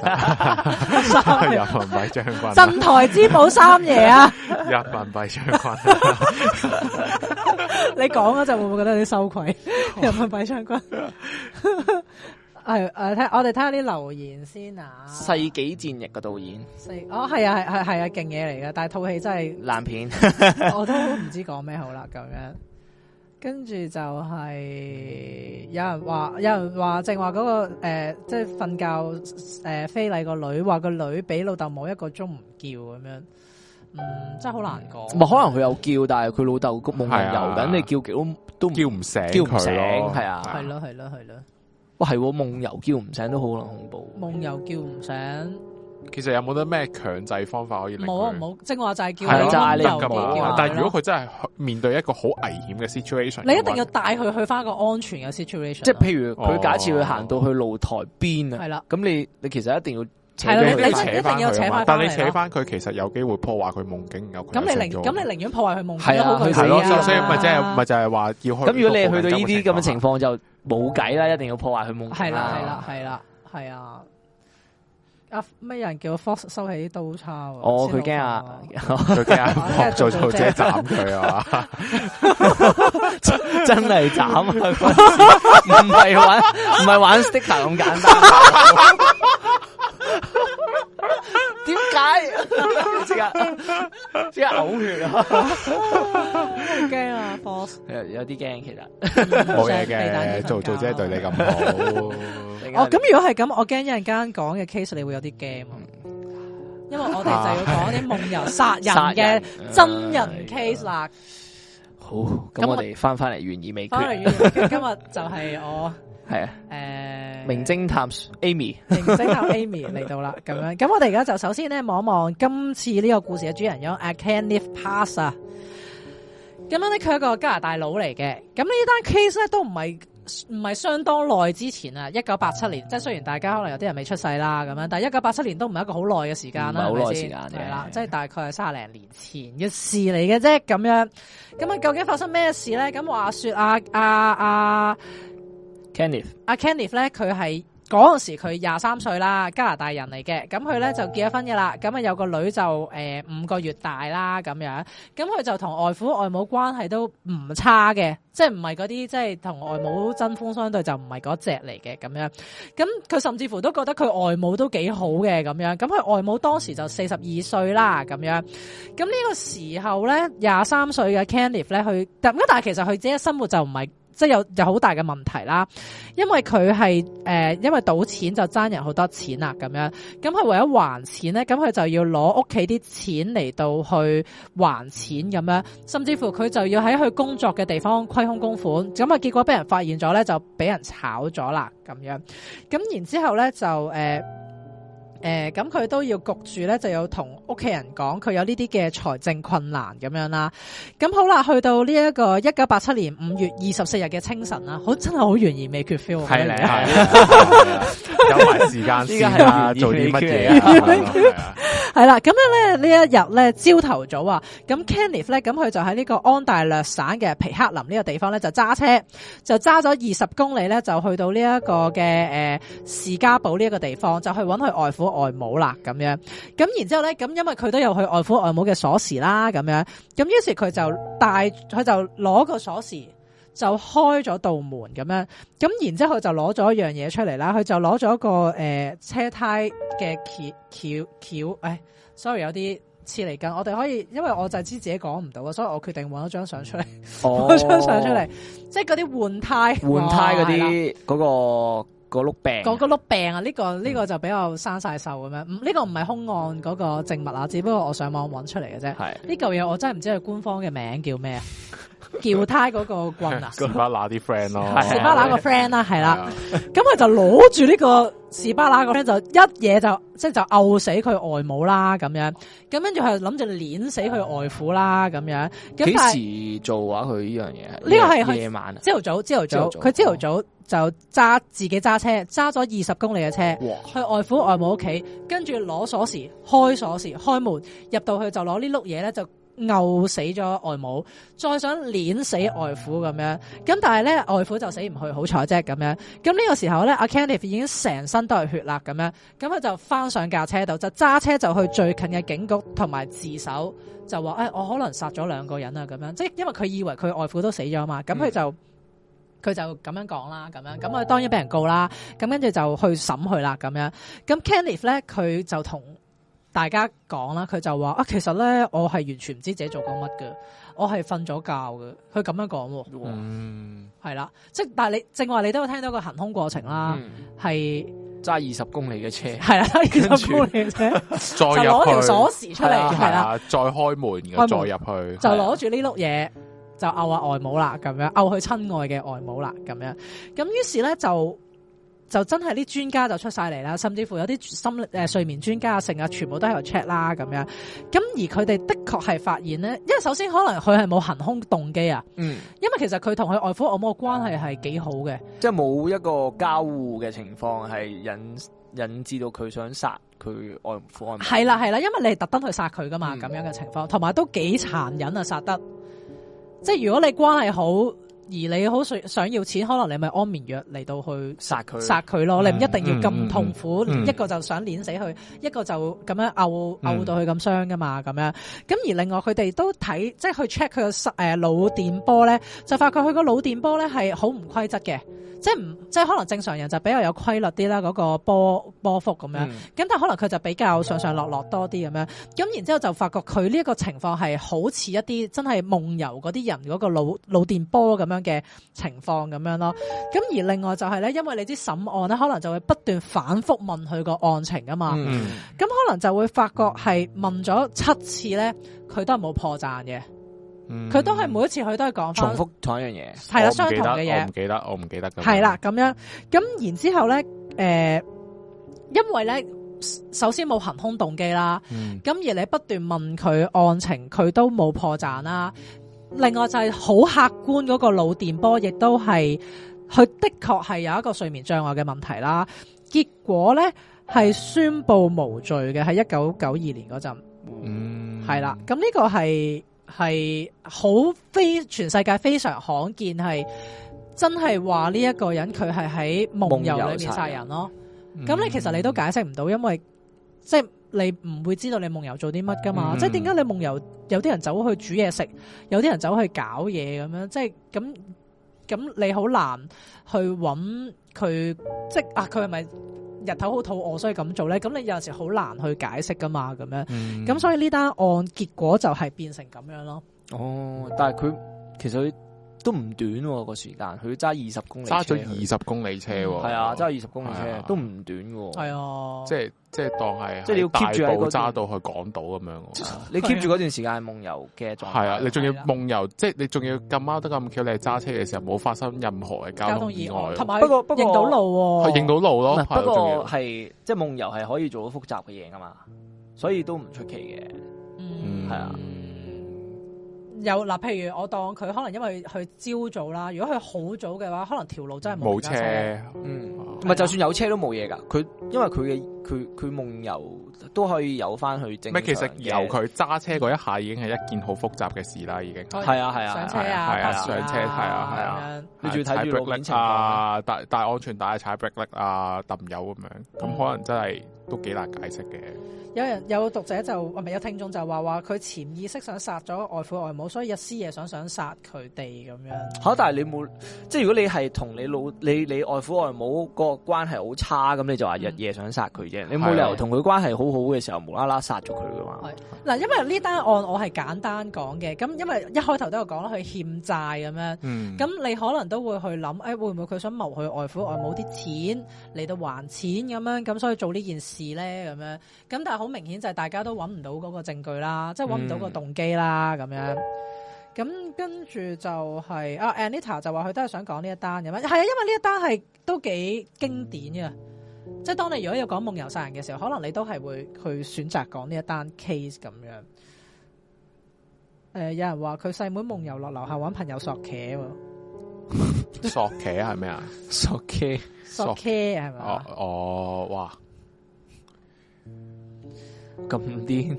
三爺，一班將軍，鎮 台之寶三爺啊，一班敗將軍， 你講咗就會唔會覺得有啲羞愧？一班敗將軍。 係誒，我哋睇下啲留言先啊！世紀戰役個導演，哦係啊係係係啊，勁嘢嚟㗎，但係套戲真係爛片，我都唔知講咩好啦咁樣。跟住就係有人話，有人話，淨話嗰個誒，即係瞓覺誒，非禮個女話個女俾老豆冇一個鐘唔叫咁樣，嗯，真係好難過。唔係可能佢有叫，但係佢老豆個夢遊緊，你叫極都都叫唔醒，叫唔醒，係啊，係咯係咯係咯。哇，係喎！夢遊叫唔醒都好恐怖。夢遊叫唔醒，其實有冇得咩強制方法可以令佢？冇冇，即係話就係叫你，但係如果佢真係面對一個好危險嘅 situation，你一定要帶佢去翻個安全嘅 situation。即係譬如佢假設佢行到去露台邊啊，係啦，咁你你其實一定要扯，你扯一定要扯翻，但係你扯翻佢，其實有機會破壞佢夢境。咁你寧咁你寧願破壞佢夢，係啊，係咯，所以咪即係咪就係話要咁？如果你去到呢啲咁嘅情況就。冇計啦，一定要破壞佢夢想啦。係啦，係啦，係啦，係啊！啊咩人叫 Fox 收起刀叉？哦，佢驚啊，佢驚 Fox 做做者斬佢啊！真係斬啊，唔係玩唔係玩,玩 Sticker 咁簡單。啊 點解？即係嘔血啊！驚啊，Boss！有有啲驚，其實冇嘢嘅，做做姐對你咁好。哦，咁如果係咁，我驚一陣間講嘅 case 你會有啲驚！因為我哋就要講啲夢遊殺人嘅真人 case 啦。好，咁我哋翻翻嚟懸疑未決。今日就係我。係啊，誒、嗯，名偵探 Amy，名偵探 Amy 嚟 到啦，咁樣，咁我哋而家就首先咧望一望今次呢個故事嘅主人翁 a k a n i f Pass 啊，咁樣咧，佢一個加拿大佬嚟嘅，咁呢單 case 咧都唔係唔係相當耐之前啊，一九八七年，即係雖然大家可能有啲人未出世啦，咁樣，但係一九八七年都唔係一個好耐嘅時間啦，唔係好耐時間係啦，即係了對 大概係三零年前嘅事嚟嘅啫，咁樣，咁啊究竟發生咩事咧？咁話說啊啊啊！啊啊啊阿 Kenneth 咧，佢係嗰陣時佢廿三歲啦，加拿大人嚟嘅。咁佢咧就結咗婚嘅啦。咁啊有個女就誒、呃、五個月大啦，咁樣。咁佢就同外父外母關係都唔差嘅，即係唔係嗰啲即係同外母針鋒相對就唔係嗰隻嚟嘅咁樣。咁佢甚至乎都覺得佢外母都幾好嘅咁樣。咁佢外母當時就四十二歲啦，咁樣。咁呢個時候咧廿三歲嘅 Kenneth 咧，佢咁但係其實佢自己生活就唔係，即係有有好大嘅問題啦，因為佢係誒，因為賭錢就爭人好多錢啦咁樣，咁佢為咗還錢咧，咁佢就要攞屋企啲錢嚟到去還錢咁樣，甚至乎佢就要喺佢工作嘅地方虧空公款，咁啊結果俾人發現咗咧，就俾人炒咗啦咁樣，咁然之後咧就誒。呃誒咁佢都要焗住咧，就要同屋企人講佢有呢啲嘅財政困難咁樣啦。咁好啦，去到呢一個一九八七年五月二十四日嘅清晨啦，好真係好懸而未決 feel。係啦，係的，有埋時間先啊，做啲乜嘢啊？係啦，咁樣咧呢一日咧朝頭早啊，咁 Kenneth 咧咁佢就喺呢個安大略省嘅皮克林呢個地方咧就揸車，就揸咗二十公里咧就去到呢、這、一個嘅誒、呃、士嘉堡呢一個地方，就去揾佢外父。外母啦，咁樣咁，然之後咧，咁因為佢都有去外父外母嘅鎖匙啦，咁樣咁，於是佢就帶佢就攞個鎖匙就開咗道門咁樣，咁然之後就攞咗一樣嘢出嚟啦，佢就攞咗個誒、呃、車胎嘅撬撬撬，誒，Sorry 有啲刺嚟緊，我哋可以，因為我就知自己講唔到，所以我決定搵一張相出嚟，搵、哦、張相出嚟，即係嗰啲換胎換胎嗰啲個。碌病，嗰個碌病啊！呢、 這個呢、這個就比較生晒銹咁樣，呢、這個唔係凶案嗰個證物啊，只不過我上網搵出嚟嘅啫。呢嚿嘢我真係唔知佢官方嘅名叫咩、啊。 叫他嗰個棍啊，士巴拿啲 friend 咯，士巴，啊， 拿個 friend 啦，係啦，咁佢就攞住呢個士巴拿個 friend 就一嘢就即係就毆、是、死佢外母啦，咁樣，咁跟住佢就諗住碾死佢外父啦，咁樣。幾時做㗎？佢呢樣嘢？呢個係夜晚啊！朝頭早，朝頭早，佢朝頭早，上早，上早就揸自己揸車，揸咗二十公里嘅車哇去外父外母屋企，跟住攞鎖匙開鎖匙開門入到去就攞呢碌嘢咧就呢。毆死咗外母，再想碾死外父咁樣，咁但係咧外父就死唔去，好彩啫咁樣。咁呢個時候咧，阿、 啊、Kenneth 已經成身都係血啦，咁樣，咁佢就返上架車度，就揸車就去最近嘅警局同埋自首，就話誒、哎、我可能殺咗兩個人啊咁樣，即係因為佢以為佢外父都死咗嘛，咁佢就佢、嗯、就咁樣講啦，咁樣，咁啊當然俾人告啦，咁跟住就去審佢啦，咁樣，咁 Kenneth 咧佢就同。大家講啦，佢就話啊，其實咧我係完全唔知自己做過乜嘅，我係瞓咗覺嘅。佢咁樣講，係啦哇，即係但係你正話你都有聽到個行兇過程啦，係揸二十公里嘅車，係啦，揸二十公里嘅車，再攞條鎖匙出嚟，係啦、啊，啊、的再開門，再入去，嗯、的就攞住呢碌嘢，就拗下外母啦，咁樣拗佢親愛嘅外母啦，咁樣，咁於是咧就。就真係啲專家就出晒嚟啦，甚至乎有啲心誒、呃、睡眠專家啊，成日全部都喺度 check 啦咁樣。咁而佢哋的確係發現咧，因為首先可能佢係冇行兇動機啊。嗯。因為其實佢同佢外父外母嘅關係係幾好嘅。嗯、即係冇一個交互嘅情況係引引致到佢想殺佢外父外母。係啦係啦，因為你係特登去殺佢噶嘛，咁、嗯、樣嘅情況，同埋都幾殘忍啊，殺得。即係如果你關係好。而你好想想要錢，可能你咪安眠藥嚟到去殺佢殺佢咯，你唔一定要咁痛苦。一個就想碾死佢，一個就咁樣拗拗到佢咁傷噶嘛，咁樣咁，而另外佢哋都睇即係去 check 佢個誒腦電波咧，就發覺佢個腦電波咧係好唔規則嘅，即係唔即係可能正常人就比較有規律啲啦，個波波幅咁樣咁，但係可能佢就比較上上落落多啲咁樣，咁然之後就發覺佢呢一個情況係好似一啲真係夢遊啲人個腦腦電波咁樣。嘅情況咁樣咯，咁而另外就係咧，因為你啲審案咧，可能就會不斷反覆問佢個案情啊嘛，咁、嗯、可能就會發覺係問咗七次咧，佢都係冇破綻嘅，佢、嗯、都係每一次佢都係講翻重複同一樣嘢，係啦對相同嘅嘢，我唔記得，我唔記得，我唔記得，係啦咁樣，咁、嗯、然之後咧，誒，因為咧，首先冇行凶動機啦，咁、嗯、而你不斷問佢案情，佢都冇破綻啦。另外就係好客觀嗰個腦電波，亦都係佢的確係有一個睡眠障礙嘅問題啦。結果咧係宣布無罪嘅，喺一九九二年嗰陣，嗯、係啦。咁呢個係係好非全世界非常罕見，係真係話呢一個人佢係喺夢遊裏面殺人咯。咁、啊嗯、你其實你都解釋唔到，因為即係。你唔會知道你夢遊做啲乜噶嘛？嗯、即係點解你夢遊？有啲人走去煮嘢食，有啲人走去搞嘢咁樣。即係咁咁，你好難去揾佢。即係啊，佢係咪日頭好肚餓所以咁做咧？咁你有陣時好難去解釋噶嘛？咁樣。咁、嗯、所以呢單案結果就係變成咁樣咯。哦，但係佢其實。都唔短個時間，佢揸二十公里，揸咗二十公里車喎。係啊，揸二十公里車都唔短喎。係啊，即係即係當係，即係你要 keep 住喺揸到去港島咁樣。你 keep 住嗰段時間係夢遊嘅狀態。係啊，你仲要夢遊，即係你仲要咁啱得咁巧，你係揸車嘅時候冇發生任何嘅交通意外。同埋，不過認到路，認到路咯。不過係即係夢遊係可以做到複雜嘅嘢噶嘛，所以都唔出奇嘅。嗯，係啊。有嗱，譬如我當佢可能因為去朝早啦，如果佢好早嘅話，可能條路真係冇車，嗯，咪就算有車都冇嘢噶。佢因為佢嘅佢佢夢遊都可以有翻去正常嘅。咪其實由佢揸車嗰一下已經係一件好複雜嘅事啦，已經係啊，係啊，上車啊，係啊，上車係啊，係啊，你仲要睇住路面情況啊，帶帶安全帶踩 brake 啊，揼油咁樣，咁可能真係都幾難解釋嘅。有人有讀者就，唔係有聽眾就話話佢潛意識想殺咗外父外母，所以日思夜想想殺佢哋咁樣。嚇、嗯！但係你冇，即係如果你係同你老你你外父外母個關係好差，咁你就話日夜想殺佢啫。你冇理由同佢關係好好嘅時候無啦啦殺咗佢嘅嘛。嗱、嗯，因為呢單案我係簡單講嘅，咁因為一開頭都有講啦，佢欠債咁樣，咁、嗯、你可能都會去諗，誒、哎、會唔會佢想謀去外父外母啲錢嚟到還錢咁樣，咁所以做呢件事咧咁樣，咁但係。好明顯就係大家都揾唔到嗰個證據啦，即係揾唔到個動機啦，咁樣咁、嗯嗯、跟住就係、是、啊，Anita 就話佢都係想講呢一單，咁樣係啊，因為呢一單係都幾經典啊。嗯、即係當你如果有講夢遊殺人嘅時候，可能你都係會去選擇講呢一單 case 咁樣。誒、呃，有人話佢細妹夢遊落樓下揾朋友索茄、哦， 索茄係咩啊？索茄，索茄係咪？哦、啊，哇、啊！啊啊咁癲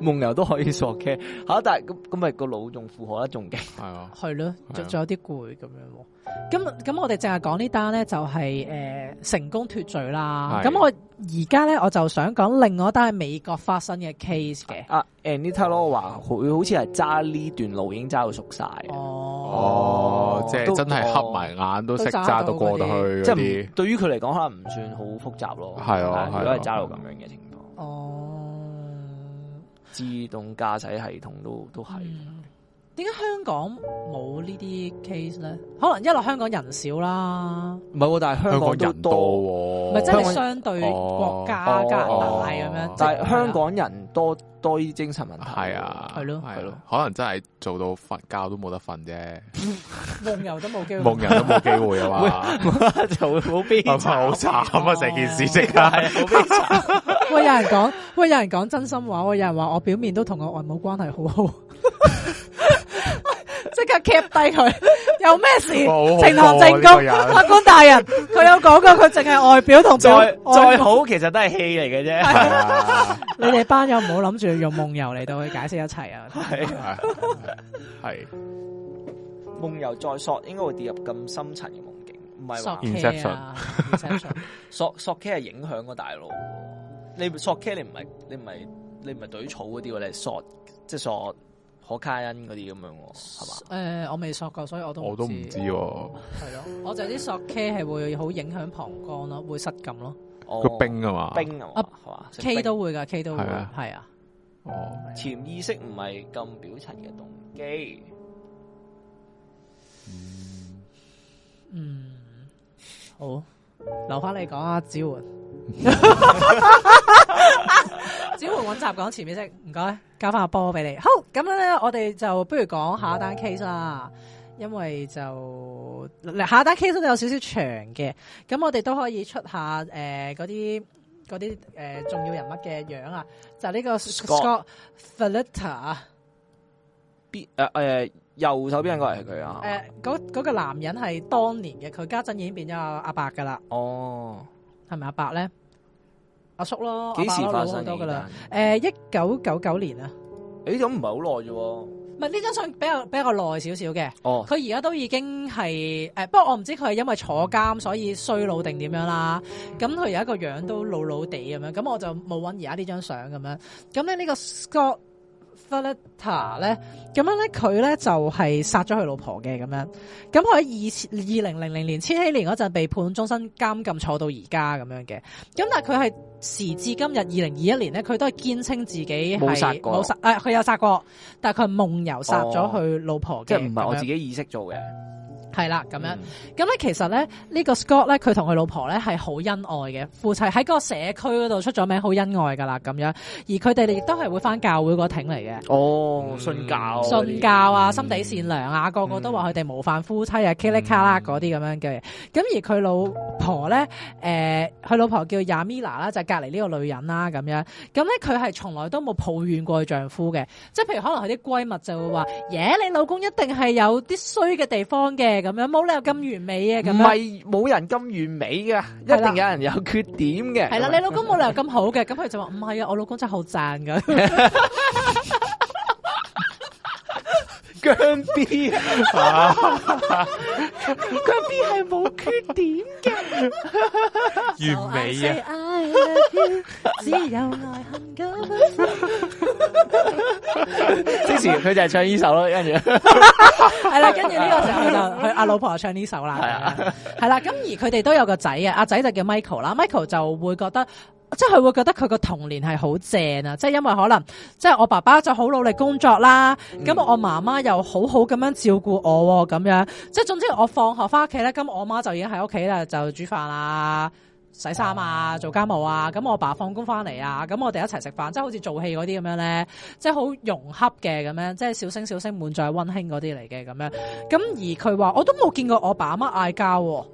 夢遊都可以索嘅，吓！但係咁咁咪個腦仲負荷得仲勁，係啊，係咯，仲仲有啲攰咁樣。咁咁我哋淨係講呢單咧，就係誒成功脫罪啦。咁我而家咧，我就想講另外單喺美國發生嘅 case 嘅。啊，Anita Law 話佢好似係揸呢段路已經揸到熟晒。哦，即係真係黑埋眼都識揸到過得去。即係對於佢嚟講，可能唔算好複雜咯。係啊，如果係揸到咁樣嘅情。哦，自動駕駛系統都都係，點解香港冇呢啲 case 咧？可能一來香港人少啦，唔係，但係香港人多，唔係真係相對國家加拿大咁樣，但係香港人多多啲精神問題啊，係咯，係咯，可能真係做到瞓覺都冇得瞓啫，夢遊都冇機會，夢遊都冇機會啊嘛，就會好悲慘，好慘啊！成件事即係。喂，有人講，喂，有人講真心話。我有人話，我表面都同我外母關係好好，即刻 cap 低佢。有咩事？情堂正局法官大人，佢有講過，佢淨係外表同表，再好其實都係戲嚟嘅啫。你哋班友唔好諗住用夢遊嚟到去解釋一切啊！係係夢遊再索，應該會跌入咁深層嘅夢境，唔係話。索索 K 係影響個大腦。你索 K 你唔係，你唔係，你唔係懟草嗰啲喎，你，你，你索即係索可卡因嗰啲咁樣喎，係嘛？誒、呃，我未索過，所以我都我都唔知、啊。係咯，我就係啲索 K 係會好影響膀胱咯，會失禁咯。個、哦、冰，冰啊嘛，冰啊嘛，係嘛？K 都會噶，K 都會，係啊。啊哦，潛意識唔係咁表層嘅動機。嗯，嗯，好，留翻你講下招啊。只會穩雜講前面先，唔該，交翻個波俾你。好，咁咧，我哋就不如講下一單 case 啦，因為就下一單 case 都有少少長嘅，咁我哋都可以出下誒嗰啲啲誒重要人物嘅樣啊，就呢個 Scott Falita，誒誒右手邊嗰位係佢啊，誒，嗰嗰個男人係當年嘅，佢家陣已經變咗阿伯噶啦，哦。係咪阿伯咧？阿叔咯，幾何時發生嘅？誒，uh, 欸、一九九九年啊。誒，咁唔係好耐啫。唔係呢張相比較比較耐少少嘅。哦。佢而家都已經係誒、哎，不過我唔知佢係因為坐監所以衰老定點樣啦。咁佢而家個樣都老老地咁樣。咁我就冇揾而家呢張相咁樣。咁咧呢個個 Fletcher 咧，咁樣咧，佢咧就係殺咗佢老婆嘅咁樣。咁佢喺二千二零零零年千禧年嗰陣被判終身監禁，坐到而家咁樣嘅。咁但係佢係時至今日二零二一年咧，佢都係堅稱自己係冇殺過，冇殺誒，佢、哎、有殺過，但係佢係夢遊殺咗佢老婆嘅，即係唔係我自己意識做嘅。係啦，咁樣咁咧，嗯、其實咧呢、呢個 Scott 咧，佢同佢老婆咧係好恩愛嘅夫妻，喺個社區嗰度出咗名，好恩愛噶啦，咁樣而佢哋亦都係會翻教會嗰挺嚟嘅。哦，信教，信教啊，心地善良啊，嗯、個個都話佢哋模範夫妻啊，kitty 卡拉嗰啲咁樣嘅。咁、嗯、而佢老婆咧，誒、呃，佢老婆叫 Yamina 啦，就隔籬呢個女人啦、啊，咁樣咁咧，佢係從來都冇抱怨過佢丈夫嘅，即係譬如可能佢啲閨蜜就會話：，耶、yeah,，你老公一定係有啲衰嘅地方嘅。咁樣冇理由咁完美啊！唔係冇人咁完美嘅，對啦 一定有人有缺點嘅。係啦，樣啦，你老公冇理由咁好嘅，咁佢 就話唔係啊，我老公真係好讚咁。 姜 B、啊、 姜 B 係冇缺點嘅，完美啊！ 只有，只有愛恨交即時佢就係唱呢首咯，跟住係啦，跟住呢個時候就佢阿老婆就唱呢首啦，係啦。咁而佢哋都有個仔啊，阿仔就叫 Michael 啦，Michael 就會覺得。即係佢會覺得佢個童年係好正啊！即係因為可能，即係我爸爸就好努力工作啦，咁、嗯、我媽媽又好好咁樣照顧我咁樣，即係總之我放學翻屋企咧，咁我媽就已經喺屋企啦，就煮飯啊、洗衫啊、做家務啊，咁我爸放工翻嚟啊，咁我哋一齊食飯，即係好似做戲嗰啲咁樣咧，即係好融洽嘅咁樣，即係小聲小聲、滿載溫馨嗰啲嚟嘅咁樣。咁而佢話，我都冇見過我爸阿媽嗌交。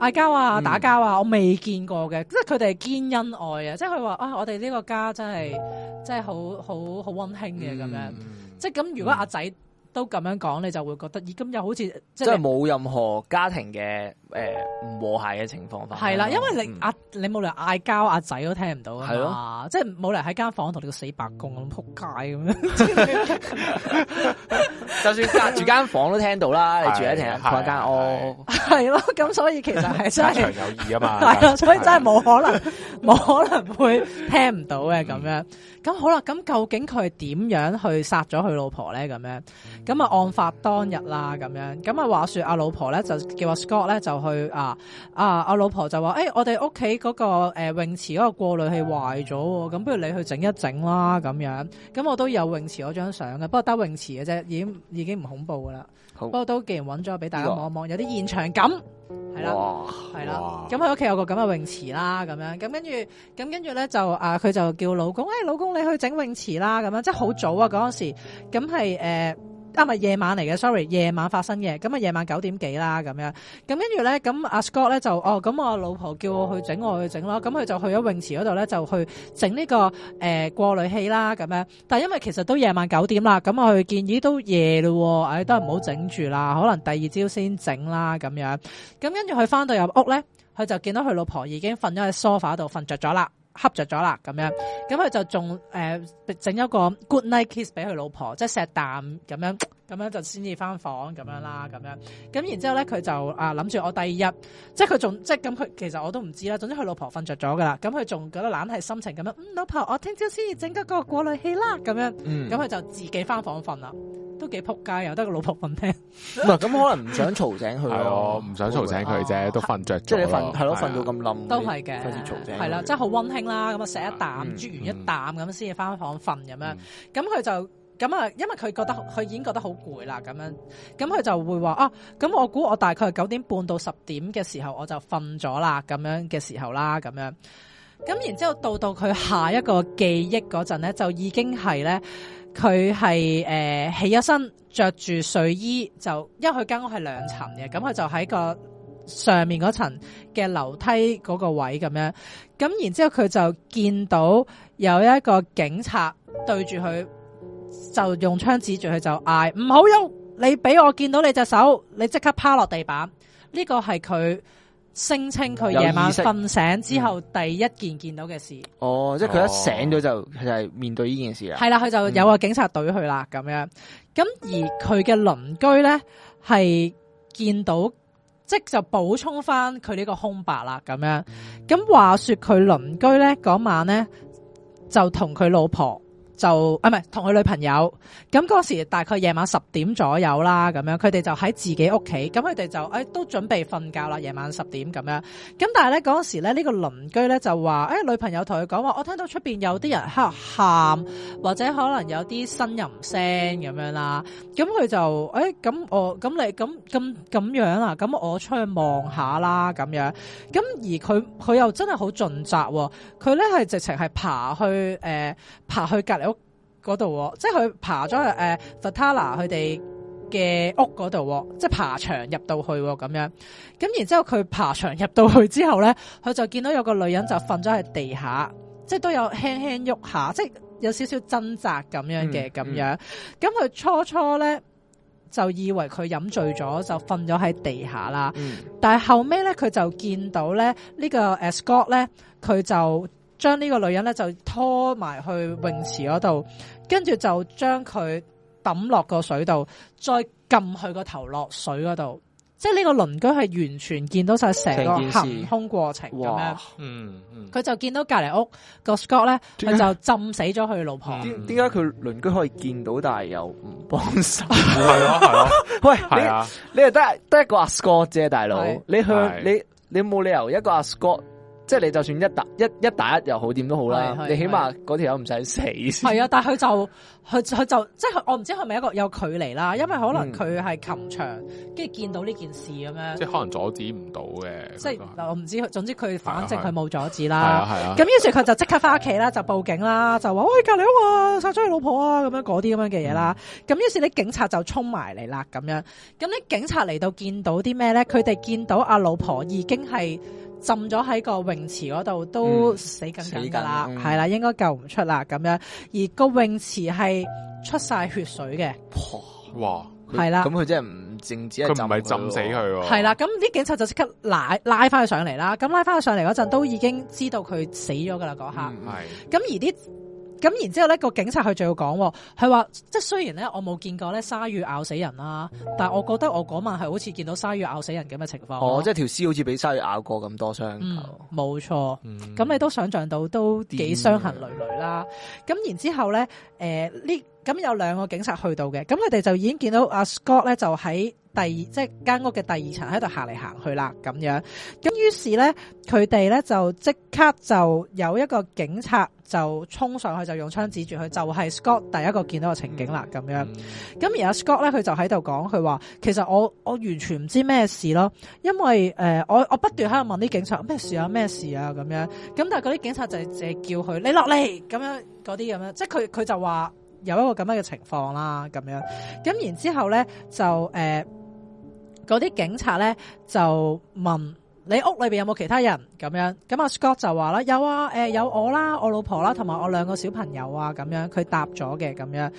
嗌交啊、打交啊，我未見過嘅，即係佢哋係堅恩愛啊，即係佢話啊，我哋呢個家真係真係好好好溫馨嘅咁樣，嗯、即係咁如果阿仔都咁樣講，你就會覺得咦，今又好似即係冇任何家庭嘅。誒，唔和諧嘅情況係啦，因為你阿你冇理由嗌交，阿仔都聽唔到啊，即係冇理由喺間房同你個死白公咁扑街咁樣。就算隔住間房都聽到啦，你住喺聽佢間屋。係咯，咁所以其實係真係。互相有益啊嘛，係咯，所以真係冇可能，冇可能會聽唔到嘅咁樣。咁好啦，咁究竟佢點樣去殺咗佢老婆咧？咁樣咁啊，案發當日啦，咁樣咁啊，話說阿老婆咧就叫阿 Scott 咧就。去啊啊！我、啊、老婆就話：，誒、欸，我哋屋企嗰個誒、呃、泳池嗰個過濾器壞咗，咁不如你去整一整啦，咁樣。咁我都有泳池嗰張相嘅，不過得泳池嘅啫，已經已經唔恐怖噶啦。好不過都既然揾咗俾大家望一望，這個、有啲現場感係啦，係哇啦。咁喺屋企有個咁嘅泳池啦，咁樣。咁跟住，咁跟住咧就啊，佢就叫老公：，誒、欸，老公你去整泳池啦，咁樣，樣。即係好早啊，嗰陣時。咁係誒。嗯啊，唔係夜晚嚟嘅，sorry，夜晚發生嘅，咁啊夜晚九點幾啦咁樣，咁跟住咧，咁、啊、阿 Scott 咧就，哦，咁我老婆叫我去整，我去整咯，咁佢就去咗泳池嗰度咧，就去整呢、呢個誒、呃、過濾器啦，咁樣，但係因為其實都夜晚九點啦，咁我去建議都夜咯，唉、哎，都係唔好整住啦，可能第二朝先整啦，咁樣，咁跟住佢返到入屋咧，佢就見到佢老婆已經瞓咗喺 sofa 度瞓着咗啦。恰着咗啦，咁樣，咁佢就仲誒整一個 good night kiss 俾佢老婆，即係錫啖。咁樣，咁樣就先至翻房咁樣啦，咁樣，咁然之後咧佢就啊諗住我第二日，即係佢仲即係咁佢其實我都唔知啦，總之佢老婆瞓着咗噶啦，咁佢仲覺得懶係心情咁樣、嗯，老婆我聽朝先至整嗰個過濾器啦，咁樣，咁佢就自己翻房瞓啦。都幾撲街，又得個老婆瞓廳。唔係咁，可能唔想嘈醒佢，唔想嘈醒佢啫，都瞓着。即係你瞓，係咯，瞓到咁冧。都係嘅，開始嘈醒。係啦，即係好溫馨啦。咁啊，食一啖，啜完一啖，咁先至翻房瞓咁樣。咁佢就咁啊，因為佢覺得佢已經覺得好攰啦。咁樣，咁佢就會話啊，咁我估我大概係九點半到十點嘅時候我就瞓咗啦。咁樣嘅時候啦，咁樣。咁然之後到到佢下一個記憶嗰陣咧，就已經係咧。佢係誒起咗身着住睡衣，就因為佢間屋係兩層嘅，咁佢就喺個上面嗰層嘅樓梯嗰個位咁樣，咁然之後佢就見到有一個警察對住佢，就用槍指住佢就嗌唔好喐！你俾我見到你隻手，你即刻趴落地板。呢個係佢。聲稱佢夜晚瞓醒之後第一件見到嘅事。哦，即係佢一醒咗就佢就係面對呢件事啊。係啦、哦，佢就有個警察隊去啦，咁、嗯、樣。咁而佢嘅鄰居咧係見到，即就補充翻佢呢個空白啦，咁樣。咁、嗯、話說佢鄰居咧嗰晚咧就同佢老婆就啊，唔係同佢女朋友。咁嗰時大概夜晚十點左右啦，咁樣佢哋就喺自己屋企。咁佢哋就誒、哎、都準備瞓覺啦。夜晚十點咁樣。咁但係咧嗰時咧呢個鄰居咧就話誒、哎、女朋友同佢講話我聽到出邊，有啲人喺度喊，或者可能有啲呻吟聲咁樣啦。咁佢就誒咁、哎、我咁你咁咁咁樣啊？咁我出去望下啦咁樣。咁而佢佢又真係好盡責，佢咧係直情係爬去誒、呃、爬去隔離，嗰度，即係佢爬咗去誒 Fatala 佢哋嘅屋嗰度，即係爬牆入到去咁樣。咁然之後佢爬牆入到去之後咧，佢就見到有個女人就瞓咗喺地下，即係都有輕輕喐下，即係有少少掙扎咁樣嘅咁樣。咁佢初初咧就以為佢飲醉咗就瞓咗喺地下啦，但係後尾咧佢就見到咧呢個誒 Scott 咧佢就。將呢個女人咧就拖埋去泳池嗰度，跟住就將佢抌落個水度，再撳佢個頭落水嗰度。即係呢個鄰居係完全見到晒成個行兇過程咁樣。嗯，佢就見到隔籬屋個 Scott 咧，佢就浸死咗佢老婆。點解佢鄰居可以見到，但係又唔幫手？係咯係咯，喂，你你係得得一個阿 Scott 啫，大佬。你向你你冇理由一個阿 Scott。即係你就算一打一一打一又好，點都好啦，是是是你起碼嗰條友唔使死的。係啊， 但係佢就佢佢就即係我唔知係咪一個有距離啦，因為可能佢係琴場，跟住、嗯、見到呢件事咁樣，即係可能阻止唔到嘅。即係是我唔知，總之佢反正佢冇阻止啦。咁於是佢就即刻翻屋企啦，就報警啦，就話喂，隔籬屋殺咗你老婆啊，咁樣嗰啲咁樣嘅嘢啦。咁於是啲警察就衝埋嚟啦，咁樣。咁啲警察嚟到見到啲咩咧？佢哋見到阿老婆已經係。浸咗喺個泳池嗰度都死緊緊噶啦係啦、嗯嗯，應該救唔出啦咁樣。而個泳池係出晒血水嘅，哇，係啦。咁佢的真係唔淨止係浸，佢唔係浸死佢喎。係啦，咁啲警察就即刻拉拉翻佢上嚟啦。咁拉翻佢上嚟嗰陣，都已經知道佢死咗噶啦嗰下。咁、嗯、而啲。咁然之後咧，個警察佢仲要講，佢話即係雖然咧，我冇見過咧鯊魚咬死人啦，但係我覺得我嗰晚係好似見到鯊魚咬死人咁嘅情況。哦，即係條屍好似俾鯊魚咬過咁多傷，冇錯，咁、嗯嗯、你都想像到都幾傷痕累累啦。咁、嗯、然之後咧，誒、呃、呢？咁、嗯、有兩個警察去到嘅，咁佢哋就已經見到阿、啊、Scott 咧，就喺第二即係間屋嘅第二層喺度行嚟行去啦，咁樣。咁於是咧，佢哋咧就即刻就有一個警察就衝上去，就用槍指住佢，就係、是、Scott 第一個見到嘅情景啦，咁樣。咁而阿、啊、Scott 咧，佢就喺度講，佢話其實我我完全唔知咩事咯，因為誒、呃、我我不斷喺度問啲警察咩事啊咩事啊咁樣，咁但係嗰啲警察就係淨係叫佢你落嚟咁樣嗰啲咁樣，即係佢佢就話。有一個咁樣嘅情況啦，咁樣，咁然之後咧就誒，嗰、呃、啲警察咧就問你屋裏邊有冇其他人咁樣，咁阿 Scott 就話啦：有啊，誒、呃、有我啦，我老婆啦，同埋我兩個小朋友啊，咁樣佢答咗嘅咁樣，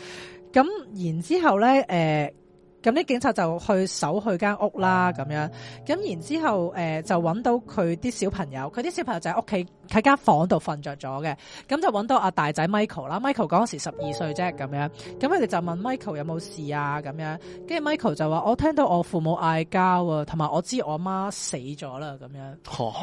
咁然之後咧誒。呃咁啲警察就去搜佢間屋啦，咁樣，咁然之後，誒、呃，就揾到佢啲小朋友，佢啲小朋友就喺屋企喺間房度瞓着咗嘅，咁就揾到阿大仔 Michael 啦，Michael 嗰時十二歲啫，咁樣，咁佢哋就問 Michael 有冇事啊？咁樣，跟住 Michael 就話，我聽到我父母嗌交啊，同埋我知我媽死咗啦，咁樣，oh.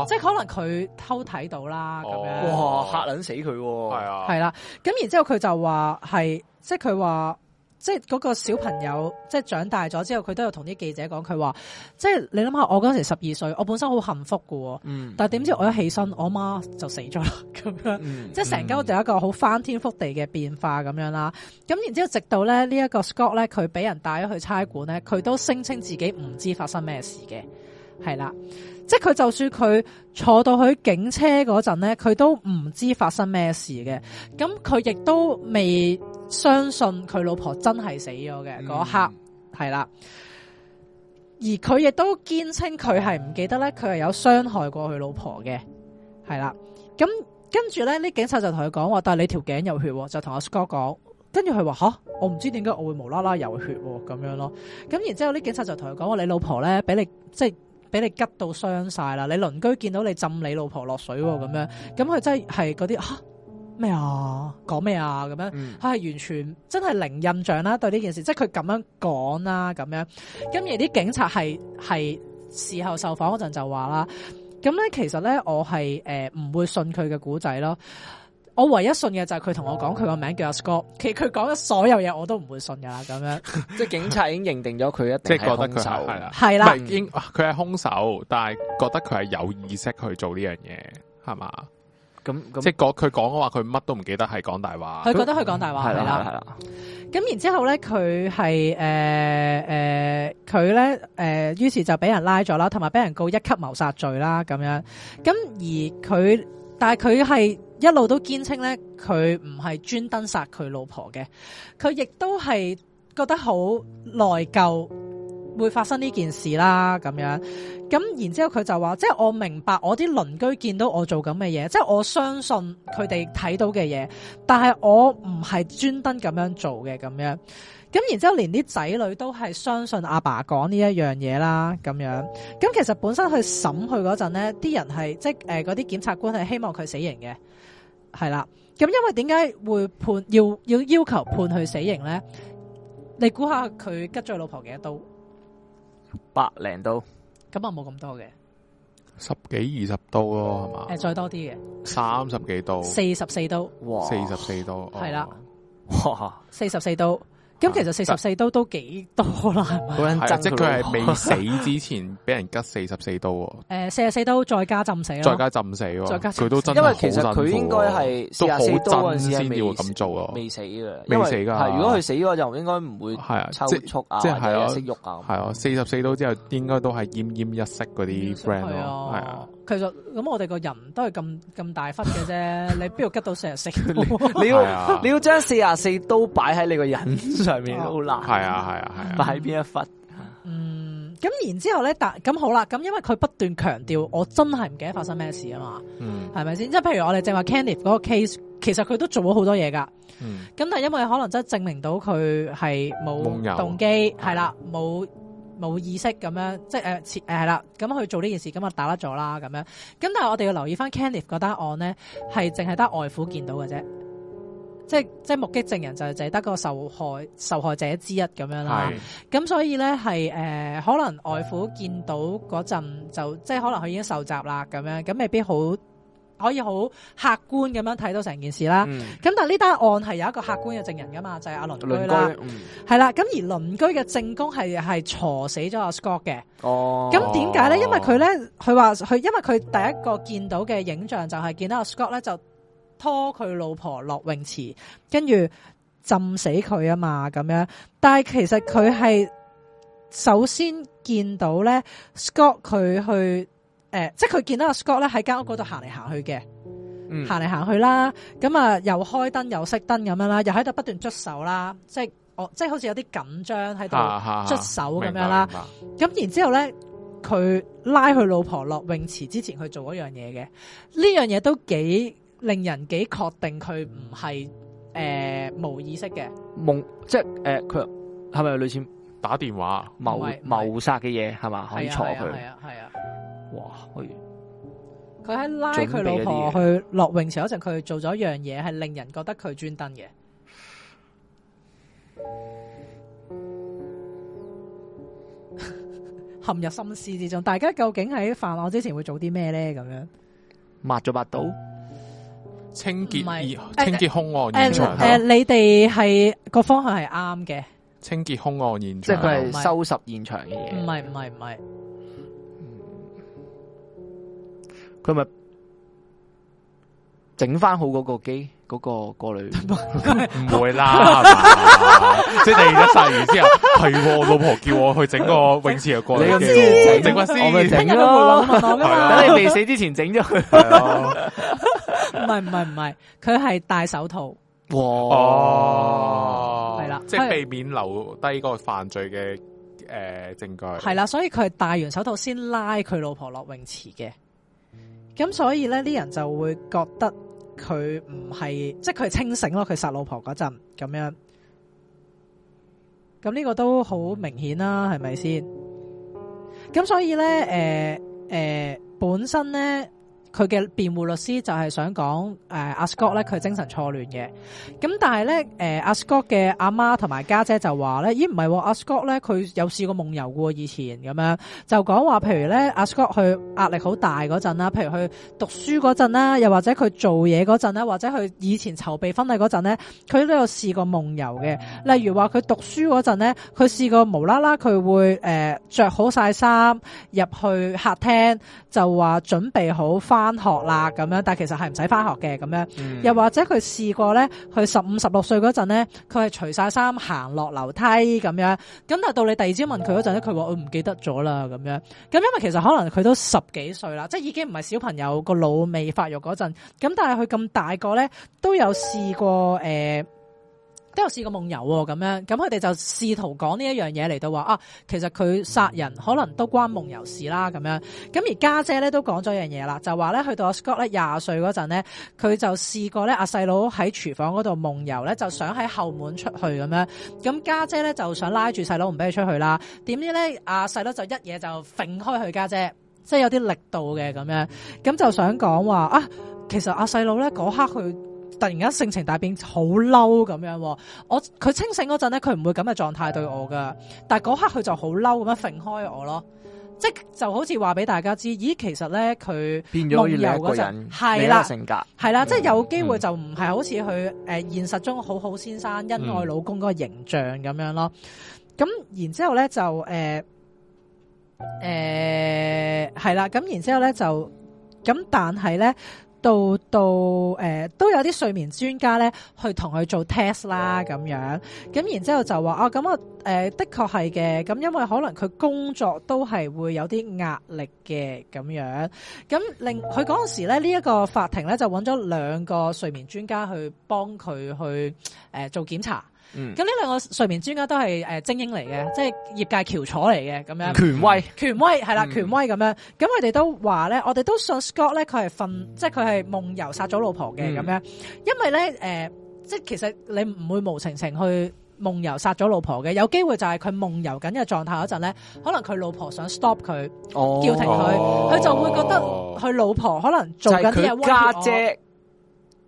Oh. 即係可能佢偷睇到啦，咁樣，哇吓撚死佢，係啊、哎呀，係啦，咁然之後佢就話係，即係佢話。即係嗰個小朋友，即係長大咗之後，佢都有同啲記者講佢話，即係你諗下，我嗰時十二歲，我本身好幸福嘅，嗯、但係點知我一起身，我媽就死咗啦，咁樣，嗯嗯、即係成間屋就一個好翻天覆地嘅變化咁樣啦。咁然之後，直到咧呢一、這個 Scott 咧，佢俾人帶咗去差館咧，佢都聲稱自己唔知發生咩事嘅，係啦，即係佢就算佢坐到去警車嗰陣咧，佢都唔知發生咩事嘅，咁佢亦都未。相信佢老婆真係死咗嘅嗰刻係啦，而佢亦都堅稱佢係唔記得咧，佢係有傷害過佢老婆嘅係啦。咁跟住咧，啲、嗯、警察，就同佢講話：，但係你條頸有血，就同阿 Scott 講。跟住佢話：，吓，我唔知點解我會無啦啦有血咁樣咯。咁然之後，啲警察就同佢講話：，你老婆咧，俾你即係俾你㓤到傷晒啦。你鄰居見到你浸你老婆落水咁樣，咁佢真係係嗰啲咩啊？講咩啊？咁樣，佢係、嗯、完全真係零印象啦、啊，對呢件事，即係佢咁樣講啦、啊，咁樣。咁而啲警察係係事後受訪嗰陣就話啦，咁咧其實咧我係誒唔會信佢嘅古仔咯。我唯一信嘅就係佢同我講佢個名叫阿 Scott。其實佢講嘅所有嘢我都唔會信噶啦，咁樣。 即係警察已經認定咗佢一定，即係覺得佢係係啦，係啦、 嗯，佢係兇手，但係覺得佢係有意識去做呢樣嘢，係嘛？咁、嗯、即係佢講嘅話，佢乜都唔記得係講大話。佢、嗯、覺得佢講大話係啦，係啦、嗯。咁然之後咧，佢係誒誒，佢咧誒，於、呃呃、是就俾人拉咗啦，同埋俾人告一級謀殺罪啦，咁樣。咁而佢，但係佢係一路都堅稱咧，佢唔係專登殺佢老婆嘅，佢亦都係覺得好內疚。會發生呢件事啦，咁樣咁然之後佢就話，即係我明白我啲鄰居見到我做咁嘅嘢，即係我相信佢哋睇到嘅嘢，但係我唔係專登咁樣做嘅咁樣。咁然之後連啲仔女都係相信阿爸講呢一樣嘢啦，咁樣。咁其實本身去審佢嗰陣呢啲人係即係誒嗰啲檢察官係希望佢死刑嘅，係啦。咁因為點解會判要要要求判佢死刑咧？你估下佢吉咗老婆幾多刀？百零刀咁啊冇咁多嘅，十幾二十刀咯係嘛？誒、呃，再多啲嘅，三十幾刀，四十四刀，哇，四十四刀，係啦，四十四刀。咁其實四十四刀都幾多啦，係咪？即佢係未死之前俾人吉四十四刀。誒，四十四刀再加浸死啦！再加浸死喎，佢都因為其實佢應該係四十四刀嗰陣先至會咁做啊，未死噶，未死噶。係如果佢死咗就應該唔會抽搐啊，或者色欲啊。係啊，四十四刀之後應該都係奄奄一息嗰啲 friend 咯，係啊。其實咁我哋個人都係咁咁大忽嘅啫， 你邊度吉到四廿四？ 你要 你要將四廿四都擺喺你個人上面好 難。係啊係啊係啊，擺喺邊一忽？嗯，咁然之後咧，但咁好啦，咁因為佢不斷強調，我真係唔記得發生咩事啊嘛，係咪先？即係譬如我哋淨話 Kenneth 嗰個 case，其實佢都做咗好多嘢噶，咁、嗯、但係因為可能真係證明到佢係冇動機，係啦冇。嗯冇意識咁樣，即係誒，誒係啦，咁去做呢件事，咁就打得咗啦，咁、嗯、樣。咁但係我哋要留意翻 Kenneth 嗰單案咧，係淨係得外父見到嘅啫，即係即係目擊證人就係就係得個受害受害者之一咁樣啦。咁所以咧係誒，可能外父見到嗰陣就即係可能佢已經受襲啦，咁樣，咁未必好。可以好客觀咁樣睇到成件事啦。咁、嗯、但係呢單案係有一個客觀嘅證人㗎嘛，就係、是、阿、啊、鄰居啦。係啦，咁、嗯、而鄰居嘅證供係係鎖死咗阿 Scott 嘅。哦。咁點解咧？因為佢咧，佢話佢因為佢第一個見到嘅影像就係見到阿 Scott 咧，就拖佢老婆落泳池，跟住浸死佢啊嘛，咁樣。但係其實佢係首先見到咧，Scott 佢去。誒， 即係佢見到阿 Scott 咧喺間屋度行嚟行去嘅，嗯、哦，行嚟行去啦，咁啊又開燈又熄燈咁樣啦，又喺度不斷捽手啦，即係哦即係好似有啲緊張喺度捽手咁樣啦，咁然之後咧，佢拉佢老婆落泳池之前去做一樣嘢嘅，呢樣嘢都幾令人幾確定佢唔係誒冇意識嘅夢，即係誒佢係咪有類似打電話謀謀殺嘅嘢係嘛？可以坐佢係啊係啊。的 哇！佢佢喺拉佢老婆去落泳池嗰陣，佢做咗一樣嘢，係令人覺得佢專登嘅。 陷入心思之中，大家究竟喺犯案之前會做啲咩咧？咁樣抹咗抹到？清潔而是清潔兇案現場。誒、哎哎哎哎，你哋係個方向係啱嘅，清潔兇案現場，即係佢係收拾現場嘅嘢是。唔係，唔係，唔係。佢咪整翻好嗰個機嗰個過濾？唔會啦，即係第二日發現之後，係我老婆叫我去整個泳池又過濾，整翻先。我咪整咗佢囉。等你未死之前整咗。佢唔係唔係唔係，佢係戴手套。哦，係啦，即係避免留低嗰個犯罪嘅誒證據。係啦，所以佢戴完手套先拉佢老婆落泳池嘅。咁所以咧，啲人就會覺得佢唔係，即係佢清醒咯。佢殺老婆嗰陣咁樣，咁呢個都好明顯啦，係咪先？咁所以咧，誒、呃、誒、呃，本身咧。佢嘅辯護律師就係想講，誒，阿 Scott 咧，佢精神錯亂嘅，咁、嗯、但係咧，誒，阿 Scott 嘅阿媽同埋家姐就話咧，咦唔係阿 Scott 咧，佢有試過夢遊嘅。以前咁樣就講話譬如咧，阿 Scott 佢壓力好大嗰陣啦，譬如佢讀書嗰陣啦，又或者佢做嘢嗰陣咧，或者佢以前籌備婚禮嗰陣咧，佢都有試過夢遊嘅。例如話佢讀書嗰陣咧，佢試過無啦啦佢會誒着、呃、好晒衫入去客廳就話準備好翻翻學啦咁、嗯、樣，但係其實係唔使翻學嘅咁樣，又或者佢試過咧，佢十五十六歲嗰陣咧，佢係除晒衫行落樓梯咁樣，咁但係到你第二朝問佢嗰陣咧，佢話、啊、我唔記得咗啦咁樣，咁因為其實可能佢都十幾歲啦，即係已經唔係小朋友個腦未發育嗰陣，咁但係佢咁大個咧都有試過誒。呃都有試過夢遊喎，咁樣咁佢哋就試圖講呢一樣嘢嚟到話啊，其實佢殺人可能都關夢遊事啦，咁樣咁而家姐咧都講咗一樣嘢啦，就話咧去到阿 Scott 咧廿歲嗰陣咧，佢就試過咧阿細佬喺廚房嗰度夢遊咧，就想喺後門出去咁樣，咁家姐咧就想拉住細佬唔俾佢出去啦，點知咧阿細佬就一嘢就揈開佢家姐，即係有啲力度嘅咁樣，咁就想講話啊，其實阿細佬咧嗰刻佢。突然間性情大變，好嬲，咁樣。我佢清醒嗰陣咧，佢唔會咁嘅狀態對我噶。但係嗰刻佢就好嬲咁樣甩開我咯，即就好似話俾大家知，咦，其實咧佢夢遊嗰陣係啦，性格係啦、嗯、係啦，即係有機會就唔係好似佢誒現實中好好先生、恩愛老公嗰個形象咁樣咯。咁、嗯、然之後咧就誒誒係啦，咁然之後咧就咁，但係咧。到到誒、呃、都有啲睡眠專家咧，去同佢做 test 啦咁樣，咁然之後就話哦咁啊誒，的確係嘅，咁因為可能佢工作都係會有啲壓力嘅咁樣，咁令佢嗰陣時咧呢一、這個法庭咧就搵咗兩個睡眠專家去幫佢去誒、呃、做檢查。咁呢、嗯、兩個睡眠專家都係誒精英嚟嘅，即係業界翹楚嚟嘅，咁樣權威，權威係啦，權威咁、嗯、樣。咁佢哋都話咧，我哋都信 Scott 咧，佢係瞓，即係佢係夢遊殺咗老婆嘅咁、嗯、樣。因為咧，誒、呃，即係其實你唔會無情情去夢遊殺咗老婆嘅，有機會就係佢夢遊緊嘅狀態嗰陣咧，可能佢老婆想 stop 佢，哦、叫停佢，佢就會覺得佢老婆可能做緊啲嘢威脅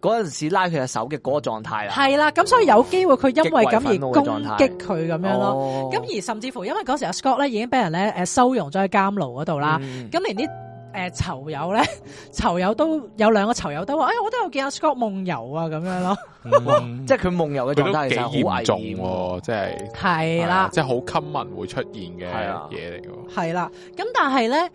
嗰陣時拉佢隻手嘅嗰個狀態啦，係啦，咁所以有機會佢因為咁而攻擊佢咁樣咯，咁、哦、而甚至乎因為嗰時阿、啊、Scott 咧已經俾人咧誒收容咗喺監牢嗰度啦，咁、嗯、連啲誒囚友咧，囚友都有兩個囚友都話，哎我都有見阿、啊、Scott 夢遊啊，咁樣咯，嗯、 即係佢夢遊嘅狀態其實幾嚴重喎，即係係啦，即係好 common 會出現嘅嘢嚟㗎，係啦，咁但係咧。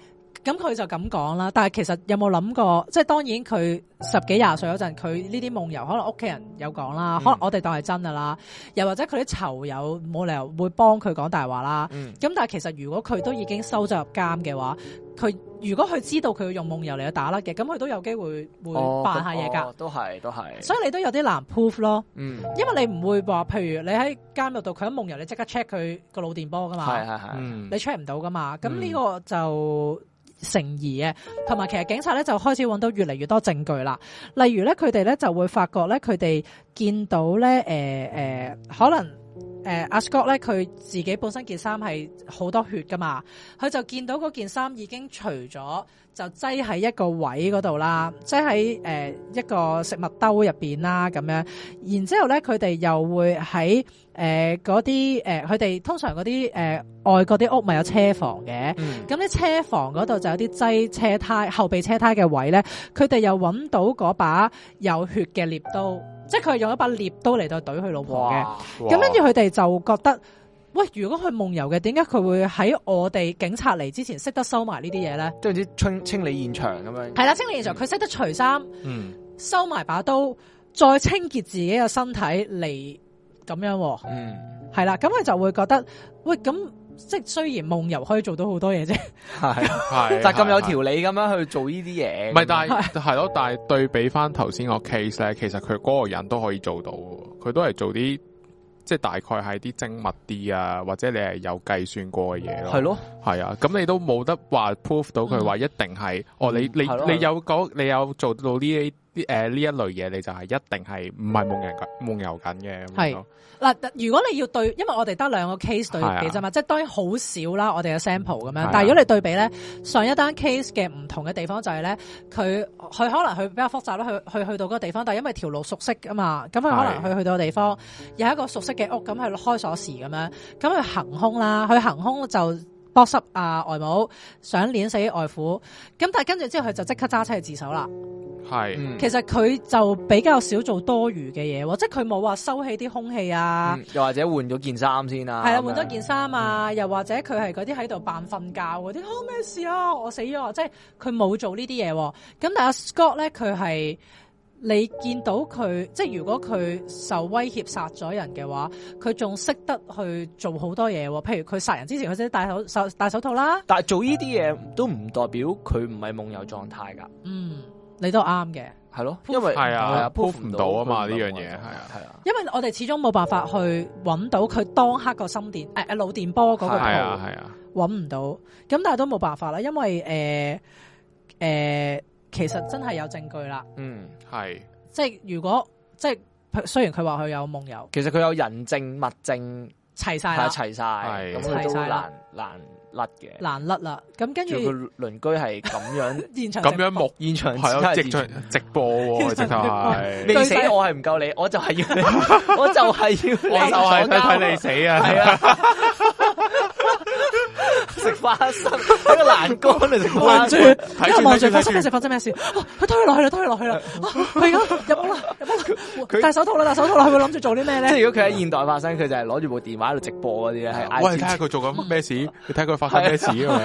咁佢就咁講啦，但係其實有冇諗過？即係當然，佢十幾廿歲嗰陣，佢呢啲夢遊可能屋企人有講啦，可能我哋當係真噶啦。嗯、又或者佢啲囚友冇理由會幫佢講大話啦。咁、嗯、但係其實如果佢都已經收咗入監嘅話，佢如果佢知道佢要用夢遊嚟去打甩嘅，咁佢都有機會會扮下嘢㗎、哦哦。都係都係。所以你都有啲難 prove 咯。嗯、因為你唔會話，譬如你喺監獄度，佢喺夢遊，你即刻 check 佢個腦電波㗎嘛。係係係。你 check 唔到㗎嘛？咁呢個就。嗯嗯成疑嘅，同埋其實警察咧就開始揾到越嚟越多證據啦。例如咧，佢哋咧就會發覺咧，佢哋見到咧，誒、呃、誒、呃，可能。誒，阿、uh, Scott 咧，佢自己本身件衫係好多血㗎嘛，佢就見到嗰件衫已經除咗，就擠喺一個位嗰度啦，擠喺誒一個食物兜入邊啦咁樣。然之後咧，佢哋又會喺誒嗰啲誒，佢、呃、哋、呃、通常嗰啲誒外國啲屋咪有車房嘅，咁啲、嗯、車房嗰度就有啲擠車胎後備車胎嘅位咧，佢哋又搵到嗰把有血嘅獵刀。即係佢用一把獵刀嚟到㨃佢老婆嘅，咁跟住佢哋就覺得，喂，如果佢夢遊嘅，點解佢會喺我哋警察嚟之前識得收埋呢啲嘢咧？即係啲清清理現場咁樣，係啦，啊，清理現場，佢識得除衫，嗯，嗯收埋把刀，再清潔自己嘅身體嚟，咁樣，啊，嗯，係啦，啊，咁佢就會覺得，喂，咁。即係雖然夢遊可以做到好多嘢啫，係， 但係咁有條理咁樣去做呢啲嘢，唔係，但係係咯，但係對比翻頭先個 case 咧，其實佢嗰個人都可以做到，佢都係做啲即係大概係啲精密啲啊，或者你係有計算過嘅嘢咯，係咯的，係啊，咁你都冇得話 prove 到佢話、嗯、一定係，哦，你、嗯、你的你有的你有做到呢啲。啲呢、呃、一類嘢你就係一定係唔係夢人緊夢遊緊嘅。係嗱、嗯，如果你要對，因為我哋得兩個 case 對比啫嘛，是啊、即係當然好少啦，我哋嘅 sample 咁樣。但係如果你對比咧，是啊、上一單 case 嘅唔同嘅地方就係咧，佢佢可能佢比較複雜啦，佢佢去到嗰個地方，但係因為條路熟悉啊嘛，咁佢可能佢去到個地方是、啊、有一個熟悉嘅屋，咁係開鎖匙咁樣，咁佢行兇啦，佢行兇就。搏濕啊外母，想碾死外父，咁但係跟住之後佢就即刻揸車去自首啦。係是，嗯、其實佢就比較少做多餘嘅嘢，即係佢冇話收起啲凶器啊、嗯，又或者換咗件衫先啊，係啊，換咗件衫啊，嗯、又或者佢係嗰啲喺度扮瞓覺嗰啲，好咩、哦、事啊，我死咗，即係佢冇做、啊、呢啲嘢。咁但阿 Scott 咧，佢係。你見到佢，即係如果佢受威脅殺咗人嘅話，佢仲識得去做好多嘢喎、哦。譬如佢殺人之前，佢識戴手戴手套啦。但係做呢啲嘢都唔代表佢唔係夢遊狀態㗎。嗯，你都啱嘅，係咯，因為係啊，prove 唔到啊嘛，呢樣嘢，係啊係啊，因為我哋始終冇辦法去揾到佢當刻個心電誒腦電波嗰個係啊係啊，揾唔到。咁但係都冇辦法啦，因為誒誒。呃呃呃呃其實真係有證據啦，嗯，係，即係如果即係雖然佢話佢有夢遊，其實佢有人證物證齊晒啦，齊晒，咁佢都難難甩嘅，難甩啦。咁跟住佢鄰居係咁樣，咁樣目現場，係啊，現場直播喎，直頭係，未死我係唔救你，我就係要你。我就係要，我就係睇睇你死啊。發生一個欄杆嚟住，睇住睇住，發生咩事發生咩事？佢推落去啦，推落去啦！佢而家入戴手套啦，戴手套啦！佢會諗住做啲咩咧？即係如果佢喺現代發生，佢就係攞住部電話喺度直播嗰啲咧。喂，睇下佢做緊咩事？佢睇佢發生咩事啊？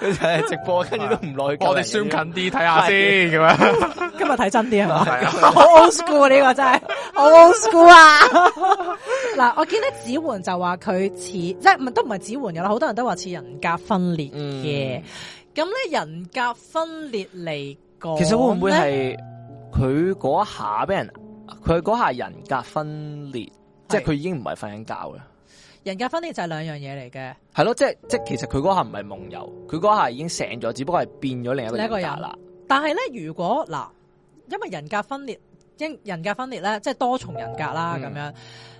佢就係直播，跟住都唔耐講。我哋宣近啲睇下先，咁啊？今日睇真啲係嘛？好 old school 啊！呢個真係好 old school 啊！嗱，我見咧紙換就話佢似，即係唔都唔係紙換嘅啦。好多人都話似人格分裂嘅，咁咧、嗯、人格分裂嚟講，其實會唔會係佢嗰下俾人佢嗰下人格分裂，是即係佢已經唔係瞓緊覺嘅人格分裂就係兩樣嘢嚟嘅，係咯，即係即係其實佢嗰下唔係夢遊，佢嗰下已經醒咗，只不過係變咗另一個一個人啦。但係咧，如果嗱，因為人格分裂，因人格分裂咧，即係多重人格啦，咁、嗯、樣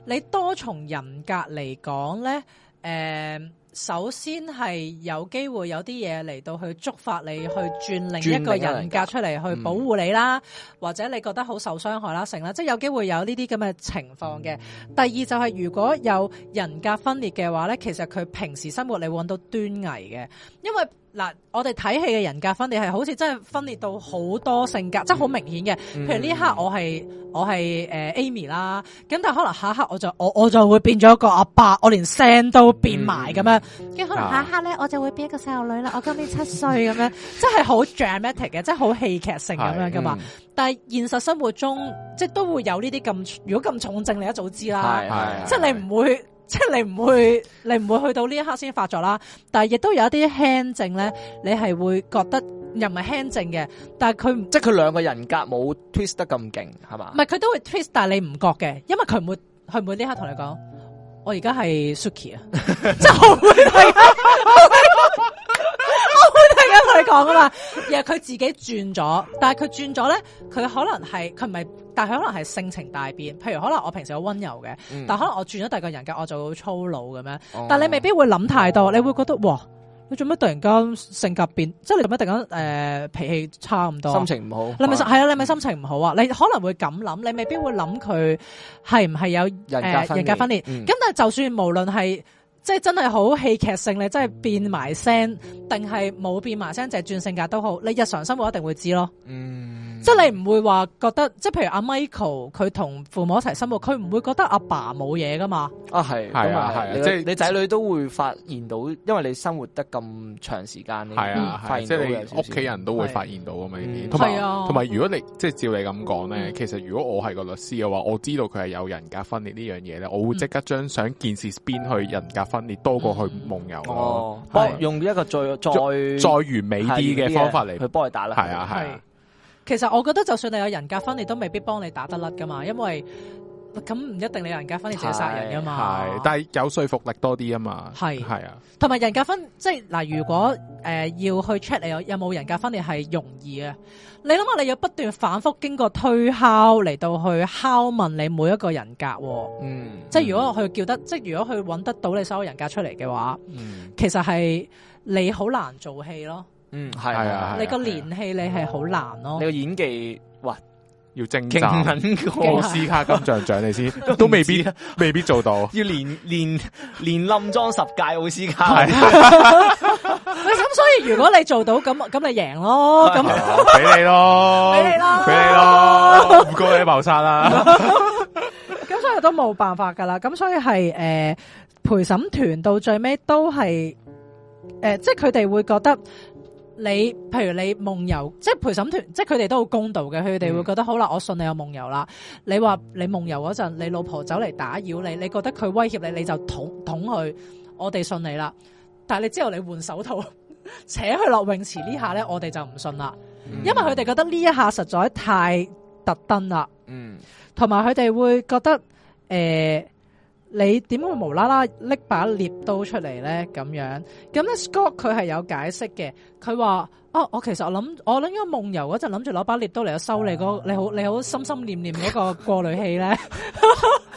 你多重人格嚟講咧，誒、嗯。嗯首先係有機會有啲嘢嚟到去觸發你去轉另一個人格出嚟去保護你啦，嗯、或者你覺得好受傷害啦，成啦，即係有機會有呢啲咁嘅情況嘅。嗯、第二就係如果有人格分裂嘅話呢，其實佢平時生活你會搵到端倪嘅，因為。嗱，我哋睇戲嘅人格分裂係好似真係分裂到好多性格，嗯、即係好明顯嘅。譬如呢一刻我係我係誒、呃、Amy 啦，咁但係可能下一刻我就我我就會變咗一個阿伯，我連聲都變埋咁樣。跟住、嗯、可能下一刻咧，我就會變一個細路女啦。我今年七歲咁樣，真係好 dramatic 嘅，即係好戲劇性咁樣噶嘛。嗯、但係現實生活中，即係都會有呢啲咁。如果咁重症，你一早就知啦，即係你唔會。即係你唔會，你唔會去到呢一刻先發作啦。但係亦都有一啲輕症咧，你係會覺得又唔係輕症嘅。但係佢即係佢兩個人格冇 twist 得咁勁，係嘛？唔係佢都會 twist，但係你唔覺嘅，因為佢唔會佢唔會呢刻同你講，嗯、我而家係 Suki 啊，就係。 我會聽緊佢講噶嘛，然後佢自己轉咗。但係佢轉咗咧，佢可能係佢唔係，但係可能係性情大變。譬如可能我平時好温柔嘅，嗯、但可能我轉咗第二個人格，我就會粗魯咁樣。哦、但你未必會諗太多，你會覺得哇，你做乜突然間性格變？即係你做咩突然間誒、呃、脾氣差咁多？心情唔好，你咪未係啊，你咪心情唔好啊？你可能會咁諗，你未必會諗佢係唔係有人格分裂？咁、嗯、但係就算無論係。即係真係好戲劇性，你真係變埋聲，定係冇變埋聲，淨係轉性格都好，你日常生活一定會知咯。嗯即係你唔會話覺得，即係譬如阿 Michael 佢同父母一齊生活，佢唔會覺得阿爸冇嘢噶嘛？啊係係係，即係你仔女都會發現到，因為你生活得咁長時間。係啊係，即係屋企人都會發現到咁樣嘅。係啊，同埋如果你即係照你咁講咧，其實如果我係個律師嘅話，我知道佢係有人格分裂呢樣嘢咧，我會即刻將想件事變去人格分裂多過去夢遊。哦，用一個再再再完美啲嘅方法嚟去幫佢打啦。係啊係。其實我覺得就算有你有人格分裂，都未必幫你打得甩噶嘛，因為咁唔一定你有人格分裂就殺人噶嘛。係，但係有說服力多啲啊嘛。係，係啊。同埋人格分即係嗱，如果誒要去 check 你有冇人格分裂係容易啊？你諗下，你要不斷反覆經過推敲嚟，到去拷問你每一個人格。啊，嗯，即係如果佢叫得，嗯、即係如果佢揾得到你所有人格出嚟嘅話，嗯、其實係你好難做戲咯。嗯，係係啊，你個年紀你係好難咯。你個演技哇，要精湛奧斯卡金像獎你先都未必，未必做到，要連連連冧莊十屆奧斯卡。咁所以如果你做到咁咁，你贏咯，咁俾你咯，俾你咯，俾你咯，唔該你謀殺啦。咁所以都冇辦法噶啦。咁所以係誒陪審團到最尾都係誒，即係佢哋會覺得。你，譬如你夢遊，即係陪審團，即係佢哋都好公道嘅，佢哋會覺得、嗯、好啦，我信你有夢遊啦。你話你夢遊嗰陣，你老婆走嚟打擾你，你覺得佢威脅你，你就捅捅佢，我哋信你啦。但係你之後你換手套， 扯去落泳池呢下咧，我哋就唔信啦，嗯、因為佢哋覺得呢一下實在太特登啦。嗯，同埋佢哋會覺得誒。呃你點會無啦啦搦把獵刀出嚟咧？咁樣咁咧，Scott 佢係有解釋嘅。佢話：哦、啊，我其實我諗，我諗應該夢遊嗰陣諗住攞把獵刀嚟收你、那個啊、你好你好心心念念嗰個過濾器咧。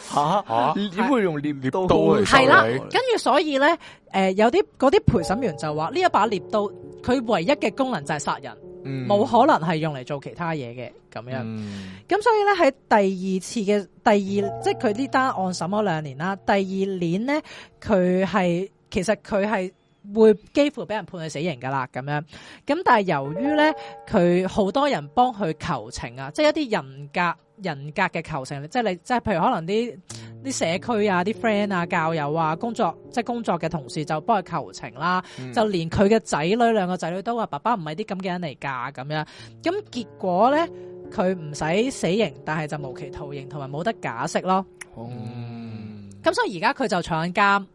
吓吓，點會用獵獵刀嚟收你？係啦，跟住、 嗯、所以咧，誒、呃，有啲嗰啲陪審員就話呢一把獵刀，佢唯一嘅功能就係殺人。冇、嗯、可能係用嚟做其他嘢嘅，咁樣，咁、嗯、所以咧喺第二次嘅第二，即係佢呢單案審咗兩年啦，第二年咧佢係其實佢係。會幾乎俾人判去死刑噶啦，咁樣咁但係由於咧佢好多人幫佢求情啊，即係一啲人格人格嘅求情，即係你即係譬如可能啲啲社區啊、啲 friend 啊、教友啊、工作即係工作嘅同事就幫佢求情啦，嗯、就連佢嘅仔女兩個仔女都話爸爸唔係啲咁嘅人嚟噶咁樣，咁結果咧佢唔使死刑，但係就無期徒刑同埋冇得假釋咯。咁、嗯嗯、所以而家佢就坐緊監。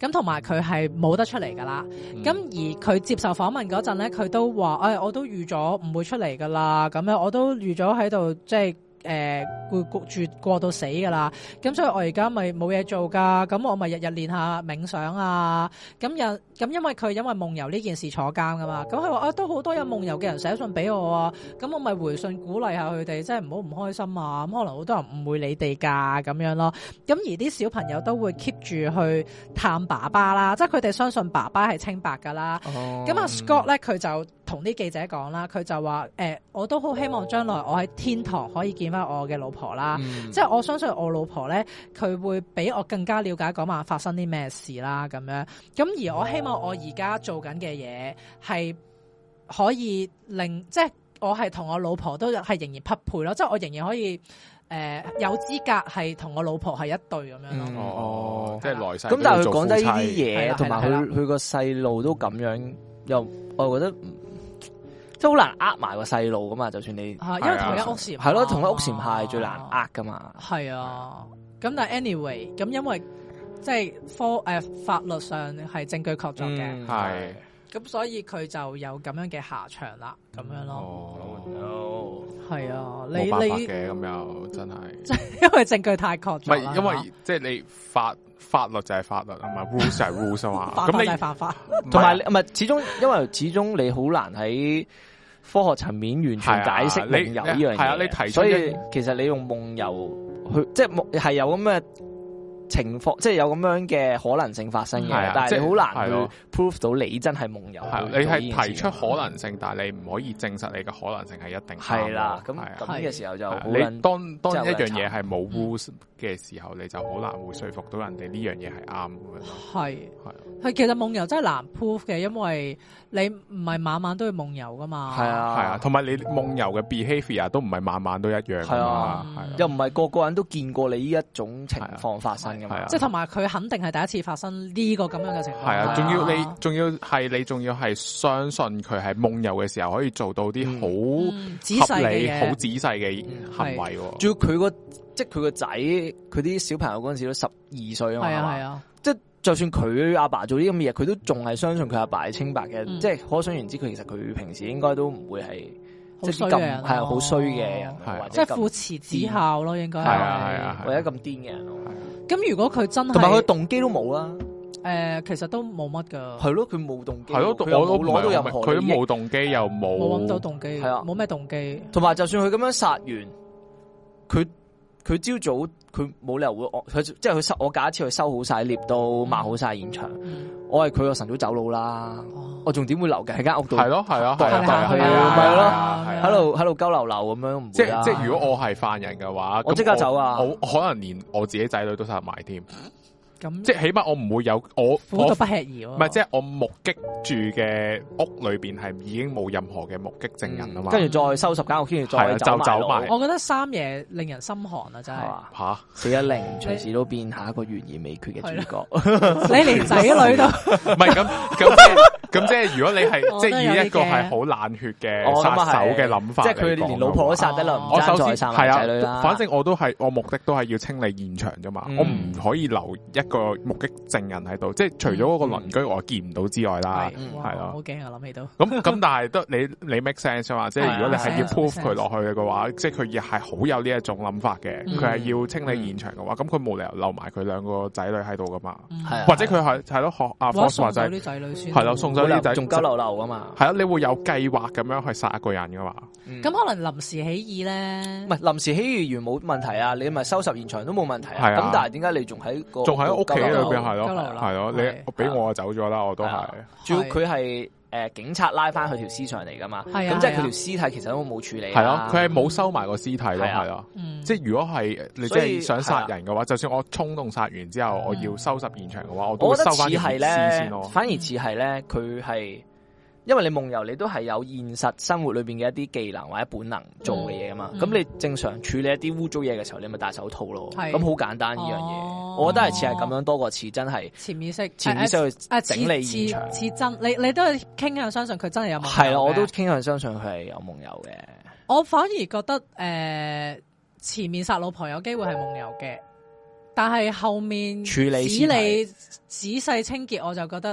咁同埋佢係冇得出嚟㗎啦，咁、嗯、而佢接受訪問嗰陣咧，佢都話：，誒、哎，我都預咗唔會出嚟㗎啦，咁樣我都預咗喺度，即係。誒會焗住過到死噶啦，咁所以我而家咪冇嘢做噶，咁我咪日日練下冥想啊，咁又咁因為佢因為夢遊呢件事坐監噶嘛，咁佢話啊都好多有夢遊嘅人寫信俾我啊，咁我咪回信鼓勵下佢哋，即係唔好唔開心啊，咁可能好多人誤會你哋噶咁樣咯，咁而啲小朋友都會 keep 住去探爸爸啦，即係佢哋相信爸爸係清白噶啦，咁阿、嗯、Scott 咧佢就同啲記者講啦，佢就話誒、呃、我都好希望將來我喺天堂可以見。因為我嘅老婆啦，嗯、即係我相信我老婆咧，佢會比我更加了解講話發生啲咩事啦，咁樣。咁而我希望我而家做緊嘅嘢係可以令，即係我係同我老婆都係仍然匹配咯，即係我仍然可以誒、呃、有資格係同我老婆係一對咁樣咯。哦，哦，即係來世咁，但係佢講得呢啲嘢，同埋佢佢個細路都咁樣，又我覺得。都好難呃埋個細路噶嘛，就算你、啊、因為同一屋檐係咯，同一屋檐派係最難呃噶嘛。係啊、嗯，咁但係 anyway，咁因為即係誒法律上係證據確鑿嘅，係咁所以佢就有咁樣嘅下場啦，咁樣咯。哦，係啊，你你嘅咁又真係， 因為證據太確鑿係，因為吧即係你法法律就係法律，同埋啊咁你犯法，同埋唔係始終，因為始終你好難喺。科學層面完全、啊、解釋夢遊呢你樣嘢，啊啊、所以其實你用夢遊去，嗯、即係夢係有咁嘅。情況即係有咁樣嘅可能性發生嘅，但係好難去 prove 到你真係夢遊。你係提出可能性，但係你唔可以證實你嘅可能性係一定啱。係啦，咁咁嘅時候就你當當一樣嘢係冇 proof 嘅時候，你就好難會說服到人哋呢樣嘢係啱。係係其實夢遊真係難 prove 嘅，因為你唔係晚晚都會夢遊噶嘛。係啊係啊，同埋你夢遊嘅 behaviour 都唔係晚晚都一樣。係啊，又唔係個個人都見過你呢一種情況發生。係啊，即係同埋佢肯定係第一次發生呢個咁樣嘅情況。係啊，仲要你仲要係你仲要係相信佢係夢遊嘅時候可以做到啲好仔細嘅嘢，好仔細嘅行為。仲要佢個即係佢個仔，佢啲小朋友嗰陣時都十二歲啊嘛，即係就算佢阿爸做啲咁嘅嘢，佢都仲係相信佢阿爸係清白嘅。即係可想而知，佢其實佢平時應該都唔會係即係係啊，好衰嘅人，即係父慈子孝咯，應該係啊，啊，或者咁癲嘅人。咁如果佢真係同埋佢動機都冇啦、啊，誒、呃，其實都冇乜噶，係咯，佢 冇動機，係咯，佢我都攞到任何，佢冇 動機又冇，冇諗到動機，係啊，冇咩動機，同埋就算佢咁樣殺完，佢。 佢朝早佢冇理由會我，佢即係佢收我假設佢收好晒，列到抹好晒現場。嗯、我係佢個晨早走佬啦，哇我仲點會留嘅喺間屋度？係咯係咯，係咯係咯，喺度喺度鳩流流咁樣、啊即。即即係如果我係犯人嘅話，我即刻走啊！我我我可能連我自己仔女都殺埋添。咁即係起碼我唔會有我我唔係即係我目擊住嘅屋裏邊係已經冇任何嘅目擊證人啊嘛，跟住再收拾間屋，跟住再走埋。我覺得三爺令人心寒啊，真係嚇死一零，隨時都變下一個懸而未決嘅主角。你連仔女都唔係咁咁咁即係如果你係即係以一個係好冷血嘅殺手嘅諗法，即係佢連老婆都殺得落，我首先係啊，反正我都係我目的都係要清理現場啫嘛，我唔可以留一。個目擊證人喺度，即係除咗嗰個鄰居我見唔到之外啦，係咯，好驚啊！諗起都咁咁，但係得你你 make sense 啊！嘛？即係如果你係要 prove 佢落去嘅話，即係佢亦係好有呢一種諗法嘅。佢係要清理現場嘅話，咁佢冇理由留埋佢兩個仔女喺度噶嘛？或者佢係係咯學阿博士話就係送啲仔女先，係咯，送走啲仔仲急流流啊嘛？係啊，你會有計劃咁樣去殺一個人嘅嘛？咁可能臨時起意咧，唔係臨時起意完冇問題啊！你咪收拾現場都冇問題啊！咁但係點解你仲喺仲喺？屋企裏邊係咯，係咯，你俾我走咗啦，我都係。主要佢係誒警察拉翻佢條屍上嚟噶嘛，咁即係佢條屍體其實都冇處理。係咯，佢係冇收埋個屍體咯，係咯。即係如果係你即係想殺人嘅話，就算我衝動殺完之後，我要收拾現場嘅話，我都收翻啲屍先咯。反而似係咧，佢係。因為你夢遊，你都係有現實生活裏邊嘅一啲技能或者本能做嘅嘢啊嘛。咁、嗯嗯、你正常處理一啲污糟嘢嘅時候，你咪戴手套咯。咁好是簡單呢樣嘢，哦、我覺得係似係咁樣多過似真係潛意識、潛意，、啊、潛意識去整理現場、似真。你你都係傾向相信佢真係有夢遊。係咯，我都傾向相信佢係有夢遊嘅。我反而覺得誒，前、呃、面殺老婆有機會係夢遊嘅，嗯、但係後面處理、仔細、仔細清潔，我就覺得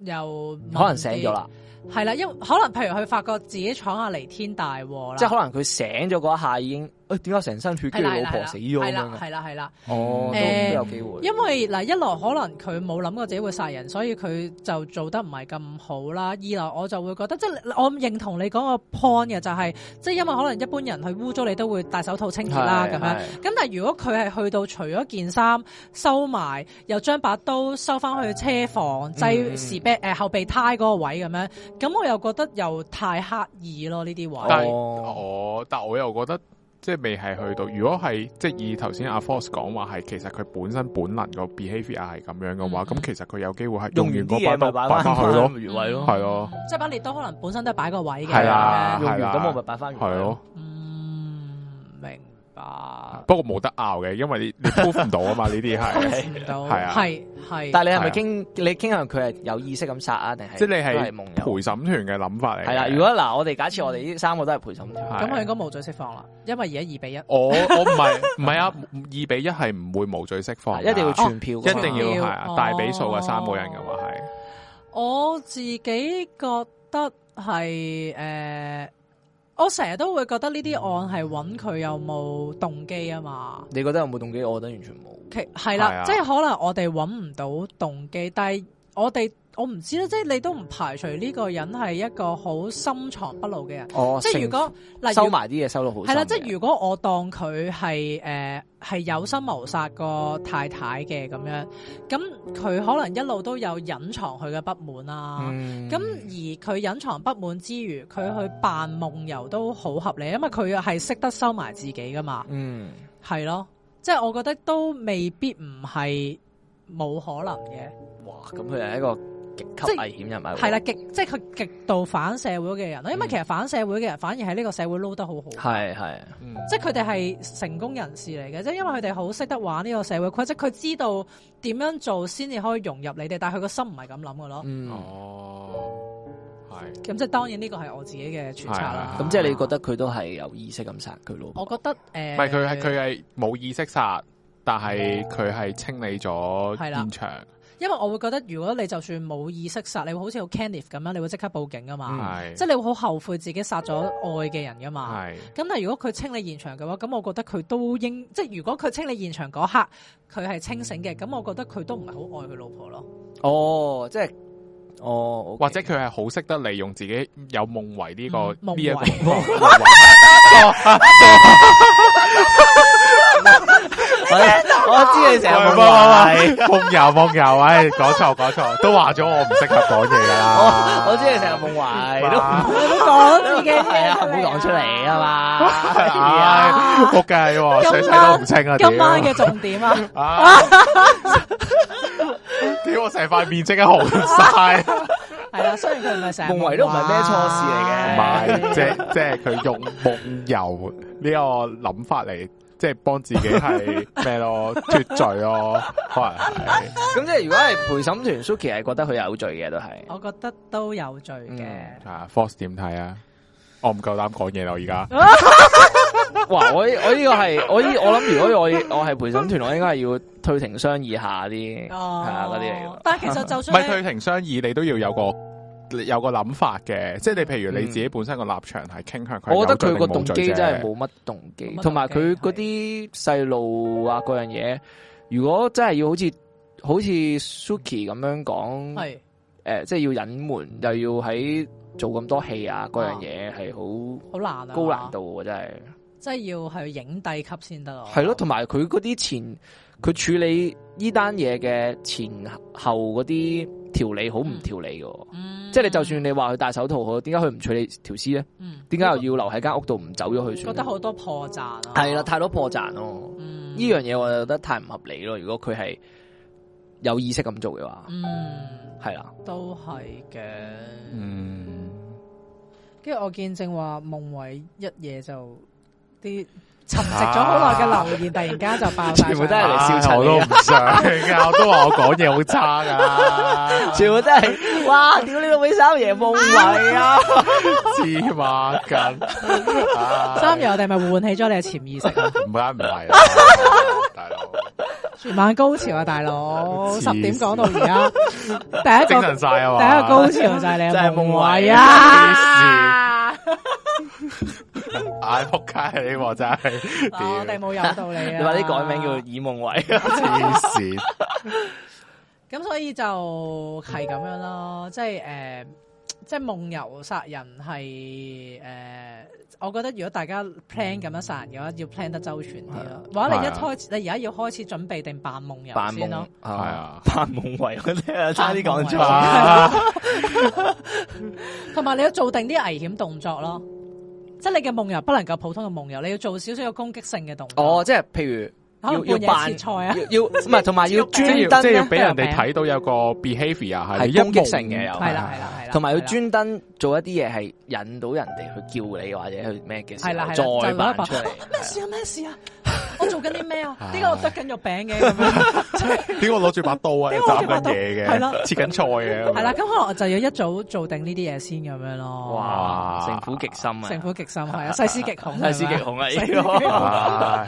又可能醒咗啦。係啦，因為可能譬如佢發覺自己闖下彌天大禍啦，即係可能佢醒咗一下已經。誒點解成身血跟住老婆死咗咁樣？係啦係啦，哦都有機會。因為嗱，一來可能佢冇諗過自己會殺人，所以佢就做得唔係咁好啦。二來我就會覺得，即係我認同你講個 point 嘅，就係即係因為可能一般人去污糟你都會戴手套清潔啦咁樣。咁但係如果佢係去到除咗件衫收埋，又將把，把刀收翻去車房擠時備誒後備胎嗰個位咁樣，咁我又覺得又太刻意咯呢啲位。哦、但我但我又覺得。即係未係去到，如果係即係以頭先阿 Force 講話係，其實佢本身本能個 behavior 係咁樣嘅話，咁、嗯、其實佢有機會係用完啲嘢擺翻去咯，係咯。了即係擺列都可能本身都係擺個位嘅。係啊了，用完咁我咪擺翻去咯。嗯，明。啊！不過冇得拗嘅，因為你估唔到啊嘛，呢啲係係啊係係。但係你係咪傾你傾向佢係有意識咁殺啊？定係即係你係陪審團嘅諗法嚟？係啦，如果嗱，我哋假設我哋呢三個都係陪審團，咁佢應該無罪釋放啦，因為而家二比一。我我唔係唔係啊，二比一係唔會無罪釋放，一定要全票，一定要係啊大比數啊，三個人嘅話係。我自己覺得係誒。我成日都會覺得呢啲案係揾佢有冇動機啊嘛？你覺得有冇動機？我覺得完全冇。其係啦，的即係可能我哋揾唔到動機，但係我哋。我唔知啦，即係你都唔排除呢個人係一個好深藏不露嘅人。哦，即係如果收埋啲嘢收得好。係啦，即係如果我當佢係誒係有心謀殺個太太嘅咁樣，咁佢可能一路都有隱藏佢嘅不滿啊。咁而佢隱藏不滿之餘，佢去扮夢遊都好合理，因為佢係識得收埋自己噶嘛。嗯，係咯，即係我覺得都未必唔係冇可能嘅。哇，咁佢係一個～極即係危險人物，係啦，極即係佢極度反社會嘅人。嗯，因為其實反社會嘅人反而喺呢個社會撈得好好。係係，嗯，即係佢哋係成功人士嚟嘅，即係因為佢哋好識得玩呢個社會規則，佢知道點樣做先至可以融入你哋，但係佢個心唔係咁諗嘅咯。嗯，哦，係。咁即係當然呢個係我自己嘅揣測啦。咁即係你覺得佢都係有意識咁殺佢咯？我覺得誒，唔係佢係佢係冇意識殺，但係佢係清理咗現場。因為我會覺得，如果你就算冇意識殺，你會好似好 Kenneth 咁樣，你會即刻報警噶嘛，即係你會好後悔自己殺咗愛嘅人噶嘛。咁但係如果佢清理現場嘅話，咁我覺得佢都應，即係如果佢清理現場嗰刻佢係清醒嘅，咁我覺得佢都唔係好愛佢老婆咯。哦，即係，哦，或者佢係好識得利用自己有夢為呢個呢我我知你成日夢遺夢遊夢遊，哎，講錯講錯，都話咗我唔適合講嘢啦。我知你成日夢遺，都都講自己，係啊，唔好講出嚟啊嘛。係啊，仆街，水洗都唔清啊。今晚嘅重點啊，屌我成塊面即刻紅晒。係啊，雖然佢唔係成日夢遺都唔係咩錯事嚟嘅。唔係，即即係佢用夢遊呢個諗法嚟。即係幫自己係咩咯？脱罪咯， 可能係咁即係如果係陪審團，Suki 係覺得佢有罪嘅都係，我覺得都有罪嘅。啊，Fox 點睇啊？我唔夠膽講嘢咯，而家。哇！我我呢個係我依我諗，如果我我係陪審團，我應該係要退庭商議一下啲，係、oh. 啊嗰啲嚟。 但係其實就算唔係 退庭商議，你都要有個。有個諗法嘅，即係你譬如你自己本身個立場係傾向佢，我覺得佢個動機真係冇乜動機，同埋佢嗰啲細路啊嗰樣嘢，如果真係要好似好似 Suki 咁樣講，係誒是、呃，即係要隱瞞又要喺做咁多戲啊嗰、啊、樣嘢係好好難高難度啊真係，真係、啊、要係影帝級先得咯。係咯、 啊，同埋佢嗰啲前佢處理呢單嘢嘅前後嗰啲、嗯。嗯調理好唔調理嘅，嗯、即係你就算你話佢戴手套，點解佢唔處理條屍咧？點解、嗯、又要留喺間屋度唔走咗去？覺得好多破綻、啊，係啦，太多破綻咯、啊。呢、嗯、樣嘢我就覺得太唔合理咯。如果佢係有意識咁做嘅話，係啦，都係嘅。嗯，跟住的、嗯、我見正話夢偉一夜就啲。沉寂咗好耐嘅留言，突然間就爆晒，全部都係嚟笑春嘅。我都唔想，我都話我講嘢好差噶。全部都係，哇！屌你老味三爺夢遺啊，黐孖筋。三爺，我哋係咪喚起咗你嘅潛意識啊？唔係唔係，大佬，全晚高潮啊！大佬，十點講到而家，第一個第一個高潮就係你嘅夢遺啊！嗌、 哎、仆街，你話真係，我哋冇有道理啊！ 你話啲改名叫以夢為，黐線。咁 神經病笑 所以就係咁樣咯，即係誒。呃即係夢遊殺人係誒、呃，我覺得如果大家 plan 咁樣殺人嘅話，嗯、要 plan 得周全啲咯。的或者你一開始的你而家要開始準備定扮夢遊先咯，係啊，扮夢為嗰啲差啲講錯，同埋你要做定啲危險動作咯。 即係你嘅夢遊不能夠普通嘅夢遊，你要做少少有攻擊性嘅動作。哦，即係譬如。要要扮，啊、 要唔係，同埋要專登 即係要俾要人哋睇到有個 behavior 啊，係攻擊性嘅。係啦係啦係啦，同埋要專登做一啲嘢係。引到人哋去叫你或者去咩嘅時候再擺出嚟。咩事啊咩事啊！我做緊啲咩啊？點解我剁緊肉餅嘅？點解我攞住把刀啊？做緊嘢嘅，切緊菜嘅。係啦，咁可能我就要一早做定呢啲嘢先咁樣咯。哇！城府極深啊！城府極深，係啊！細思極恐，細思極恐啊！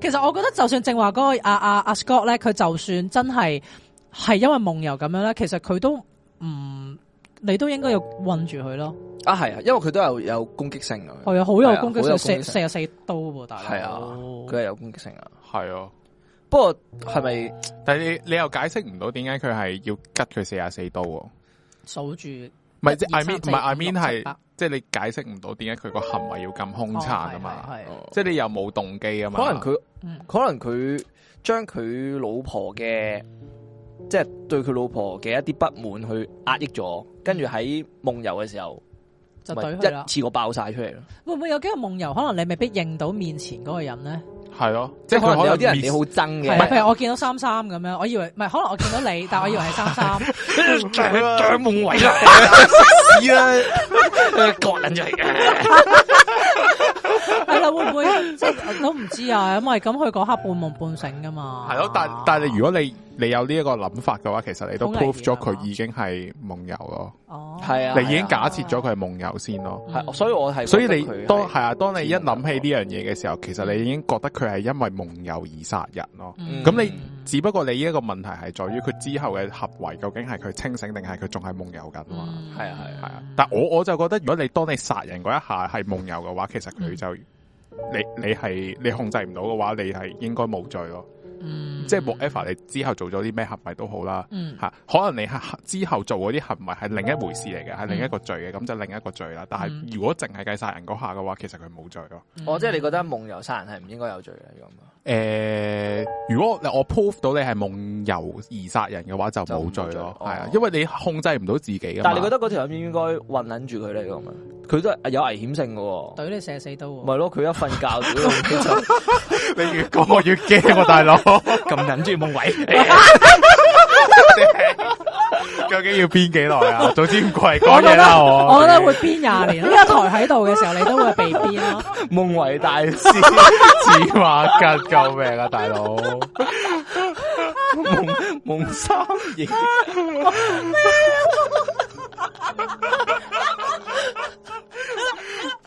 其實我覺得，就算正話嗰個阿阿阿 Scott 咧，佢就算真係係因為夢遊咁樣咧，其實佢都唔。你都應該要困住佢咯。啊，係啊，因為佢都有有攻擊性啊。係啊，好有攻擊性，四十四刀。大佬。係啊，佢係有攻擊性啊，係啊。不過係咪？但係你你又解釋唔到點解佢係要拮佢四十四刀？數住。唔係即 I mean 唔係 I mean 係，即係你解釋唔到點解佢個行為要咁兇殘啊嘛？即係你又冇動機啊嘛？可能佢可能佢將佢老婆嘅。即係對佢老婆嘅一啲不滿，去壓抑咗，跟住喺夢遊嘅時候就懟佢啦，一次過爆晒出嚟咯。會唔會有幾個夢遊？可能你未必認到面前嗰個人咧。係咯，即係可能有啲人你好憎嘅。係，譬如我見到三三咁樣，我以為唔係，可能我見到你，但我以為係三三。當夢遺啦，死啦！割人就係係啦，會唔會即係我都唔知啊？因為咁佢嗰刻半夢半醒噶嘛。係咯，但但係如果你。你有呢一個諗法嘅話，其實你都 prove 咗佢已經係夢遊咯。哦，係啊，你已經假設咗佢係夢遊先咯。嗯、所以我係。所以你當係啊，當你一諗起呢樣嘢嘅時候，其實你已經覺得佢係因為夢遊而殺人咯。咁、嗯、你，只不過你呢一個問題係在於佢之後嘅行為究竟係佢清醒定係佢仲係夢遊緊嘛？嗯、啊，係啊，係啊。但我我就覺得，如果你當你殺人嗰一下係夢遊嘅話，其實佢就你你係你控制唔到嘅話，你係應該冇罪咯。嗯、即係 whatever 你之後做咗啲咩行為都好啦，吓、嗯、可能你吓之後做嗰啲行為係另一回事嚟嘅，係、嗯、另一個罪嘅，咁、嗯、就另一個罪啦。但係如果淨係計殺人嗰下嘅話，其實佢冇罪咯。嗯、哦，即係你覺得夢遊殺人係唔應該有罪嘅咁誒、呃，如果我 prove 到你係夢遊而殺人嘅話，就冇罪咯，係啊、哦，因為你控制唔到自己啊。但係你覺得嗰條友應該困捻住佢嚟㗎嘛？佢都係有危險性嘅、哦，懟你射死刀。唔係咯，佢一瞓覺你越講我越驚，我大佬咁捻住夢鬼。 究竟要編幾耐啊？早知唔過嚟講嘢啦我，我。我覺得會編廿年咯，呢個 台喺度嘅時候，你都會被編咯。夢 為大師，字畫吉，救命啊，大佬！夢夢三爺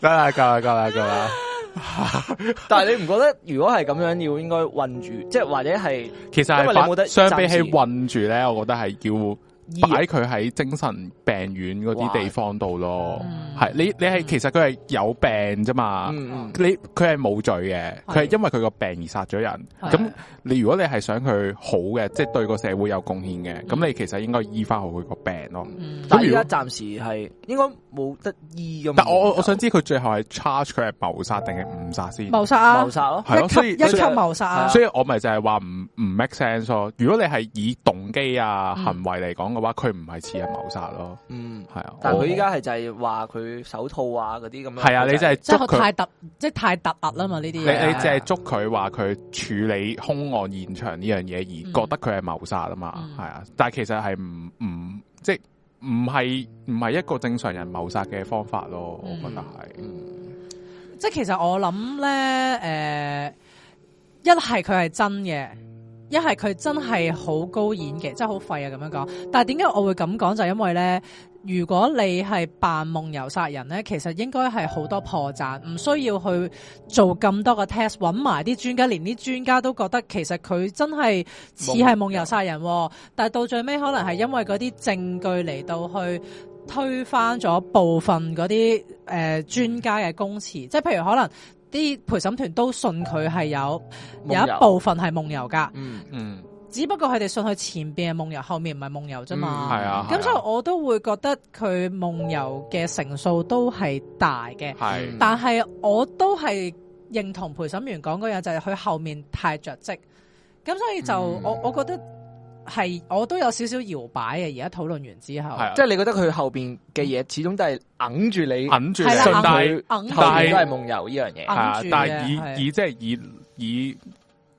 ，夠啦，夠啦，夠啦，夠啦。 但係你唔覺得如果係咁樣要應該混住，即係 或者係，其實因為你冇得相比起混住咧，我覺得係要。擺佢喺精神病院嗰啲地方度咯，係你你係其實佢係有病啫嘛，你佢係冇罪嘅，佢係因為佢個病而殺咗人。咁你如果你係想佢好嘅，即係對個社會有貢獻嘅，咁你其實應該醫翻好佢個病咯。咁而家暫時係應該冇得醫噶。但我我想知佢最後係 charge 佢係謀殺定係誤殺先？謀殺啊，謀殺咯，係咯，所以一級謀殺。所以我咪就係話唔唔 make sense 咯。如果你係以動機啊行為嚟講。話佢唔係似係謀殺咯，嗯，係啊，但係佢依家係就係話佢手套啊嗰啲咁樣，係、嗯、啊，就是、你就係即係太突，即係太突兀啦嘛呢啲、嗯，你你淨係捉佢話佢處理凶案現場呢樣嘢而覺得佢係謀殺啊嘛，係、嗯、啊，但係其實係唔唔即係唔係唔係一個正常人謀殺嘅方法咯，嗯、我覺得係，嗯、即係其實我諗咧，誒、呃，一係佢係真嘅。嗯一係佢真係好高演技，真係好廢啊！咁樣講，但係點解我會咁講？就因為咧，如果你係扮夢遊殺人咧，其實應該係好多破綻，唔需要去做咁多嘅 test，揾埋啲專家，連啲專家都覺得其實佢真係似係夢遊殺人。遊但係到最尾可能係因為嗰啲證據嚟到去推翻咗部分嗰啲誒專家嘅公詞，即係譬如可能。啲陪審團都信佢係有夢遊有一部分係夢遊㗎，嗯嗯，只不過佢哋信佢前面係夢遊，後面唔係夢遊啫嘛，係、嗯、啊，咁所以我都會覺得佢夢遊嘅成數都係大嘅，係、嗯，但係我都係認同陪審員講嗰樣，就係佢後面太着跡，咁所以就我、嗯、我覺得。係，我都有少少搖擺啊！而家討論完之後，即係你覺得佢後邊嘅嘢，始終都係揞住你，揞住係啦，但係都係夢遊呢樣嘢。但係以以即係以以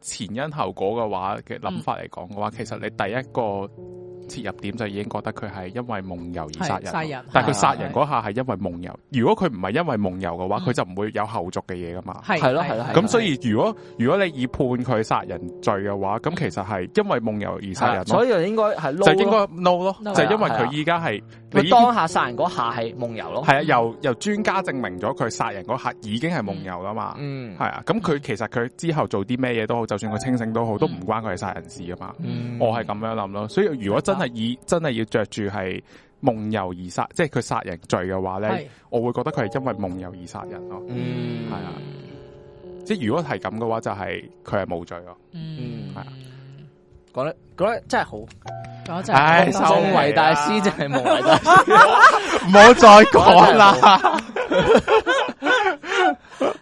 前因後果嘅話嘅諗法嚟講嘅話，嗯、其實你第一個。切入點就已經覺得佢係因為夢遊而殺人，但係佢殺人嗰下係因為夢遊。如果佢唔係因為夢遊嘅話，佢就唔會有後續嘅嘢噶嘛。係咯係咯，咁所以如果如果你以判佢殺人罪嘅話，咁其實係因為夢遊而殺人。所以應該係 no 咯，就應該 no 咯，就因為佢依家係。你當下殺人嗰下係夢遊咯？係啊，由由專家證明咗佢殺人嗰下已經係夢遊啦嘛。嗯，係啊。咁佢其實佢之後做啲咩嘢都好，就算佢清醒都好，嗯，都唔關佢係殺人事㗎嘛。嗯，我係咁樣諗咯。所以如果真係以真係要着住係夢遊而殺，即係佢殺人罪嘅話咧，係。我會覺得佢係因為夢遊而殺人咯。嗯，係啊。即係如果係咁嘅話就是是，就係佢係冇罪咯。嗯，係啊。講得講得真係好。唉，修眉、哎啊、大師 說真係無眉大師，唔好再講啦。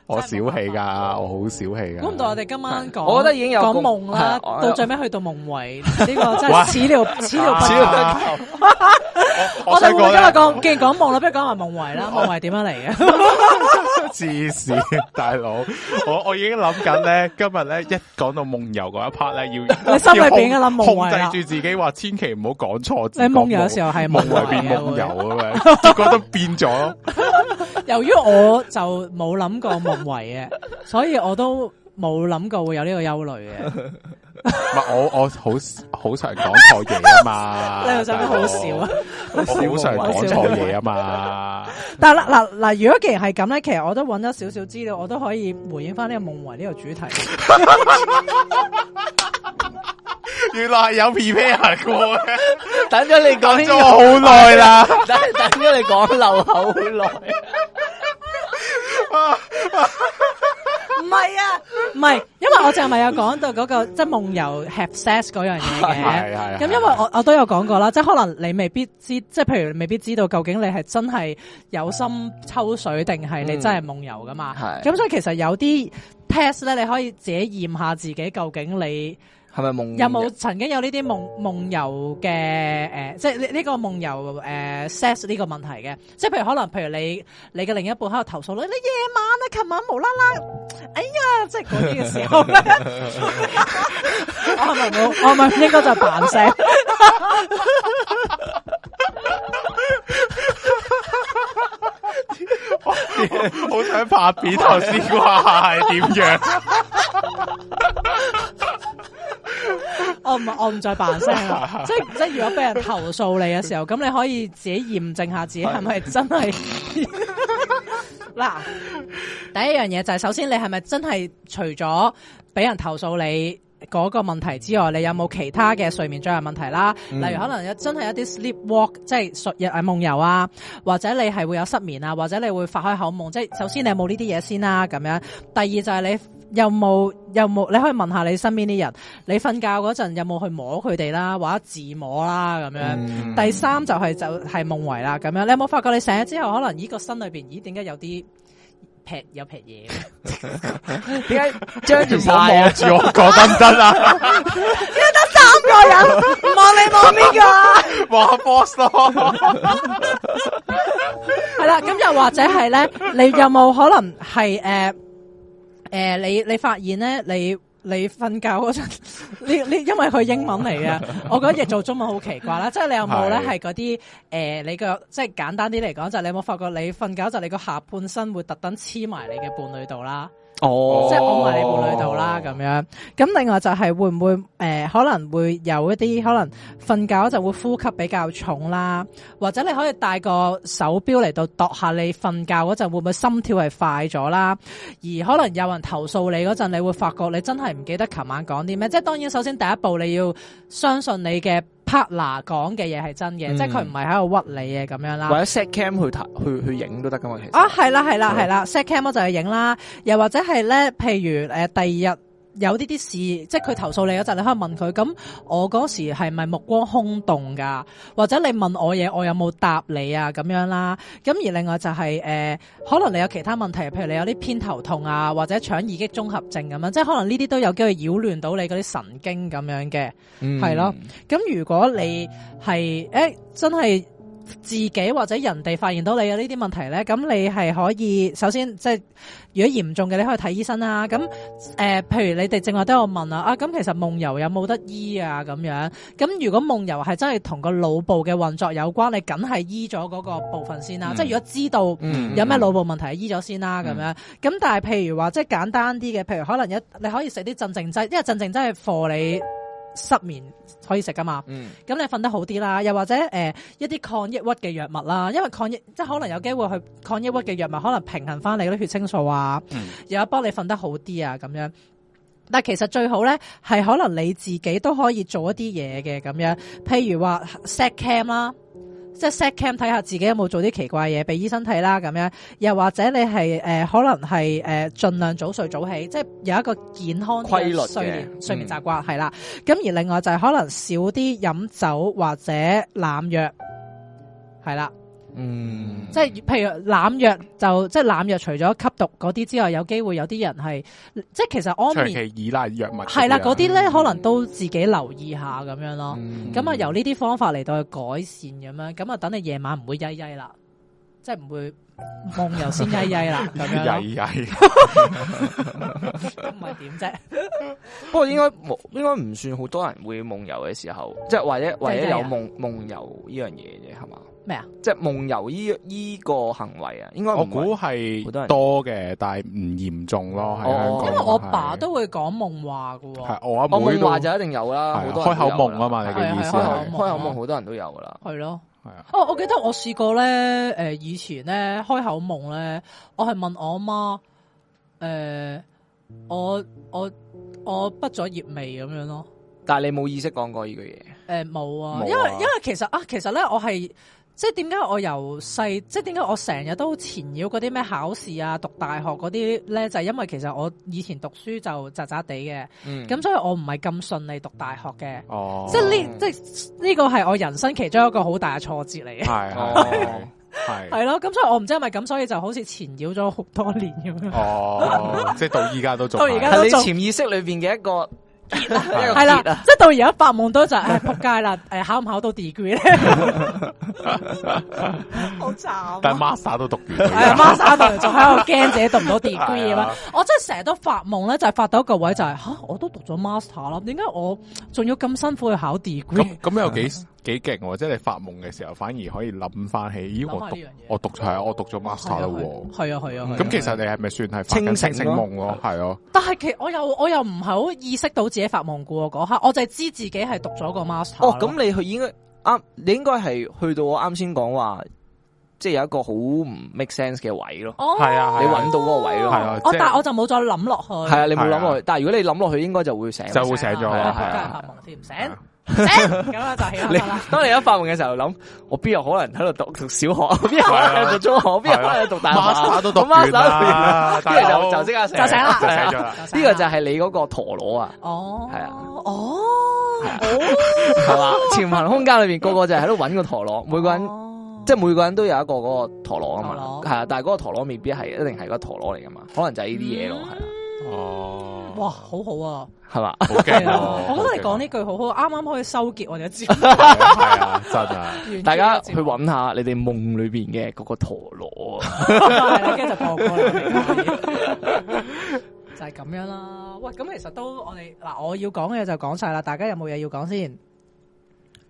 我小氣噶，我好小氣噶。估唔到我哋今晚講，我覺得已經有講夢啦，到最尾去到夢維呢個真係始料不及。我哋唔該講，既然講夢啦，不如講下夢維啦。夢維點樣嚟嘅？自視大佬，我我已經諗緊咧，今日咧一講到夢遊嗰一 part 咧，要你心裏邊嘅諗夢維啦，控制住自己話，千祈唔好講錯字。你夢遊嘅時候係夢維變夢遊啊？覺得變咗。由於我就冇。諗過夢遺嘅，所以我都冇諗過會有呢個憂慮嘅。係 我我，我好好常講錯嘢啊嘛，你又真得好少啊？好常講錯嘢啊嘛。 但係嗱嗱嗱，如果其實係咁咧，其實我都搵咗少少資料，我都可以回應翻呢個夢遺呢個主題。 原來有皮皮啊哥，等咗你講咗好耐啦，等等咗你講漏口好耐。唔係 啊，唔係，因為我淨係咪有講到嗰、嗰個即係夢遊、have sex 嗰樣嘢嘅，咁因為我 我都有講過啦，即係可能你未必知，即係譬如你未必知道究竟你係真係有心抽水定係、嗯、你真係夢遊噶嘛，咁、嗯嗯、所以其實有啲 test 咧，你可以自己驗下自己究竟你。係咪夢有冇曾經有呢啲夢夢遊嘅誒、呃？即係呢個夢遊誒 set 呢個問題嘅，即係譬如可能，譬如你你嘅另一半喺度投訴咧，你夜晚啊，琴晚無啦啦，哎呀，即係嗰啲嘅時候。我唔係我唔係應該就扮聲。好想拍扁頭先啩，係點樣？我唔我唔再扮聲啦，即係即係如果俾人投訴你嘅時候，咁你可以自己驗證下自己係咪 真係嗱 第一樣嘢就係、是、首先你係咪真係除咗俾人投訴你？嗰個問題之外，你有冇其他嘅睡眠障礙問題啦？嗯、例如可能真有真係一啲 sleep walk，即係睡、就是、日啊夢遊啊，或者你係會有失眠啊，或者你會發開口夢。即、就、係、是、首先你有冇呢啲嘢先啦，咁樣。第二就係你有冇有冇？你可以問下你身邊啲人，你瞓覺嗰陣有冇去摸佢哋啦，或者自摸啦、啊、咁樣。嗯、第三就係、是、就係、是、夢遺啦咁樣。你有冇發覺你醒咗之後，可能依個心裏邊，咦點解有啲？劈有劈嘢，點解張住手望住我講得唔得啊？ 點解得三個人，望你望邊個？話 Boss 係啦，咁 又、 嗯、或者係咧，你有冇可能係誒誒？你你發現咧，你。你瞓覺嗰陣，呢 呢，因為佢英文嚟嘅， 我覺得譯做中文好奇怪啦、 呃。即係你有冇咧，係嗰啲誒，你個即係簡單啲嚟講，就係你有冇發覺你瞓覺就你個下半身會特登黐埋你嘅伴侶度啦。哦，即係安慰你顧慮到啦，咁樣。咁另外就係會唔會誒、呃，可能會有一啲可能瞓覺嗰陣會呼吸比較重啦，或者你可以戴個手錶嚟到度度下你瞓覺嗰陣會唔會心跳係快咗啦？而可能有人投訴你嗰陣，你會發覺你真係唔記得琴晚講啲咩？即係當然，首先第一步你要相信你嘅。partner 講嘅嘢係真嘅，嗯、即係佢唔係喺度屈你嘅咁樣啦。或者 set cam 去去去影都得噶嘛，其實。啊，係啦係啦係啦，set cam 我就去影啦，又或者係咧，譬如誒、呃、第二日。有呢啲事，即係佢投訴你嗰陣，就是，你可以問佢。咁我嗰時係咪目光空洞噶？或者你問我嘢，我有冇答你啊？咁樣啦。咁而另外就係、是、誒、呃，可能你有其他問題，譬如你有啲偏頭痛啊，或者腸易激綜合症咁樣，即係可能呢啲都有機會擾亂到你嗰啲神經咁樣嘅，係、嗯、咯。咁如果你係誒、欸、真係。自己或者人哋發現到你有呢啲問題咧，咁你係可以首先即係如果嚴重嘅，你可以睇醫生啦。咁誒、呃，譬如你哋正話都有問啦，啊咁其實夢遊有冇得醫啊？咁樣咁如果夢遊係真係同個腦部嘅運作有關，你梗係醫咗嗰個部分先啦。嗯、即係如果知道有咩腦部問題，醫咗、嗯嗯、先啦咁、嗯、樣。咁但係譬如話即係簡單啲嘅，譬如可能一你可以食啲鎮靜劑，因為鎮靜劑係 for 你。失眠可以食㗎嘛？咁、嗯、你瞓得好啲啦，又或者誒、呃，一啲抗抑鬱嘅藥物啦，因為抗抑即係可能有機會去抗抑鬱嘅藥物，可能平衡翻你啲血清素啊，又有幫你瞓得好啲啊，咁樣。但係其實最好咧，係可能你自己都可以做一啲嘢嘅咁樣，譬如話 set cam 啦。即係 set cam 睇下自己有冇做啲奇怪嘢，俾醫生睇啦咁樣，又或者你係誒、呃、可能係誒盡量早睡早起，即係有一個健康規律睡眠睡眠習慣係啦。咁、嗯、而另外就係可能少啲飲酒或者濫藥，係啦。嗯，即係譬如濫藥就即係濫藥，除咗吸毒嗰啲之外，有機會有啲人係即係其實安眠長期依賴藥物係啦，嗰啲咧可能都自己留意下咁樣咯。咁啊、嗯、由呢啲方法嚟到去改善咁樣悠悠，咁啊等你夜晚唔會曳曳啦，即係唔會夢遊先曳曳啦咁樣。曳曳咁唔係點啫？不過應該應該唔算好多人會夢遊嘅時候，即係或者或者有夢夢遊呢樣嘢嘅係嘛？即係夢遊依依個行為啊，應該我估係多嘅，但係唔嚴重咯。係啊，因為我爸都會講夢話噶，我阿妹就一定有啦。開口夢啊嘛，你嘅意思係開口夢，好多人都有噶啦。係咯，係啊。哦，我記得我試過咧，誒，以前咧開口夢咧，我係問我阿媽，誒，我我我畢咗業未咁樣咯？但係你冇意識講過依句嘢？誒，冇啊，因為因為其實啊，其實咧我係。即係點解我由細，即係點解我成日都纏繞嗰啲咩考試啊、讀大學嗰啲咧，就係、是、因為其實我以前讀書就渣渣地嘅，咁、嗯、所以我唔係咁順利讀大學嘅。哦，即係呢，即係呢個係我人生其中一個好大嘅挫折嚟嘅。係係咯，咁所以我唔知係咪咁，所以就好似纏繞咗好多年咁樣。哦，即係到而家都做，到而家係你潛意識裏邊嘅一個結啦， 即係到而家發夢都就誒、是、仆、哎、街啦，誒考唔考到 degree 咧？ 好慘！但係 master 都讀完，master 就喺度驚自己讀唔到 degree 啦。我真係成日都發夢咧，就係發到一個位就係吓，我都讀咗 master 啦，點解我仲要咁辛苦去考 degree？咁又幾幾勁喎！即你發夢嘅時候，反而可以諗翻起，咦，我讀係我讀咗 master 啦，係啊係啊。咁其實你係咪算係清醒夢咯？係啊。但係其我又我又唔係好意識到自己發夢嘅嗰刻，我就係知自己係讀咗個 master。哦，咁你去應該。你應該係去到我啱先講話，即係有一個好唔 make sense 嘅位咯，係啊，你揾到嗰個位咯，係啊，但係我就冇再諗落去。係啊，你冇諗落去，但係如果你諗落去，應該就會醒，醒，就會醒咗，係啊。咁啊，就起啦！當你一發夢嘅時候諗，我邊有可能喺度讀讀小學啊？邊有可能讀中學？邊有可能讀大學？咁啊，諗，跟住就就即刻就醒啦！醒呢個就係你嗰個陀螺啊！哦，係啊，哦，係嘛？潛行空間裏面，個個就係喺度搵個陀螺，每個人即係每個人都有一個嗰個陀螺啊嘛，係啊。但係嗰個陀螺未必係一定係個陀螺嚟噶嘛，可能就係呢啲嘢咯，係啦。哦。哇，好好啊，係嘛？好勁啊！我覺得你講呢句好好，啱啱的可以收結我哋嘅節目，真啊！ 大家去揾下你哋夢裏邊嘅嗰個陀螺，跟住就就係咁樣啦。喂，咁其實都我哋嗱，我要講嘅嘢就講晒啦。大家有冇嘢要講先？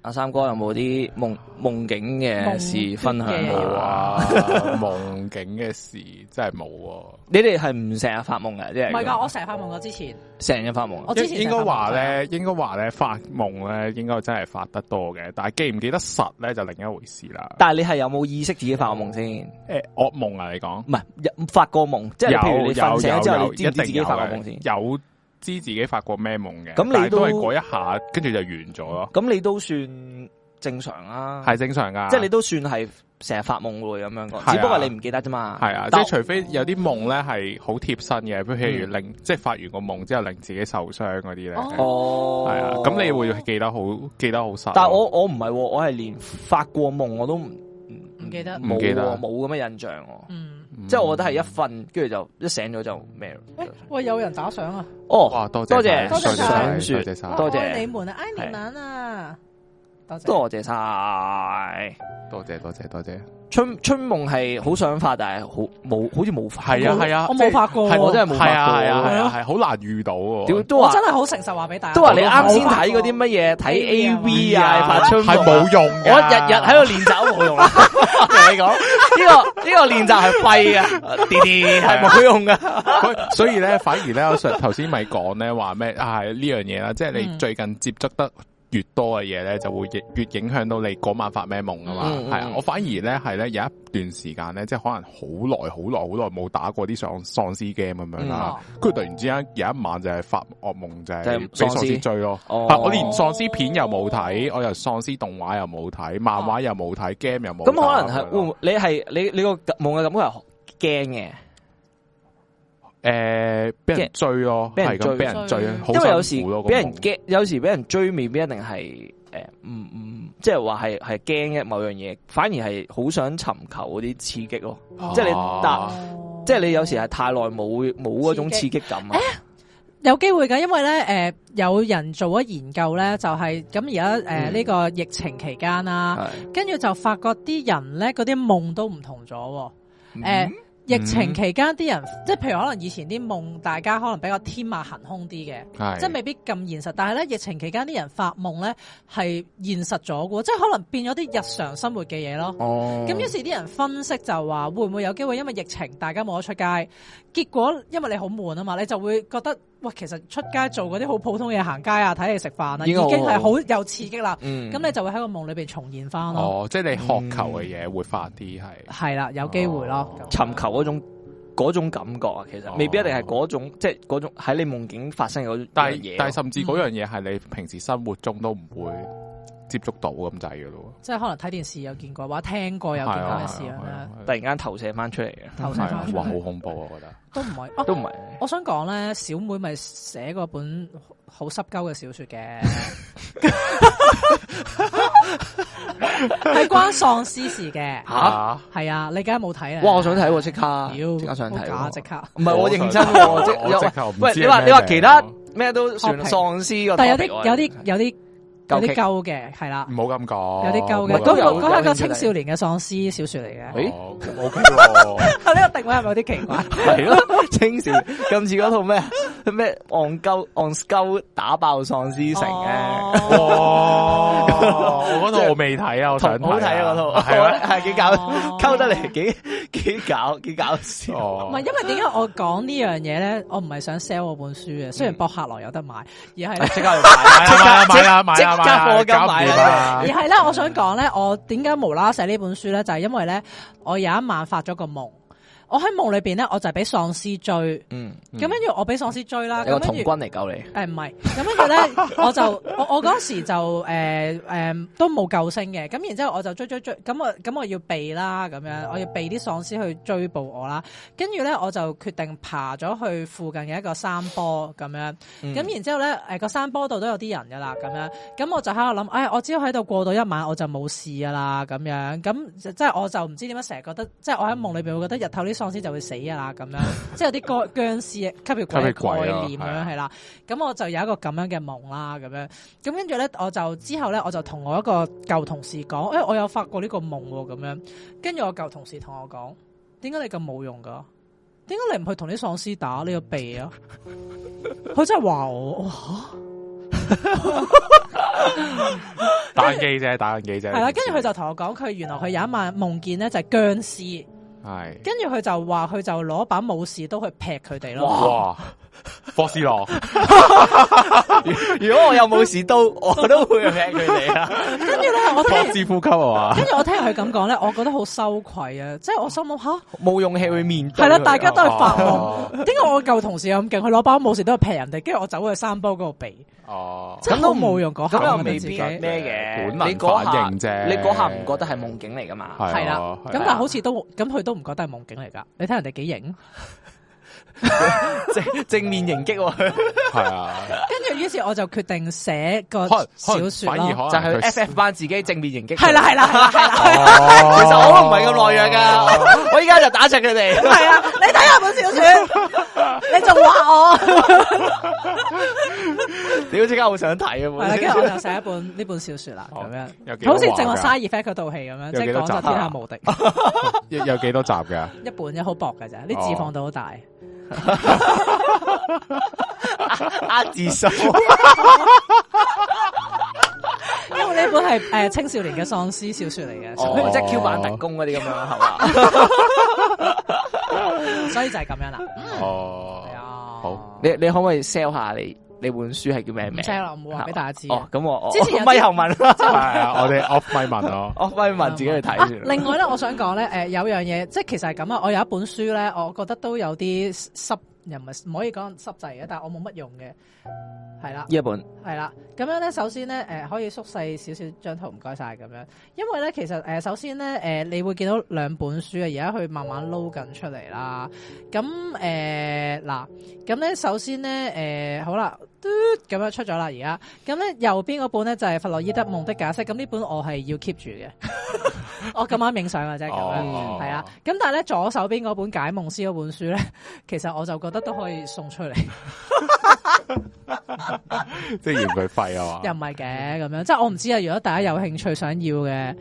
阿三哥有冇啲夢夢境嘅事分享啊？夢境嘅事真係冇、啊。 你哋係唔成日發夢嘅？即係唔係噶，我成日發夢噶。之前成日發夢，我之前應該話咧，應該話咧發夢咧，應該真係發得多嘅。但係記唔記得實咧，就另一回事啦。但係你係有冇意識自己發夢先？誒、嗯，呃、惡夢啊，你講？唔係，發過夢，即係譬如你瞓醒之後，你知唔知自己發過夢先？有。有有一定有有有知自己發過咩夢嘅，咁你都係嗰一下，跟住就完咗咯。咁你都算正常啊？係正常噶，即係你都算係成日發夢會咁樣，只不過你唔記得啫嘛。係啊，即係除非有啲夢咧係好貼身嘅，譬如令即係發完個夢之後令自己受傷嗰啲咧。哦，係啊，咁你會記得好記得好實。但係我我唔係，我係連發過夢我都唔唔記得，冇記得冇咁嘅印象。嗯。即係我覺得係一瞓，跟住就一醒咗就咩咯、欸。喂，有人打賞啊！哦，多謝，多謝，多謝曬，多謝曬，多謝你們啊！多謝曬，多謝，多謝多謝，多謝，多謝。春春夢係好想發，但係好冇，好似冇發係啊係啊，我冇發過，我真係冇發過，係啊係啊係，好難遇到。屌，都話真係好誠實話俾大家，都話你啱先睇嗰啲乜嘢睇 AV 啊，發春係冇用。我日日喺度練習都冇用，我同你講，呢個呢個練習係廢啊，跌跌係冇用噶。所以咧，反而咧，我上頭先咪講咧，話咩啊？係呢樣嘢啦，即係你最近接觸得，越多嘅嘢咧，就會越影響到你嗰晚發咩夢啊嘛，係啊、嗯嗯嗯，我反而咧係咧有一段時間咧，即係可能好耐好耐好耐冇打過啲喪喪屍 game 咁樣啦，跟住、嗯啊、突然之間有一晚就係發噩夢，就係俾喪屍追咯、哦，我連喪屍片又冇睇，我又喪屍動畫又冇睇，漫畫又冇睇，game 又冇，咁、嗯啊、對可能係吧，你係你你個夢嘅感覺係驚嘅。誒，俾人追咯，係咁俾人追咯，因為有時俾人驚，有時俾人追未必一定係誒，唔唔，即係話係係驚嘅某樣嘢，反而係好想尋求嗰啲刺激咯。即係你搭，即係你有時係太耐冇冇嗰種刺激感。誒，有機會噶，因為咧誒，有人做咗研究咧，就係咁而家誒呢個疫情期間啦，跟住就發覺啲人咧嗰啲夢都唔同咗，誒。疫情期間啲人，即係譬如可能以前啲夢，大家可能比較天馬行空啲嘅，是即係未必咁現實。但係咧，疫情期間啲人發夢咧係現實咗嘅，即係可能變咗啲日常生活嘅嘢咯。咁、哦、於是啲人分析就話，會唔會有機會因為疫情，大家冇得出街，結果因為你好悶啊嘛，你就會覺得。哇！其實出街做嗰啲好普通嘅行街啊，睇你食飯啊，已經係好有刺激啦。咁你就會喺個夢裏邊重現翻咯。哦，即係你渴求嘅嘢會快啲係。係啦，有機會咯。尋求嗰種嗰種感覺啊，其實未必一定係嗰種，即係嗰種喺你夢境發生嗰，但係但係甚至嗰樣嘢係你平時生活中都唔會接觸到咁滯嘅咯。即係可能睇電視有見過，或者聽過有見過嘅事啦。突然間投射翻出嚟嘅，哇！好恐怖啊，我覺得。都唔係，都唔係。我想講咧，小妹咪寫過本好濕鳩嘅小說嘅，係關喪屍事嘅。吓，係啊，你而家冇睇啊？哇，我想睇，即刻，即刻想睇，即刻。唔係我認真啊，即直求。喂，你話你話其他咩都算喪屍嘅，但係有啲有啲有啲。有啲鳩嘅，係啦，唔好咁講，有啲鳩嘅，嗰個嗰係個青少年嘅喪屍小說嚟嘅。誒，OK 咯，呢個定位係咪有啲奇怪？係咯，青少今次嗰套咩咩戇鳩戇鳩打爆喪屍城咧？哇！我嗰套我未睇啊，我睇好睇啊，嗰套係咪係幾搞？溝得嚟幾幾搞幾搞笑？唔係，因為點解我講呢樣嘢咧？我唔係想 sell 我本書嘅，雖然博客來有得買，而係即刻買，買啊買加火加埋，而係咧，我想講咧，我點解無啦啦寫呢本書咧，就係因為咧，我有一晚發咗個夢。我喺夢裏邊咧，我就係俾喪屍追，咁跟住我俾喪屍追啦。有個童軍嚟救你？誒唔係，咁跟住咧，我就我我嗰時就誒誒都冇救星嘅。咁然之後我就追追追，咁我咁我要避啦，咁樣我要避啲喪屍去追捕我啦。跟住咧，我就決定爬咗去附近嘅一個山坡咁樣。咁然之後咧，誒，個山坡度都有啲人噶啦，咁樣。咁我就喺度諗，哎，我只要喺度過到一晚，我就冇事噶啦。咁樣，咁即係我就唔知點解成日覺得，即係我喺夢裏邊會覺得日頭呢。喪屍就會死啊，咁樣即係啲個僵屍、吸血鬼概念咁樣係啦。咁我就有一個咁樣嘅夢啦，咁樣，咁跟住咧，我就之後咧，我就同我一個舊同事講，誒、欸，我有發過呢個夢咁樣。跟住我舊同事同我講，點解你咁冇用噶？點解你唔去同啲喪屍打個？你要避啊？佢真係話我，哇！打機啫，打機啫。係啦，了跟住佢就同我講，佢原來佢有一晚夢見咧就係、是、僵屍。係，跟住佢就話佢就攞把武士刀去劈佢哋咯。哇，波斯羅，如果我有武士刀，我都會劈佢哋啊。跟住咧，我嘗試呼吸啊嘛。跟住我聽佢咁講咧，我覺得好羞愧啊！即係我心諗吓，冇、啊、勇氣去面對。係啦、 啊，大家都係發夢。點解 我舊同事咁勁？佢攞把武士刀去劈人哋，跟住我走去山坡嗰度避。哦，咁是都冇用，下又未必咩嘅，你嗰下你嗰下唔覺得係夢境嚟噶嘛？係啦，咁但係好似都咁，佢都唔覺得係夢境嚟噶，你睇人哋幾型。 正面迎擊係啊，跟住於是我就決定寫個小說咯，就係 s f 翻，自己正面迎擊，係啦係啦，其實我都唔係咁懦弱噶，我依家就打著佢哋。係啊，你睇下本小說，你仲話我，你屌！即刻好想睇啊！係，跟住我就寫一本呢本小說啦，咁樣，好似正我沙爾法嘅套戲咁樣，即係講晒天下無敵，有有幾多集嘅？一本啫，好薄嘅咋？啲字放到好大。阿自殺， 啊啊、 因為呢本係誒、呃、青少年嘅喪屍小說嚟嘅，oh. 即係 Q 版特工嗰啲咁樣，係嘛？所以就係咁樣啦。哦、oh.，係啊呀，好，你你可唔可以 sell 下你？你本書係叫咩名？我冇話俾大家知、哦。哦，咁我之前有啲 後文係啊，我哋我咪問咯，我咪問自己去睇、 啊。另外咧，我想講咧，誒、呃，有樣嘢，即係其實係咁啊，我有一本書咧，我覺得都有啲濕，又唔係唔可以講濕滯嘅，但係我冇乜用嘅，係啦，一本係啦。 咁樣咧，首先咧，誒、呃，可以縮細少少張圖，唔該晒咁樣。因為咧，其實誒、呃，首先咧，誒、呃，你會見到兩本書啊，而家去慢慢撈緊出嚟、呃、啦。咁誒，嗱，咁咧，首先咧，誒、呃，好啦，咁樣出咗啦，而家。咁咧，右邊嗰本咧就係弗洛伊德夢的解釋，咁呢本我係要 keep 住嘅。 我咁晚影相嘅啫，咁、哦、 樣係啊。咁但係咧，左手邊嗰本解夢師嗰本書咧，其實我就覺得都可以送出嚟。 即嫌佢廢啊嘛， 又唔係嘅咁樣，即我唔知啊。如果大家有興趣想要嘅。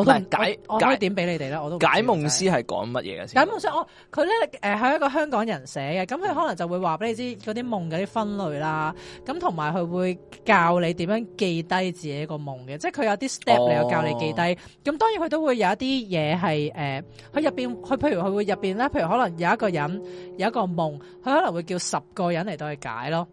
我都解，解我我可以點俾你哋咧？我都解夢是師係講乜嘢嘅？解夢師我佢咧，誒係一個香港人寫嘅，咁佢可能就會話俾你知嗰啲夢嘅啲分類啦，咁同埋佢會教你點樣記低自己一個夢嘅，即係佢有啲 step，你有教你記低。咁，哦、當然佢都會有一啲嘢係誒，佢入邊佢譬如佢會入邊咧，譬如可能有一個人有一個夢，佢可能會叫十個人嚟到去解咯，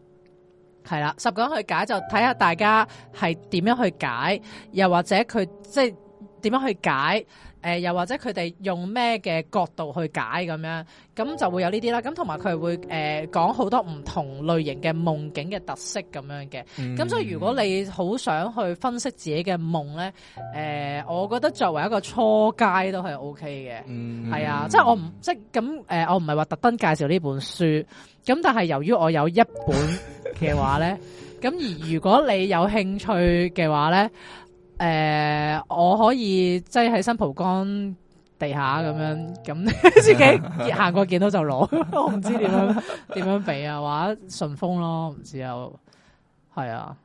係啦，十個人去解就睇下大家係點樣去解，又或者佢即係點樣去解？誒、呃，又或者佢哋用咩嘅角度去解咁樣？咁就會有呢啲啦。咁同埋佢會誒講好多唔同類型嘅夢境嘅特色咁樣嘅。咁所以如果你好想去分析自己嘅夢咧，誒、呃，我覺得作為一個初階都係 OK 嘅。嗯，係啊，即係我唔即係咁誒，我唔係話特登介紹呢本書。咁但係由於我有一本嘅話咧，咁 而如果你有興趣嘅話咧。誒、呃，我可以即係喺新蒲崗地下咁樣，咁自己行過見到就攞， 我唔知點樣點 樣畀啊，或者順豐咯，唔知又係啊。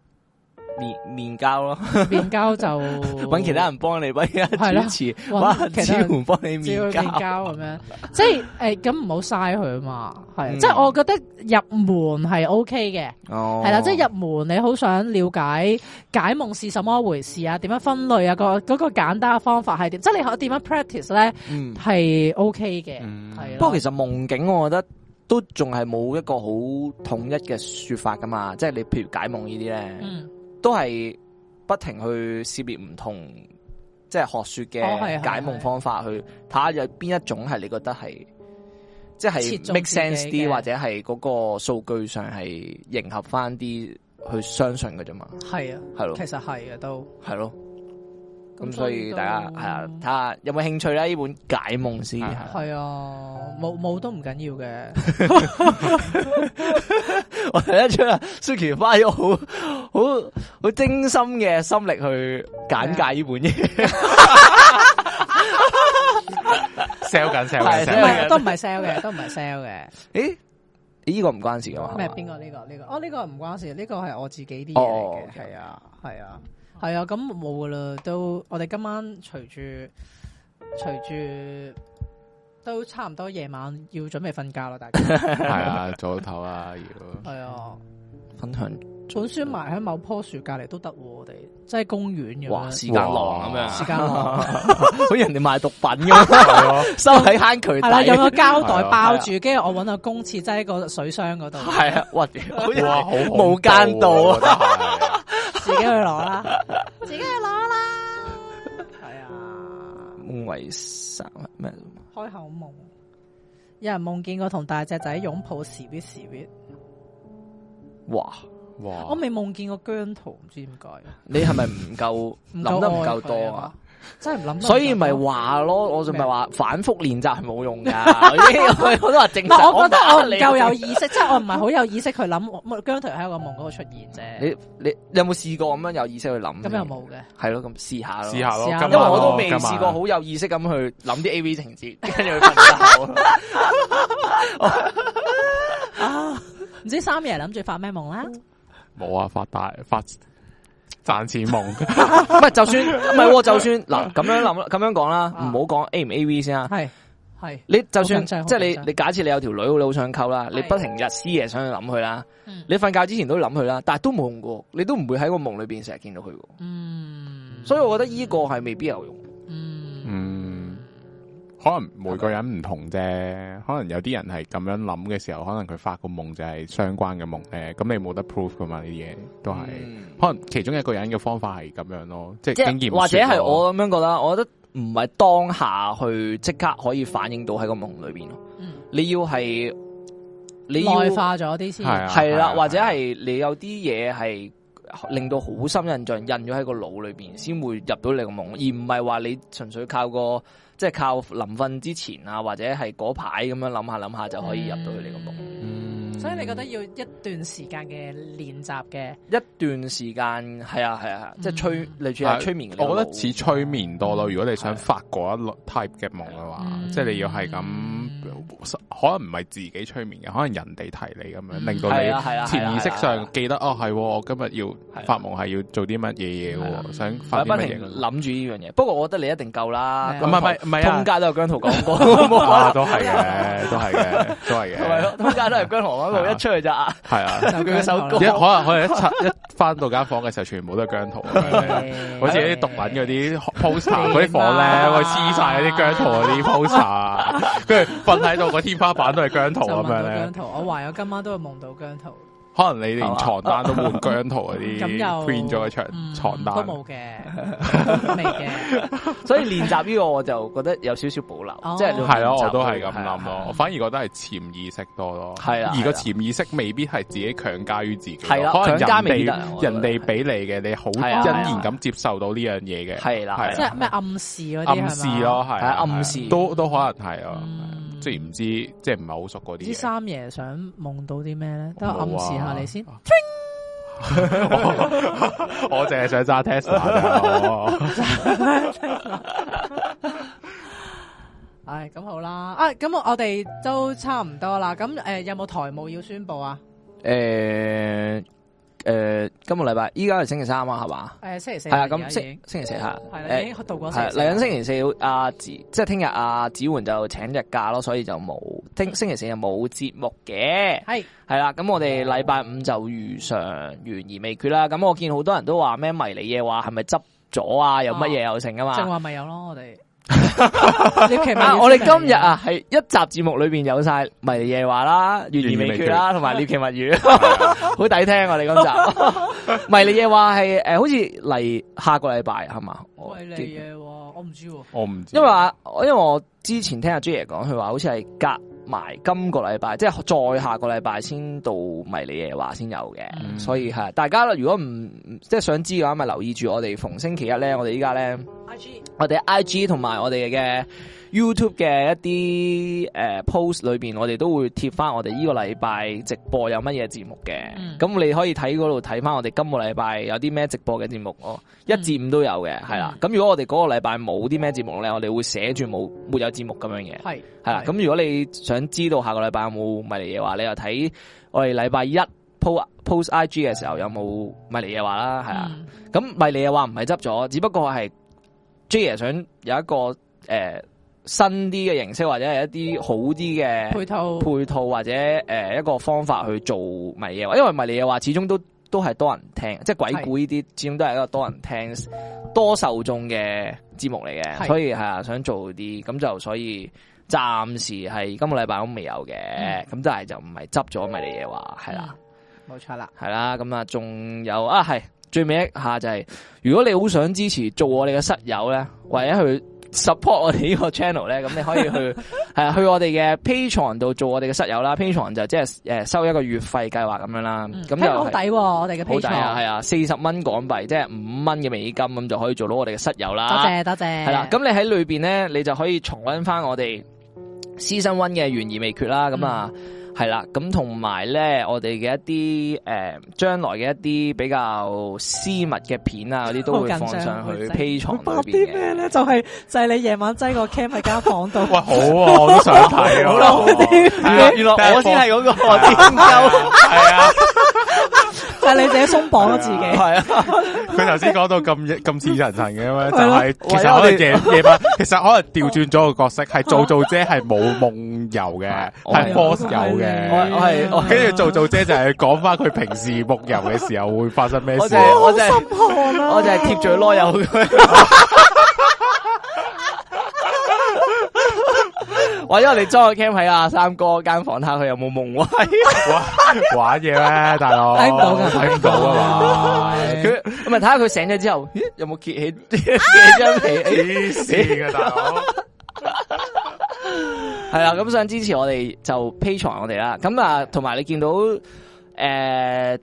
面面交咯，面交就揾其他人幫你，揾而家主持，揾阿子幫你面交咁樣。 即係誒，咁唔好嘥佢嘛，係。嗯、即係我覺得入門係 OK 嘅，係、哦、啦，即係入門你好想了解解夢是什麼回事啊，點樣分類啊，個、那、嗰個簡單嘅方法係點，即係你學點樣 practice 咧係 OK 嘅，係。不過其實夢境，我覺得都仲係冇一個好統一嘅說法噶嘛，即係你譬如解夢呢啲咧。都係不停去識別唔同，即係學說嘅解夢方法，去睇下有邊一種係你覺得係，即係 make sense 啲，或者係嗰個數據上係迎合翻啲去相信嘅啫嘛。係啊，係咯，其實係啊，都係咯。咁所以大家係啊，睇下有冇興趣咧？呢本解夢書係啊，冇冇都唔緊要嘅。我睇得出啊，Suki 花咗好好好精心嘅心力去簡介呢本嘢。sell 緊 sell 緊，都唔係 sell 嘅，都唔係 sell 嘅。誒，呢個唔關事嘅嘛？咩邊個呢個呢個？哦，呢個唔關事，呢個係我自己啲嘢嚟嘅。係啊，係啊。係啊，咁冇噶啦，都我哋今晚隨住隨住都差唔多夜晚要準備瞓覺啦，大家係啊，早唞啊，要係啊，分享本書埋喺某棵樹隔籬都得，我哋即係公園咁，時間囊咁樣，時間囊好似人哋賣毒品咁，收喺坑渠係啦，有個膠袋包住，跟住我搵個公廁即係個水箱嗰度，係啊，哇屌，哇好冇間道啊，自己去攞啦。為咩？開口夢，有人夢見過同大隻仔擁抱時必時必 sweet 哇哇！我未夢見過姜濤，唔知點解。你係咪唔夠諗得唔夠多啊？ 真係唔諗，所以咪話咯，我就咪話反覆練習係冇用噶。我都話正常。我覺得我唔夠有意識，即係我唔係好有意識去諗姜濤喺個夢度出現啫。你你你有冇試過咁樣有意識去諗？咁又冇嘅，係咯，咁試下咯，試下咯。因為我都未試過好有意識咁去諗啲 AV 情節，跟住去瞓覺啊，唔知三爺諗住發咩夢啦？冇啊，發大發。賺錢夢，唔係就算唔係，就算嗱，咁樣諗，咁樣講啦，唔好講 A 唔 A V 先啦，啊。係係你就算，即係你你，你假設你有條女，你好想溝啦，你不停日思夜想去諗佢啦，的你瞓覺之前都諗佢啦，但係都冇用過，你都唔會喺個夢裏邊成日見到佢嘅，嗯，所以我覺得依個係未必有用，嗯。嗯可能每個人唔同啫，吧可能有啲人係咁樣諗嘅時候，可能佢發個夢就係相關嘅夢誒，咁你冇得 proof 噶嘛？呢啲嘢，都係可能其中一個人嘅方法係咁樣咯，即係是或者係我咁樣覺得。我覺得唔係當下去即刻可以反映到喺個夢裏邊咯，嗯，你要係你要內化咗啲先係啦，或者係你有啲嘢係令到好深印象印咗喺個腦裏邊，先會入到你個夢，而唔係話你純粹靠個。即係靠臨瞓之前啊，或者係排咁樣諗下諗下就可以入到去呢個夢。所以你覺得要一段時間嘅練習嘅？一段時間係啊係啊，即係催，類似催眠。我覺得似催眠多咯。如果你想發嗰一類 type 嘅夢嘅話，即係你要係咁，可能唔係自己催眠嘅，可能人哋提你咁樣，令到你潛意識上記得哦，係我今日要發夢係要做啲乜嘢嘢，想不停諗住呢樣嘢。不過我覺得你一定夠啦。唔係唔係唔係通街都有姜濤講過，都係嘅，都係嘅，都係嘅。係咯，通街都係姜濤咯。一出去就啊，係啊，就叫一首歌。一可能可能一拆一返到間房嘅時候，全部都係姜濤，好似啲毒品嗰啲 poster 嗰啲房咧，我黐晒嗰啲姜濤嗰啲 poster，跟住瞓喺度，個天花板都係姜濤咁樣咧。姜濤，我話我今晚都會夢到姜濤。可能你連床單都冇，姜濤嗰啲，變咗嘅床床單都冇嘅，未嘅。所以練習呢個我就覺得有少少保留，即係係咯，我都係咁諗咯。我反而覺得係潛意識多咯，係啦。而個潛意識未必係自己強加於自己，係咯，強加未必人哋俾你嘅，你好欣然咁接受到呢樣嘢嘅，係啦，係。即係咩暗示嗰啲暗示咯，係暗示都都可能係啊。雖然唔知，即係唔係好熟嗰啲。啲三爺想夢到啲咩咧？啊、都暗示下你先。我淨係想揸 Tesla 唉，咁好啦。啊，咁 我 la, 哎哎、我哋都差唔多啦。咁誒、呃，有冇台務要宣布啊？誒、欸。誒、呃，今個禮拜依家係星期三啊，係嘛？誒、呃，星期四係啊，咁星對星期四係，係、呃、已經度過星期。嚟緊、呃、星期四，阿、啊、子即係聽日阿子媛就請日假咯，所以就冇聽星期四就冇節目嘅。係係啦，咁我哋禮拜五就如常懸而未決啦。咁我見好多人都話咩迷你嘢話係咪執咗啊？又乜嘢又成啊嘛？正話咪有咯，我哋。我哋今日啊，係、啊、一集節目裏邊有晒迷你夜話啦、懸疑未決啦，同埋獵奇物語，好抵聽啊！你嗰集迷你夜話係誒，好似嚟下個禮拜係嘛？迷你夜我唔知，我唔知，啊、因為啊，因為我之前聽阿朱爺講，佢話好似係隔。埋今個禮拜，即係再下個禮拜先到迷你夜話先有嘅，嗯、所以係大家如果唔即係想知嘅話，咪留意住我哋逢星期一咧，我哋依家咧，IG，我哋嘅 IG 同埋我哋嘅。YouTube 嘅一啲誒、呃、post 裏邊，我哋都會貼翻我哋依個禮拜直播有乜嘢節目嘅，咁、嗯、你可以睇嗰度睇翻我哋今個禮拜有啲咩直播嘅節目咯，嗯、一至五都有嘅，係啦、嗯。咁如果我哋嗰個禮拜冇啲咩節目咧，嗯、我哋會寫住冇沒，沒有節目咁樣嘅，係啦是。咁的如果你想知道下個禮拜有冇迷你嘅話，你又睇我哋禮拜一 post post IG 嘅時候有冇迷你嘅話啦，係啊。咁、嗯、迷你嘅話唔係執咗，只不過係 J 爺想有一個誒。呃新啲嘅形式，或者係一啲好啲嘅配套，配套或者誒、呃、一個方法去做迷你嘢話，因為迷你嘅嘢話始終都都係多人聽，即係鬼故呢啲始終都係一個多人聽多受眾嘅節目嚟嘅是的，所以係啊想做啲咁就所以暫時係今個禮拜都未有嘅，咁、嗯、但係就唔係執咗迷你嘅嘢話係啦，冇錯啦，係、啊、啦，咁啊仲有啊係最尾一下就係、是、如果你好想支持做我哋嘅室友咧，或者去。Support 我哋呢個 channel 咧，咁你可以去係 去我哋嘅 Patreon 度做我哋嘅室友啦。 Patreon 就即係誒收一個月費計、嗯、劃咁樣啦，咁又好抵我哋嘅 Patreon 係啊，四十蚊港幣即係五蚊嘅美金咁就可以做到我哋嘅室友啦。多謝多謝，係啦。咁、啊、你喺裏邊咧，你就可以重溫翻我哋 Season 1嘅懸疑未決啦。咁啊。嗯係啦，咁同埋咧，我哋嘅一啲誒、嗯、將來嘅一啲比較私密嘅片啊，嗰啲都會放上去 Patreon 啲咩咧？就係就係你夜晚擠個 cam 喺間房度。喂、 啊，好啊，我都想睇好啦，好啲娛樂，我先係嗰個研究。就係 你自己鬆綁咗自己，係啊！佢頭先講到咁咁似人神嘅咩，就係、是、其實我哋夜夜晚，其實可能調轉咗個角色，係做做姐係冇夢遊嘅，係、 啊、force 有嘅、啊。我我係跟住做做姐就係講翻佢平時夢遊嘅時候會發生咩事。 我就好心、啊、 我就係貼嘴囉柚。 或者我哋裝個 cam 喺阿三哥間房睇下佢有冇夢囈，玩嘢咧，大佬睇唔到嘅，睇唔到啊！咁咪睇下佢醒咗之後，有冇揭起揭張被？黐線嘅，大佬，係啦，咁想之前我哋就鋪藏我哋啦，咁啊，同埋你見到。誒誒，有誒、欸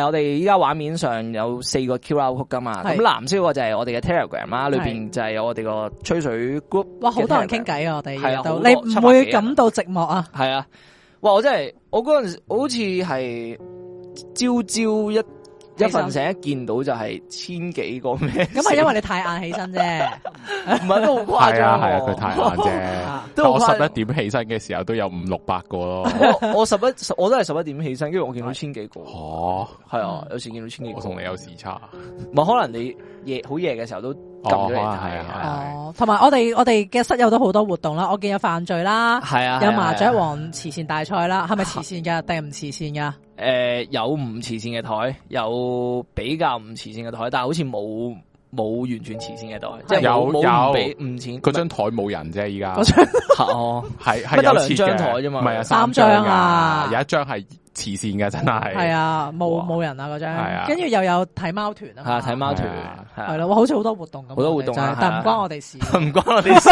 欸，我哋依家畫面上有四個 Q 拉酷噶嘛？咁是的 藍色個就係我哋嘅 Telegram 啦，裏邊就係有我哋個吹水 group。哇，好多人傾偈啊！我哋係啊，你唔會感到寂寞啊？係啊！哇，我真係，我陣時好似係朝朝一。一份成一見到就係千幾個咩？咁係因為你太晏起身啫，唔 係 都好誇張係 啊，係啊，佢太晏啫。 我十一點起身嘅時候都有五六百個咯 。我十一，我都係十一點起身，因為我見到千幾個。哦，係啊，有時見到千幾個。我同你有時差。冇 可能你夜好夜嘅時候都。哦，係啊，哦，同埋我哋我哋嘅室友都好多活動啦，我見有犯罪啦，係啊，有麻雀王慈善大賽啦，係咪慈善噶，定唔慈善噶？誒，有唔慈善嘅台，有比較唔慈善嘅台，但係好似冇冇完全慈善嘅台，即係有有俾唔錢，嗰張台冇人啫，依家哦，係係得兩張台啫嘛，唔係啊，三張啊，有一張係。慈善嘅真係係啊，冇冇人啊嗰張，跟住又有睇貓團啊，睇貓團係咯，好似好多活動咁，好多活動，但唔關我哋事，唔關我哋事。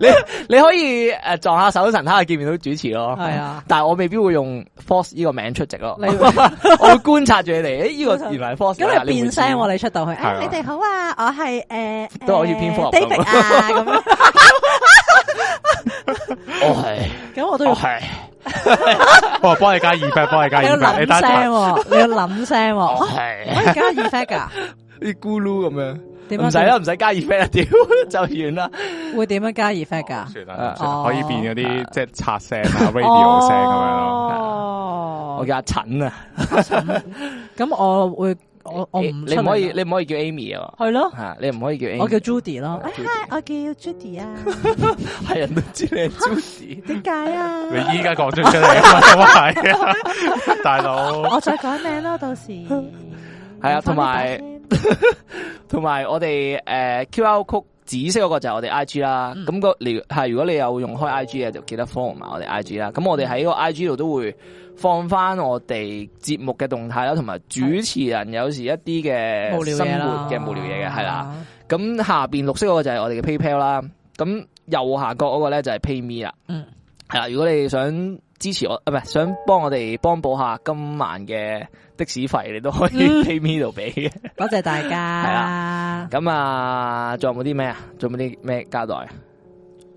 你你可以誒撞下手神，睇下見唔到主持咯。係啊，但係我未必會用 force 呢個名出席咯。我會觀察住你哋，誒呢個原來係 force 咁嚟變聲，我你出到去，你哋好啊，我係誒都可以編 f o r 哦係，咁我都要係。我幫你加 effect，幫你加 effect。你諗聲，你要諗聲，可以加 effect 噶？啲咕嚕咁樣，唔使啦，唔使加 effect 啊！屌，就完啦。會點樣加 effect 噶？算啦，可以變嗰啲即係插聲啊，radio 聲咁樣咯。哦，我叫阿陳啊，咁我會。我我你唔可以你唔可以叫 Amy 啊，係咯吓，你唔可以叫 Amy，我叫 Judy 咯。我叫 Judy 啊，係人 都知你係 Judy，點解啊？你依家講出出嚟，咁係大佬，我再改名咯，到時係 啊，同埋同埋我哋誒 QR code，紫色嗰個就係我哋 I G 啦，咁、嗯那個你係如，如果你有用開 I G 啊，就記得 follow 埋、啊、我哋 I G 啦，咁我哋喺個 I G 度都會。放翻我哋節目嘅動態啦，同埋主持人有時一啲嘅生活嘅無聊嘢嘅無聊嘢嘅係啦。咁了、嗯、下邊綠色嗰個就係我哋嘅 PayPal 啦。咁右下角嗰個咧就係 PayMe 啦。嗯，係啦。如果你想支持我，唔係想幫我哋幫補下今晚嘅的，的士費，你都可以 PayMe 度俾嘅。嗯、 多謝大家。係啦。 咁啊，仲有冇啲咩啊？仲有冇啲咩交代啊？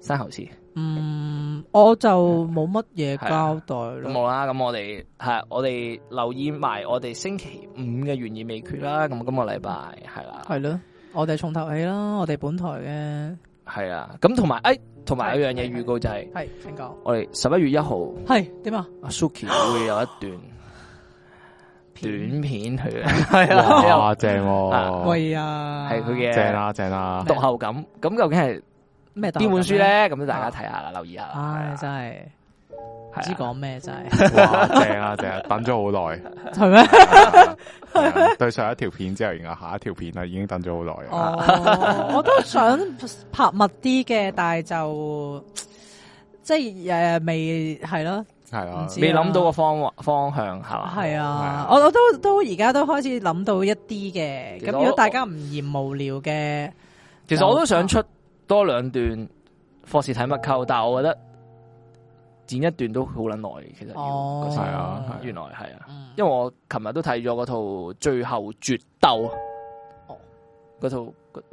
生猴子。嗯，我就冇乜嘢交代。咁冇啦，咁、 嗯、我哋係我哋留意埋我哋星期五嘅懸而未決啦。咁今個禮拜係啦，係咯，我哋重頭戲啦，我哋本台嘅係啦。咁同埋誒，同埋有樣嘢預告就係，係點講？我哋十一月一號係點啊？阿 Suki 會有一段短片去係啊，正啊，貴啊麼，係佢嘅正啦，正啦，讀後感咁究竟係？咩？呢本書咧，咁都大家睇下啦，留意下，唉，真係唔知講咩，真係。正啊，正啊，等咗好耐。係咩？對上一條片之後，然後下一條片啊，已經等咗好耐。哦，我都想拍密啲嘅，但係就即係誒，未係咯，係咯，未諗到個方方向係嘛？係啊，我我都都而家都開始諗到一啲嘅。咁如果大家唔嫌無聊嘅，其實我都想出。多兩段，或是睇乜溝？但係我覺得剪一段都好捻耐嘅，其實係啊。哦、原來係啊、嗯，因為我琴日都睇咗嗰套《最後決鬥》。哦，嗰套，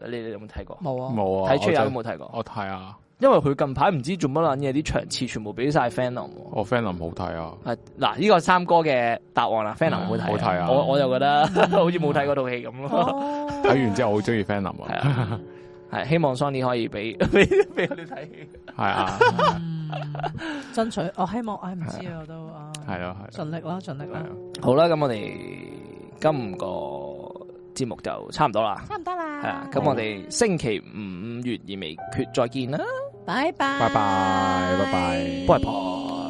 你你有冇睇過？冇啊，冇啊，睇追友都冇睇過。我睇啊，因為佢近排唔知做乜捻嘢，啲場次全部俾晒 fan 哦，fan 好睇啊！係嗱，呢個三哥嘅答案啦，fan 林好睇。啊。我我就覺得好似冇睇嗰套戲咁咯。睇完之後好中意 fan 啊！係啊。係希望 Sony 可以俾俾俾我哋睇，係啊，爭取。我希望，我，唔知啊，都係咯，係盡力啦，盡力啦。好啦，咁我哋今個節目就差唔多啦，差唔多啦。係啊，咁我哋星期五月二未決，再見啦，拜拜，拜拜，拜拜，拜拜。